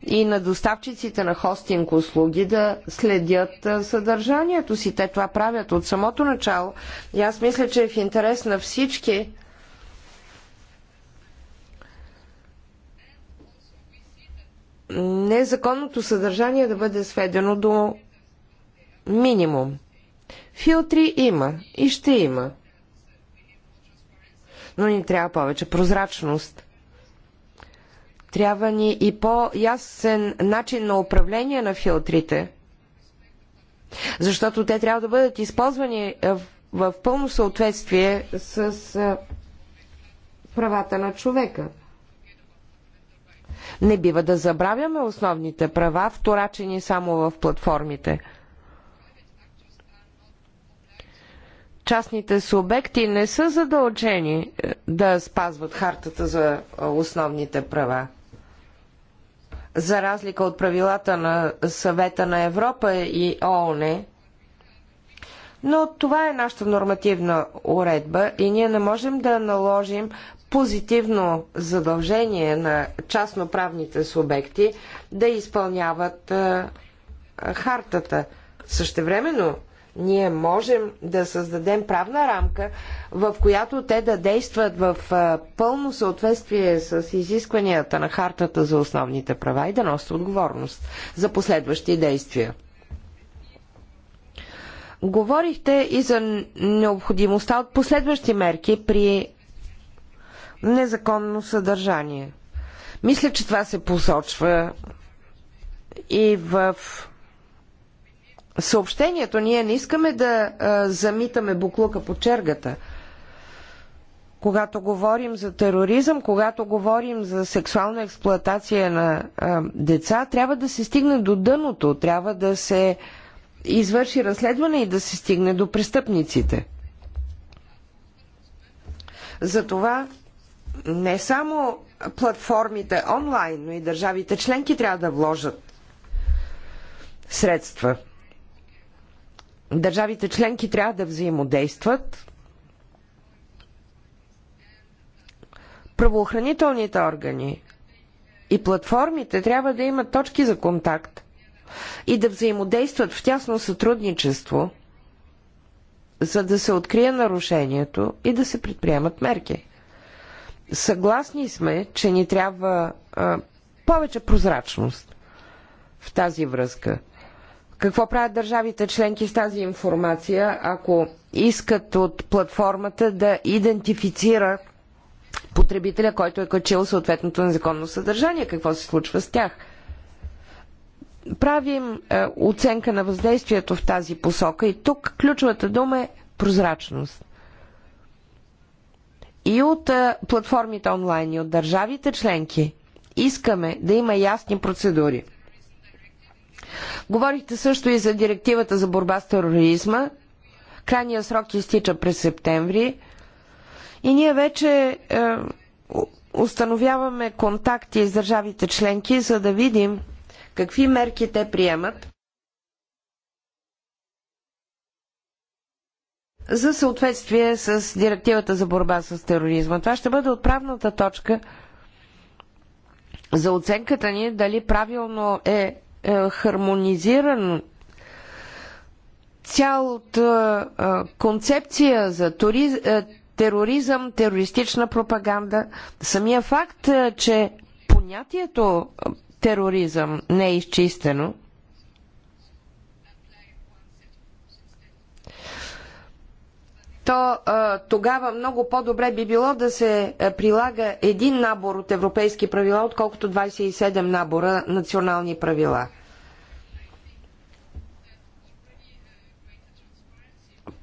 и на доставчиците на хостинг услуги да следят съдържанието си. Те това правят от самото начало. И аз мисля, че е в интерес на всички незаконното съдържание да бъде сведено до минимум. Филтри има и ще има но ни трябва повече прозрачност. Трябва ни и по-ясен начин на управление на филтрите, защото те трябва да бъдат използвани е, в, в пълно съответствие с е, правата на човека. Не бива да забравяме основните права, вторачени само в платформите – частните субекти не са задължени е, да спазват хартата за е, основните права. За разлика от правилата на съвета на Европа и ООН, но това е нашата нормативна уредба и ние не можем да наложим позитивно задължение на частноправните субекти да изпълняват е, хартата. Същевременно, ние можем да създадем правна рамка, в която те да действат в пълно съответствие с изискванията на Хартата за основните права и да носят отговорност за последващи действия. Говорихте и за необходимостта от последващи мерки при незаконно съдържание. Мисля, че това се посочва и в съобщението. Ние не искаме да замитаме буклука по чергата. Когато говорим за тероризъм, когато говорим за сексуална експлоатация на деца, трябва да се стигне до дъното, трябва да се извърши разследване и да се стигне до престъпниците. Затова не само платформите онлайн, но и държавите членки трябва да вложат средства. Държавите членки трябва да взаимодействат. Правоохранителните органи и платформите трябва да имат точки за контакт и да взаимодействат в тясно сътрудничество, за да се открие нарушението и да се предприемат мерки. Съгласни сме, че ни трябва а, повече прозрачност в тази връзка. Какво правят държавите членки с тази информация, ако искат от платформата да идентифицира потребителя, който е качил съответното незаконно съдържание? Какво се случва с тях? Правим е, оценка на въздействието в тази посока и тук ключовата дума е прозрачност. И от е, платформите онлайн, и от държавите членки искаме да има ясни процедури – Говорихте също и за директивата за борба с тероризма. Крайният срок изтича през септември. И ние вече е, установяваме контакти с държавите членки, за да видим какви мерки те приемат за съответствие с директивата за борба с тероризма. Това ще бъде отправната точка за оценката ни дали правилно е е, хармонизиран цялата е, концепция за е, тероризъм, терористична пропаганда. Самия факт, че понятието тероризъм не е изчистено, то а, тогава много по-добре би било да се прилага един набор от европейски правила, отколкото 27 набора национални правила.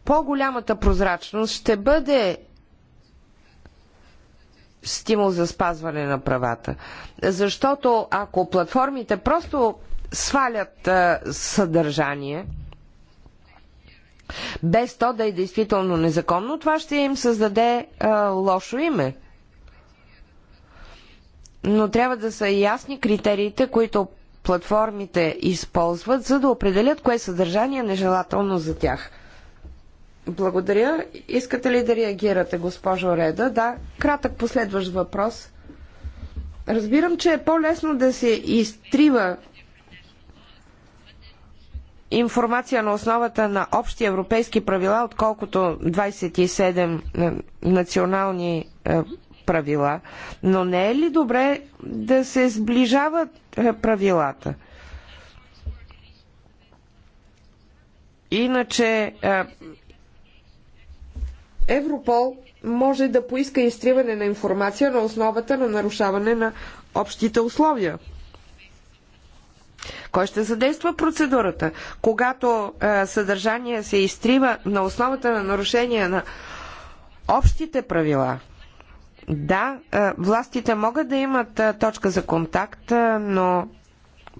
По-голямата прозрачност ще бъде стимул за спазване на правата. Защото ако платформите просто свалят а, съдържание, без то да е действително незаконно, това ще им създаде а, лошо име. Но трябва да са ясни критериите, които платформите използват, за да определят кое съдържание е нежелателно за тях. Благодаря. Искате ли да реагирате, госпожо Реда? Да, кратък последващ въпрос. Разбирам, че е по-лесно да се изтрива информация на основата на общи европейски правила, отколкото 27 е, национални е, правила. Но не е ли добре да се сближават е, правилата? Иначе Европол може да поиска изтриване на информация на основата на нарушаване на общите условия. Кой ще задейства процедурата? Когато е, съдържание се изтрива на основата на нарушение на общите правила, да, е, властите могат да имат е, точка за контакт, е, но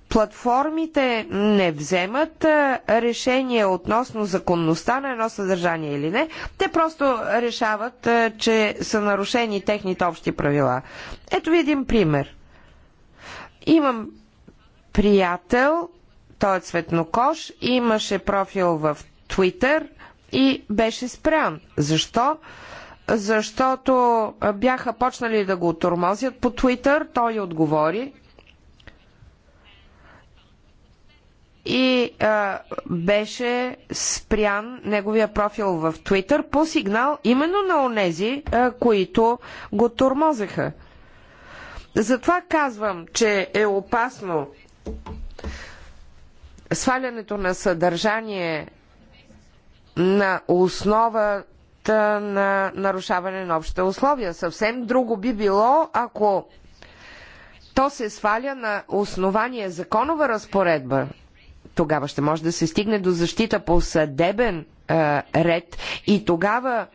платформите не вземат е, решение относно законността на едно съдържание или не, те просто решават, е, че са нарушени техните общи правила. Ето ви един пример. Имам приятел, той е цветнокош, имаше профил в Твитър и беше спрян. Защо? Защото бяха почнали да го тормозят по Твитър, той отговори и а, беше спрян неговия профил в Твитър по сигнал именно на онези, а, които го тормозеха. Затова казвам, че е опасно свалянето на съдържание на основата на нарушаване на общите условия. Съвсем друго би било, ако то се сваля на основание законова разпоредба. Тогава ще може да се стигне до защита по съдебен е, ред и тогава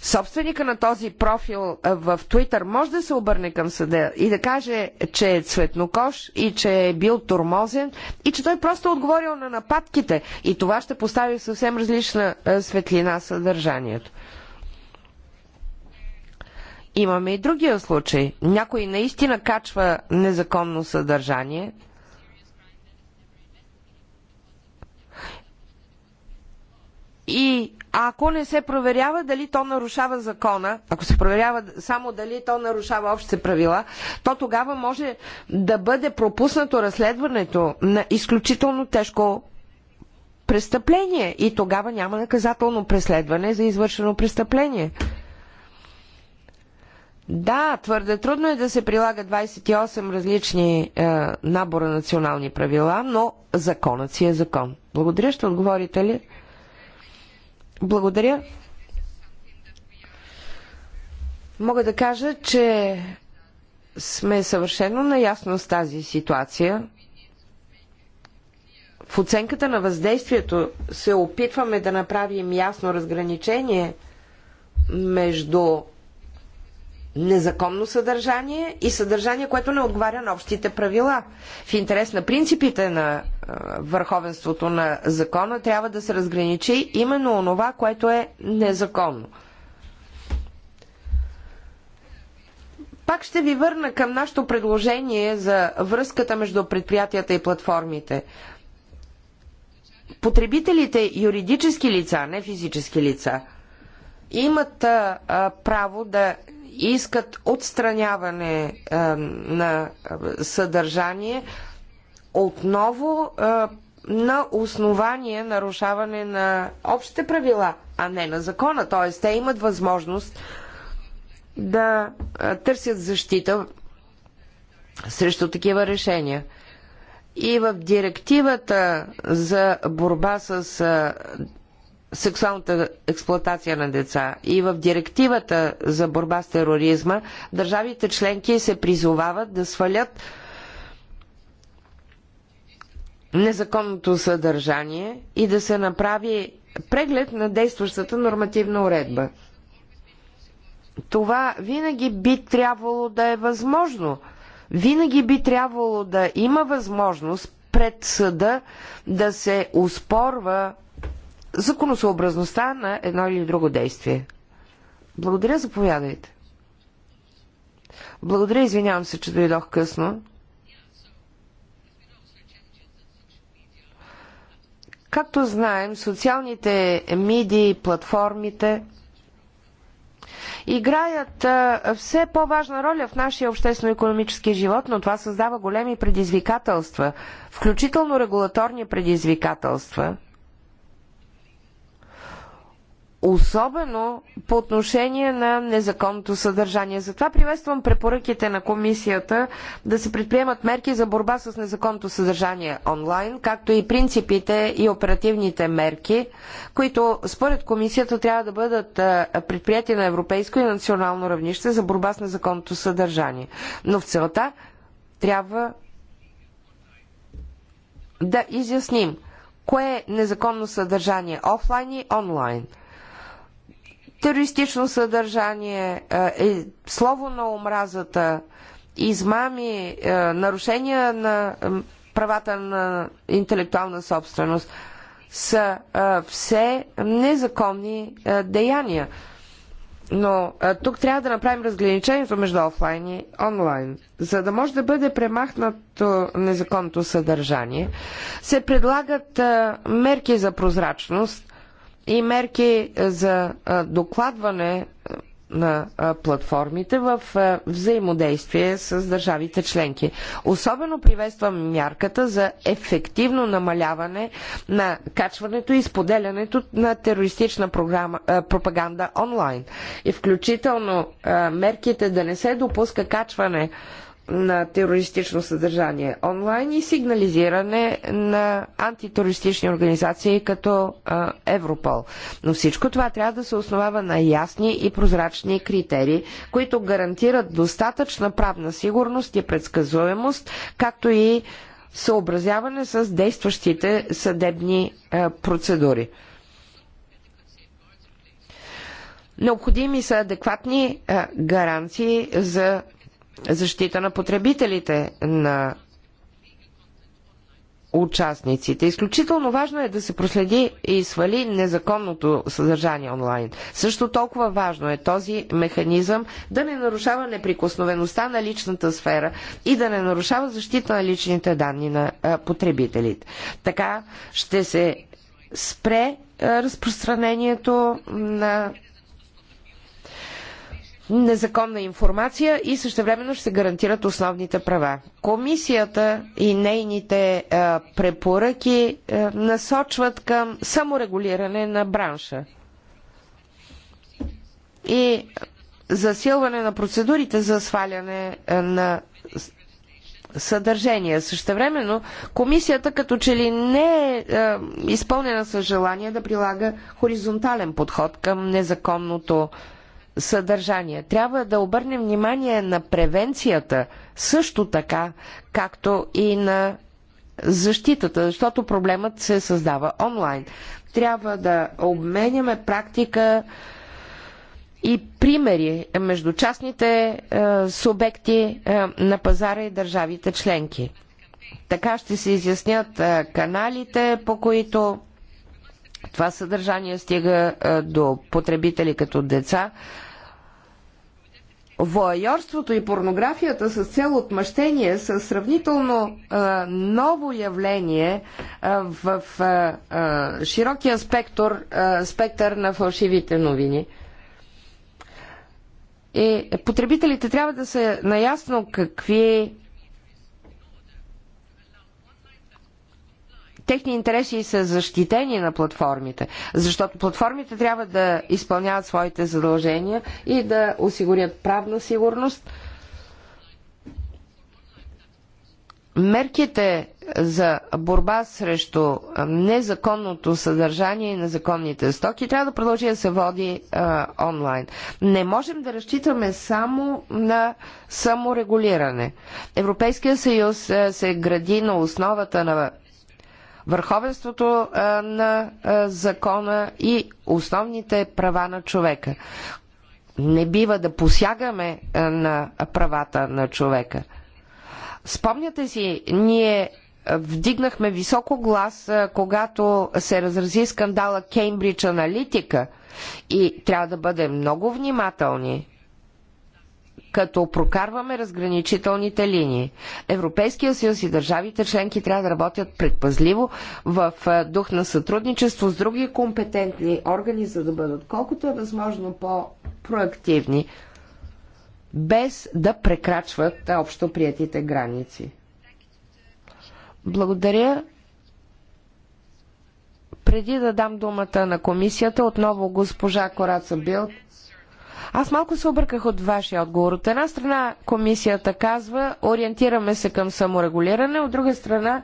собственика на този профил в Твитър може да се обърне към съда и да каже, че е цветнокош и че е бил турмозен, и че той просто е отговорил на нападките. И това ще постави съвсем различна светлина съдържанието. Имаме и другия случай. Някой наистина качва незаконно съдържание, и а ако не се проверява дали то нарушава закона, ако се проверява само дали то нарушава общите правила, то тогава може да бъде пропуснато разследването на изключително тежко престъпление и тогава няма наказателно преследване за извършено престъпление. Да, твърде трудно е да се прилага 28 различни е, набора национални правила, но законът си е закон. Благодаря, ще отговорите ли? Благодаря. Мога да кажа, че сме съвършено наясно с тази ситуация. В оценката на въздействието се опитваме да направим ясно разграничение между незаконно съдържание и съдържание, което не отговаря на общите правила. В интерес на принципите на върховенството на закона трябва да се разграничи именно онова, което е незаконно. Пак ще ви върна към нашето предложение за връзката между предприятията и платформите. Потребителите юридически лица, не физически лица, имат а, право да искат отстраняване е, на е, съдържание отново е, на основание нарушаване на общите правила, а не на закона. Т.е. те имат възможност да търсят защита срещу такива решения. И в директивата за борба с сексуалната експлоатация на деца. И в директивата за борба с тероризма държавите членки се призовават да свалят незаконното съдържание и да се направи преглед на действащата нормативна уредба. Това винаги би трябвало да е възможно. Винаги би трябвало да има възможност пред съда да се успорва законосъобразността на едно или друго действие. Благодаря, заповядайте. Благодаря, извинявам се, че дойдох късно. Както знаем, социалните медии, платформите играят все по-важна роля в нашия обществено-економически живот, но това създава големи предизвикателства, включително регулаторни предизвикателства – особено по отношение на незаконното съдържание. Затова приветствам препоръките на комисията да се предприемат мерки за борба с незаконното съдържание онлайн, както и принципите и оперативните мерки, които според комисията трябва да бъдат предприяти на европейско и национално равнище за борба с незаконното съдържание. Но в целта трябва да изясним кое е незаконно съдържание офлайн и онлайн – терористично съдържание, е, е, слово на омразата, измами, е, нарушения на правата на интелектуална собственост са все незаконни деяния. Но тук трябва да направим разграничението между офлайн и онлайн. За да може да бъде премахнато незаконното съдържание, се предлагат мерки за прозрачност и мерки за докладване на платформите в взаимодействие с държавите членки. Особено приветствам мярката за ефективно намаляване на качването и споделянето на терористична програма, пропаганда онлайн. И включително мерките да не се допуска качване на терористично съдържание онлайн и сигнализиране на антитерористични организации като а, Европол. Но всичко това трябва да се основава на ясни и прозрачни критерии, които гарантират достатъчна правна сигурност и предсказуемост, както и съобразяване с действащите съдебни а, процедури. Необходими са адекватни а, гаранции за защита на потребителите на участниците. Изключително важно е да се проследи и свали незаконното съдържание онлайн. Също толкова важно е този механизъм да не нарушава неприкосновеността на личната сфера и да не нарушава защита на личните данни на потребителите. Така ще се спре разпространението на незаконна информация и същевременно ще се гарантират основните права. Комисията и нейните препоръки насочват към саморегулиране на бранша и засилване на процедурите за сваляне на съдържание. Същевременно комисията като че ли не е, е изпълнена с желание да прилага хоризонтален подход към незаконното съдържание. Трябва да обърнем внимание на превенцията също така, както и на защитата, защото проблемът се създава онлайн. Трябва да обменяме практика и примери между частните е, субекти е, на пазара и държавите членки. Така ще се изяснят е, каналите, по които това съдържание стига е, до потребители като деца, Воайорството и порнографията с цел отмъщение са сравнително а, ново явление а, в а, а, широкия спектър, а, спектър на фалшивите новини. И потребителите трябва да са наясно какви техни интереси са защитени на платформите, защото платформите трябва да изпълняват своите задължения и да осигурят правна сигурност. Мерките за борба срещу незаконното съдържание и незаконните стоки трябва да продължи да се води а, онлайн. Не можем да разчитаме само на саморегулиране. Европейския съюз се гради на основата на върховенството на закона и основните права на човека. Не бива да посягаме на правата на човека. Спомняте си, ние вдигнахме високо глас, когато се разрази скандала Кеймбридж Аналитика и трябва да бъдем много внимателни като прокарваме разграничителните линии. Европейския съюз и държавите членки трябва да работят предпазливо в е, дух на сътрудничество с други компетентни органи, за да бъдат колкото е възможно по-проактивни, без да прекрачват общо приятите граници. Благодаря. Преди да дам думата на комисията, отново госпожа Кораца Билт аз малко се обърках от вашия отговор. От една страна комисията казва, ориентираме се към саморегулиране, от друга страна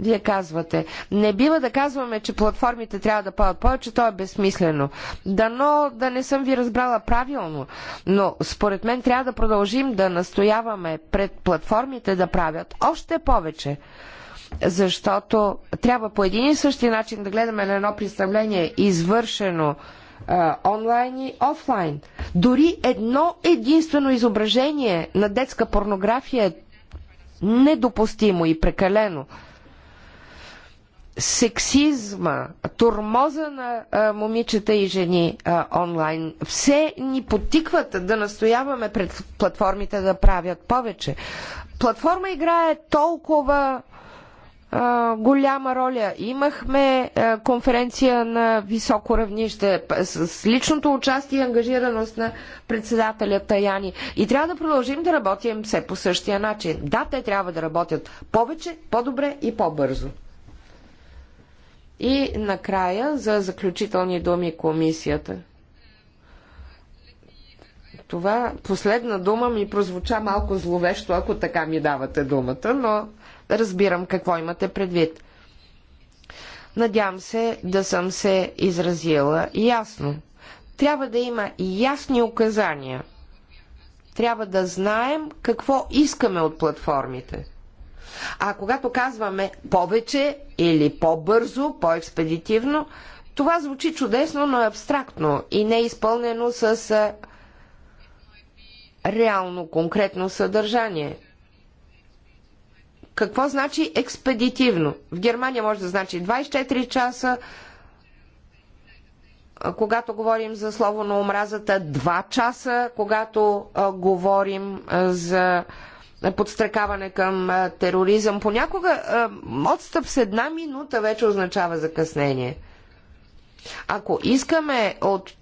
вие казвате. Не бива да казваме, че платформите трябва да падат повече, то е безсмислено. Дано да не съм ви разбрала правилно, но според мен трябва да продължим да настояваме пред платформите да правят още повече. Защото трябва по един и същи начин да гледаме на едно представление, извършено онлайн и офлайн. Дори едно единствено изображение на детска порнография е недопустимо и прекалено. Сексизма, турмоза на а, момичета и жени а, онлайн, все ни потикват да настояваме пред платформите да правят повече. Платформа играе толкова голяма роля. Имахме конференция на високо равнище с личното участие и ангажираност на председателя Таяни. И трябва да продължим да работим все по същия начин. Да, те трябва да работят повече, по-добре и по-бързо. И накрая за заключителни думи комисията. Това последна дума ми прозвуча малко зловещо, ако така ми давате думата, но разбирам какво имате предвид. Надявам се да съм се изразила ясно. Трябва да има ясни указания. Трябва да знаем какво искаме от платформите. А когато казваме повече или по-бързо, по-експедитивно, това звучи чудесно, но е абстрактно и не е изпълнено с реално конкретно съдържание. Какво значи експедитивно? В Германия може да значи 24 часа, когато говорим за слово на омразата, 2 часа, когато говорим за подстрекаване към тероризъм. Понякога отстъп с една минута вече означава закъснение. Ако искаме от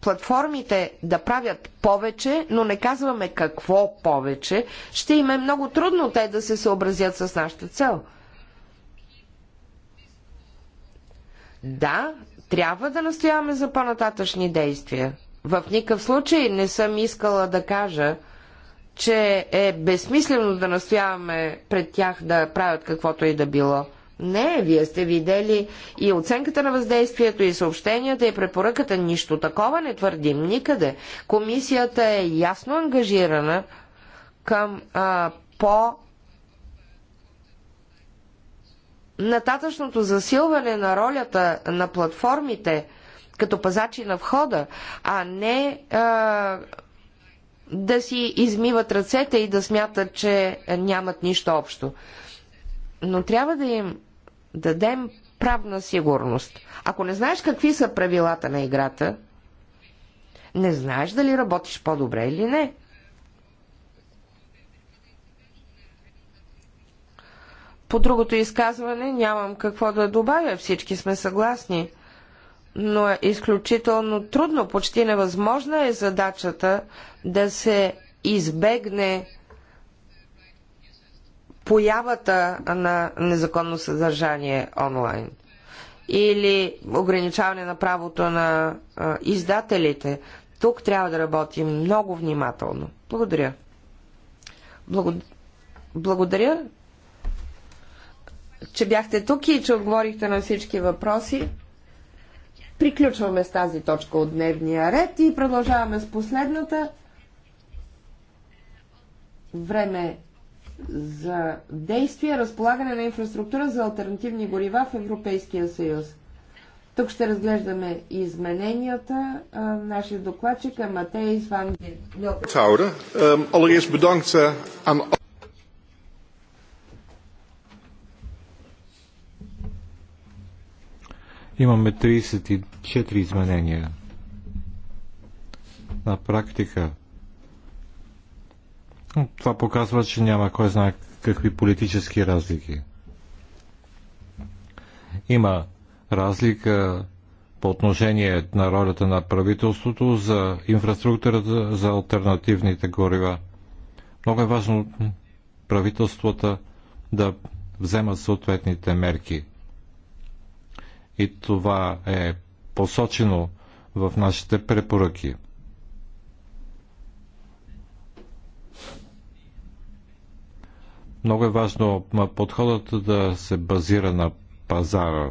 платформите да правят повече, но не казваме какво повече, ще им е много трудно те да се съобразят с нашата цел. Да, трябва да настояваме за по-нататъчни действия. В никакъв случай не съм искала да кажа, че е безсмислено да настояваме пред тях да правят каквото и да било. Не, вие сте видели и оценката на въздействието, и съобщенията, и препоръката. Нищо такова не твърдим никъде. Комисията е ясно ангажирана към а, по нататъчното засилване на ролята на платформите като пазачи на входа, а не а, да си измиват ръцете и да смятат, че нямат нищо общо. Но трябва да им дадем правна сигурност. Ако не знаеш какви са правилата на играта, не знаеш дали работиш по-добре или не. По другото изказване нямам какво да добавя, всички сме съгласни. Но е изключително трудно, почти невъзможна е задачата да се избегне появата на незаконно съдържание онлайн или ограничаване на правото на издателите. Тук трябва да работим много внимателно. Благодаря. Благодаря, че бяхте тук и че отговорихте на всички въпроси. Приключваме с тази точка от дневния ред и продължаваме с последната. Време за действие разполагане на инфраструктура за альтернативни горива в Европейския съюз. Тук ще разглеждаме измененията. Нашия докладчик е Матей Сван eh, Имаме 34 изменения. На практика но това показва, че няма кой знае какви политически разлики. Има разлика по отношение на ролята на правителството за инфраструктурата за альтернативните горива. Много е важно правителствата да вземат съответните мерки. И това е посочено в нашите препоръки. Много е важно подходът да се базира на пазара.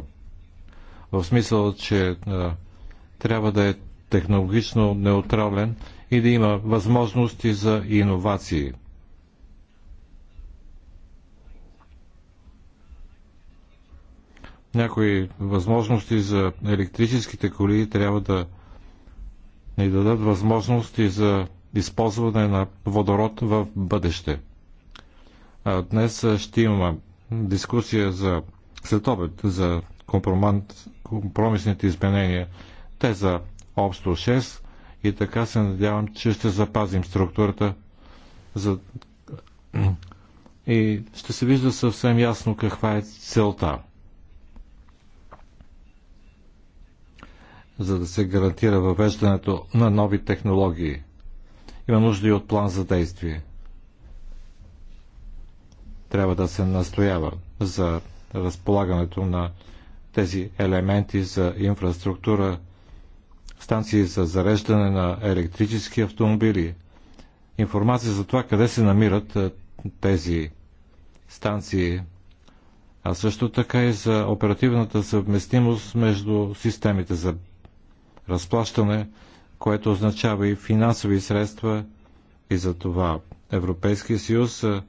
В смисъл, че е, трябва да е технологично неутрален и да има възможности за иновации. Някои възможности за електрическите коли трябва да ни дадат възможности за използване на водород в бъдеще. Днес ще имаме дискусия за следобед за компромисните изменения. Те за общо 6 и така се надявам, че ще запазим структурата за... и ще се вижда съвсем ясно каква е целта. За да се гарантира въвеждането на нови технологии. Има нужда и от план за действие трябва да се настоява за разполагането на тези елементи за инфраструктура, станции за зареждане на електрически автомобили, информация за това къде се намират е, тези станции, а също така и за оперативната съвместимост между системите за разплащане, което означава и финансови средства и за това Европейския съюз е,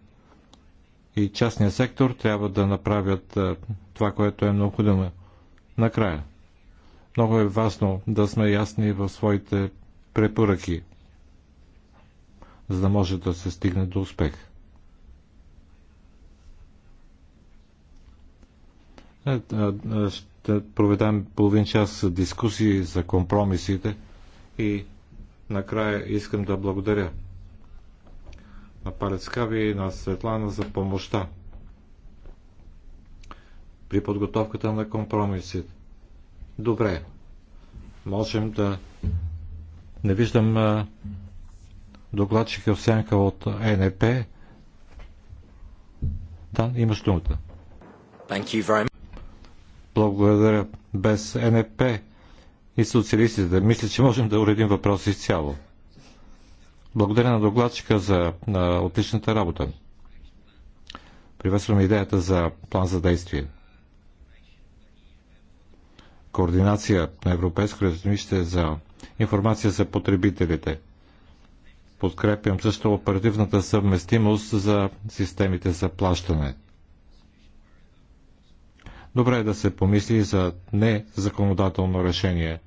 и частния сектор трябва да направят е, това, което е необходимо. Накрая. Много е важно да сме ясни в своите препоръки, за да може да се стигне до успех. Е, е, ще проведем половин час дискусии за компромисите и накрая искам да благодаря на Палецкави и на Светлана за помощта при подготовката на компромисите. Добре, можем да не виждам докладчика в сянка от е НП. Да, имаш думата. Благодаря. Без е НП и социалистите мисля, че можем да уредим въпрос изцяло. Благодаря на докладчика за на отличната работа. Приветствам идеята за план за действие. Координация на европейско разумище за информация за потребителите. Подкрепям също оперативната съвместимост за системите за плащане. Добре е да се помисли за незаконодателно решение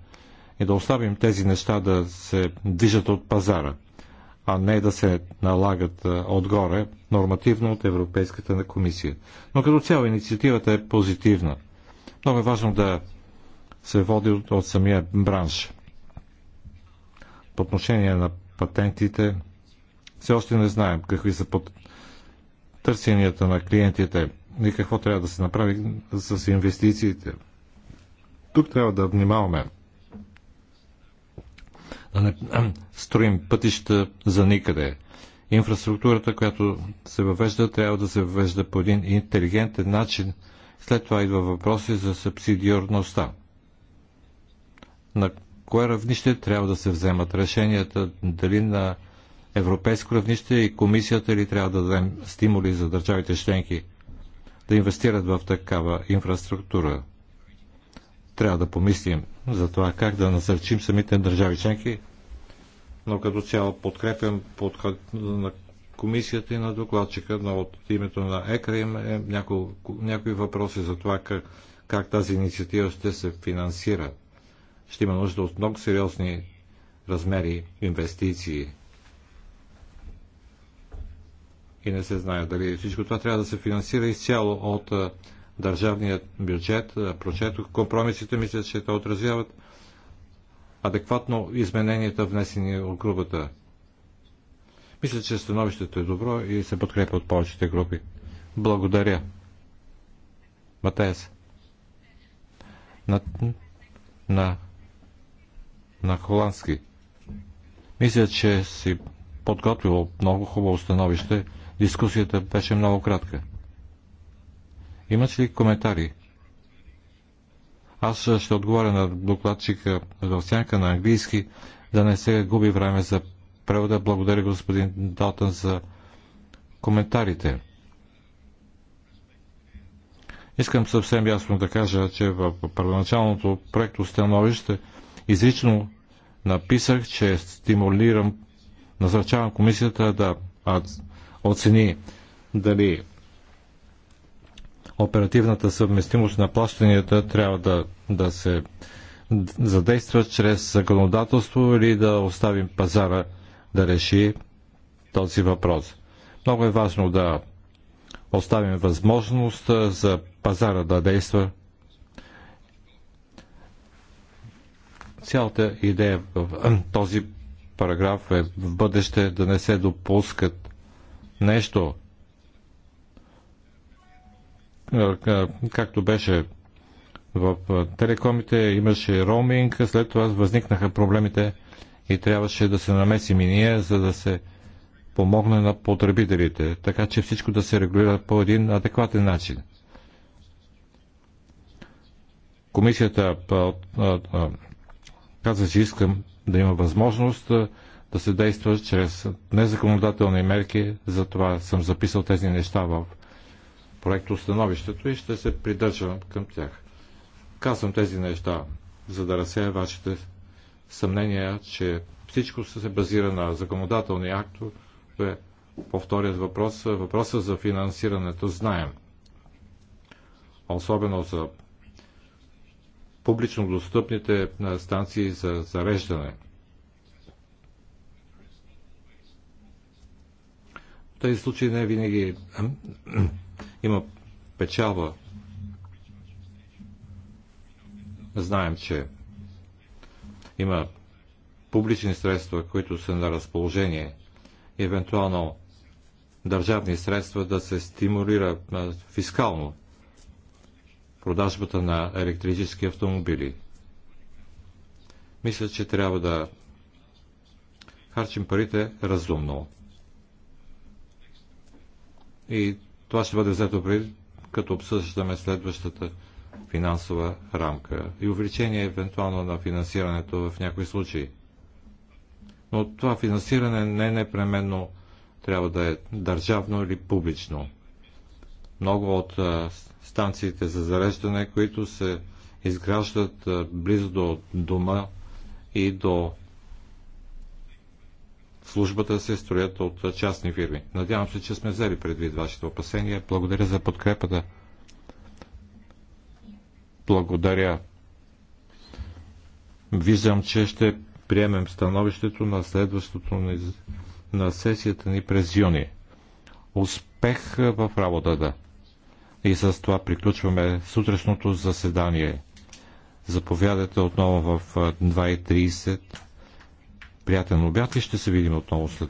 и да оставим тези неща да се движат от пазара – а не да се налагат отгоре нормативно от Европейската комисия. Но като цяло инициативата е позитивна. Много е важно да се води от, от самия бранш. По отношение на патентите, все още не знаем какви са под търсенията на клиентите и какво трябва да се направи с инвестициите. Тук трябва да внимаваме. Да не строим пътища за никъде. Инфраструктурата, която се въвежда, трябва да се въвежда по един интелигентен начин. След това идва въпроси за субсидиорността. На кое равнище трябва да се вземат решенията, дали на европейско равнище и комисията ли трябва да дадем стимули за държавите членки да инвестират в такава инфраструктура. Трябва да помислим за това как да насърчим самите държави членки, но като цяло подкрепям подход на комисията и на докладчика, но от името на ЕКРА има е няколко, някои въпроси за това как, как тази инициатива ще се финансира. Ще има нужда от много сериозни размери инвестиции. И не се знае дали всичко това трябва да се финансира изцяло от държавният бюджет. Прочетох компромисите, мисля, че те отразяват адекватно измененията, внесени от групата. Мисля, че становището е добро и се подкрепя от повечето групи. Благодаря. Матеес. На, на, на холандски. Мисля, че си подготвил много хубаво становище. Дискусията беше много кратка. Имаш ли коментари? Аз ще отговаря на докладчика за оценка на английски, да не се губи време за превода. Благодаря господин Далтън за коментарите. Искам съвсем ясно да кажа, че в първоначалното проекто становище изрично написах, че стимулирам, назначавам комисията да оцени дали оперативната съвместимост на плащанията трябва да, да се задейства чрез законодателство или да оставим пазара да реши този въпрос. Много е важно да оставим възможност за пазара да действа. Цялата идея в този параграф е в бъдеще да не се допускат нещо, е, е, както беше в е, телекомите, имаше роуминг, след това възникнаха проблемите и трябваше да се намесим и ние, за да се помогне на потребителите, така че всичко да се регулира по един адекватен начин. Комисията каза, че искам да има възможност да се действа чрез незаконодателни мерки, затова съм записал тези неща в проектостановището и ще се придържам към тях. Казвам тези неща, за да разсея вашите съмнения, че всичко се базира на законодателни актове. По вторият въпрос, въпроса за финансирането знаем. Особено за публично достъпните станции за зареждане. В тези случаи не винаги има печалба. Знаем, че има публични средства, които са на разположение, евентуално държавни средства да се стимулира фискално продажбата на електрически автомобили. Мисля, че трябва да харчим парите разумно. И това ще бъде взето при като обсъждаме следващата финансова рамка и увеличение евентуално на финансирането в някои случаи. Но това финансиране не непременно трябва да е държавно или публично. Много от станциите за зареждане, които се изграждат близо до дома и до службата се строят от частни фирми. Надявам се, че сме взели предвид вашите опасения. Благодаря за подкрепата. Благодаря. Виждам, че ще приемем становището на следващото на сесията ни през юни. Успех в работата! И с това приключваме сутрешното заседание. Заповядайте отново в 2.30 приятен обяд и ще се видим отново след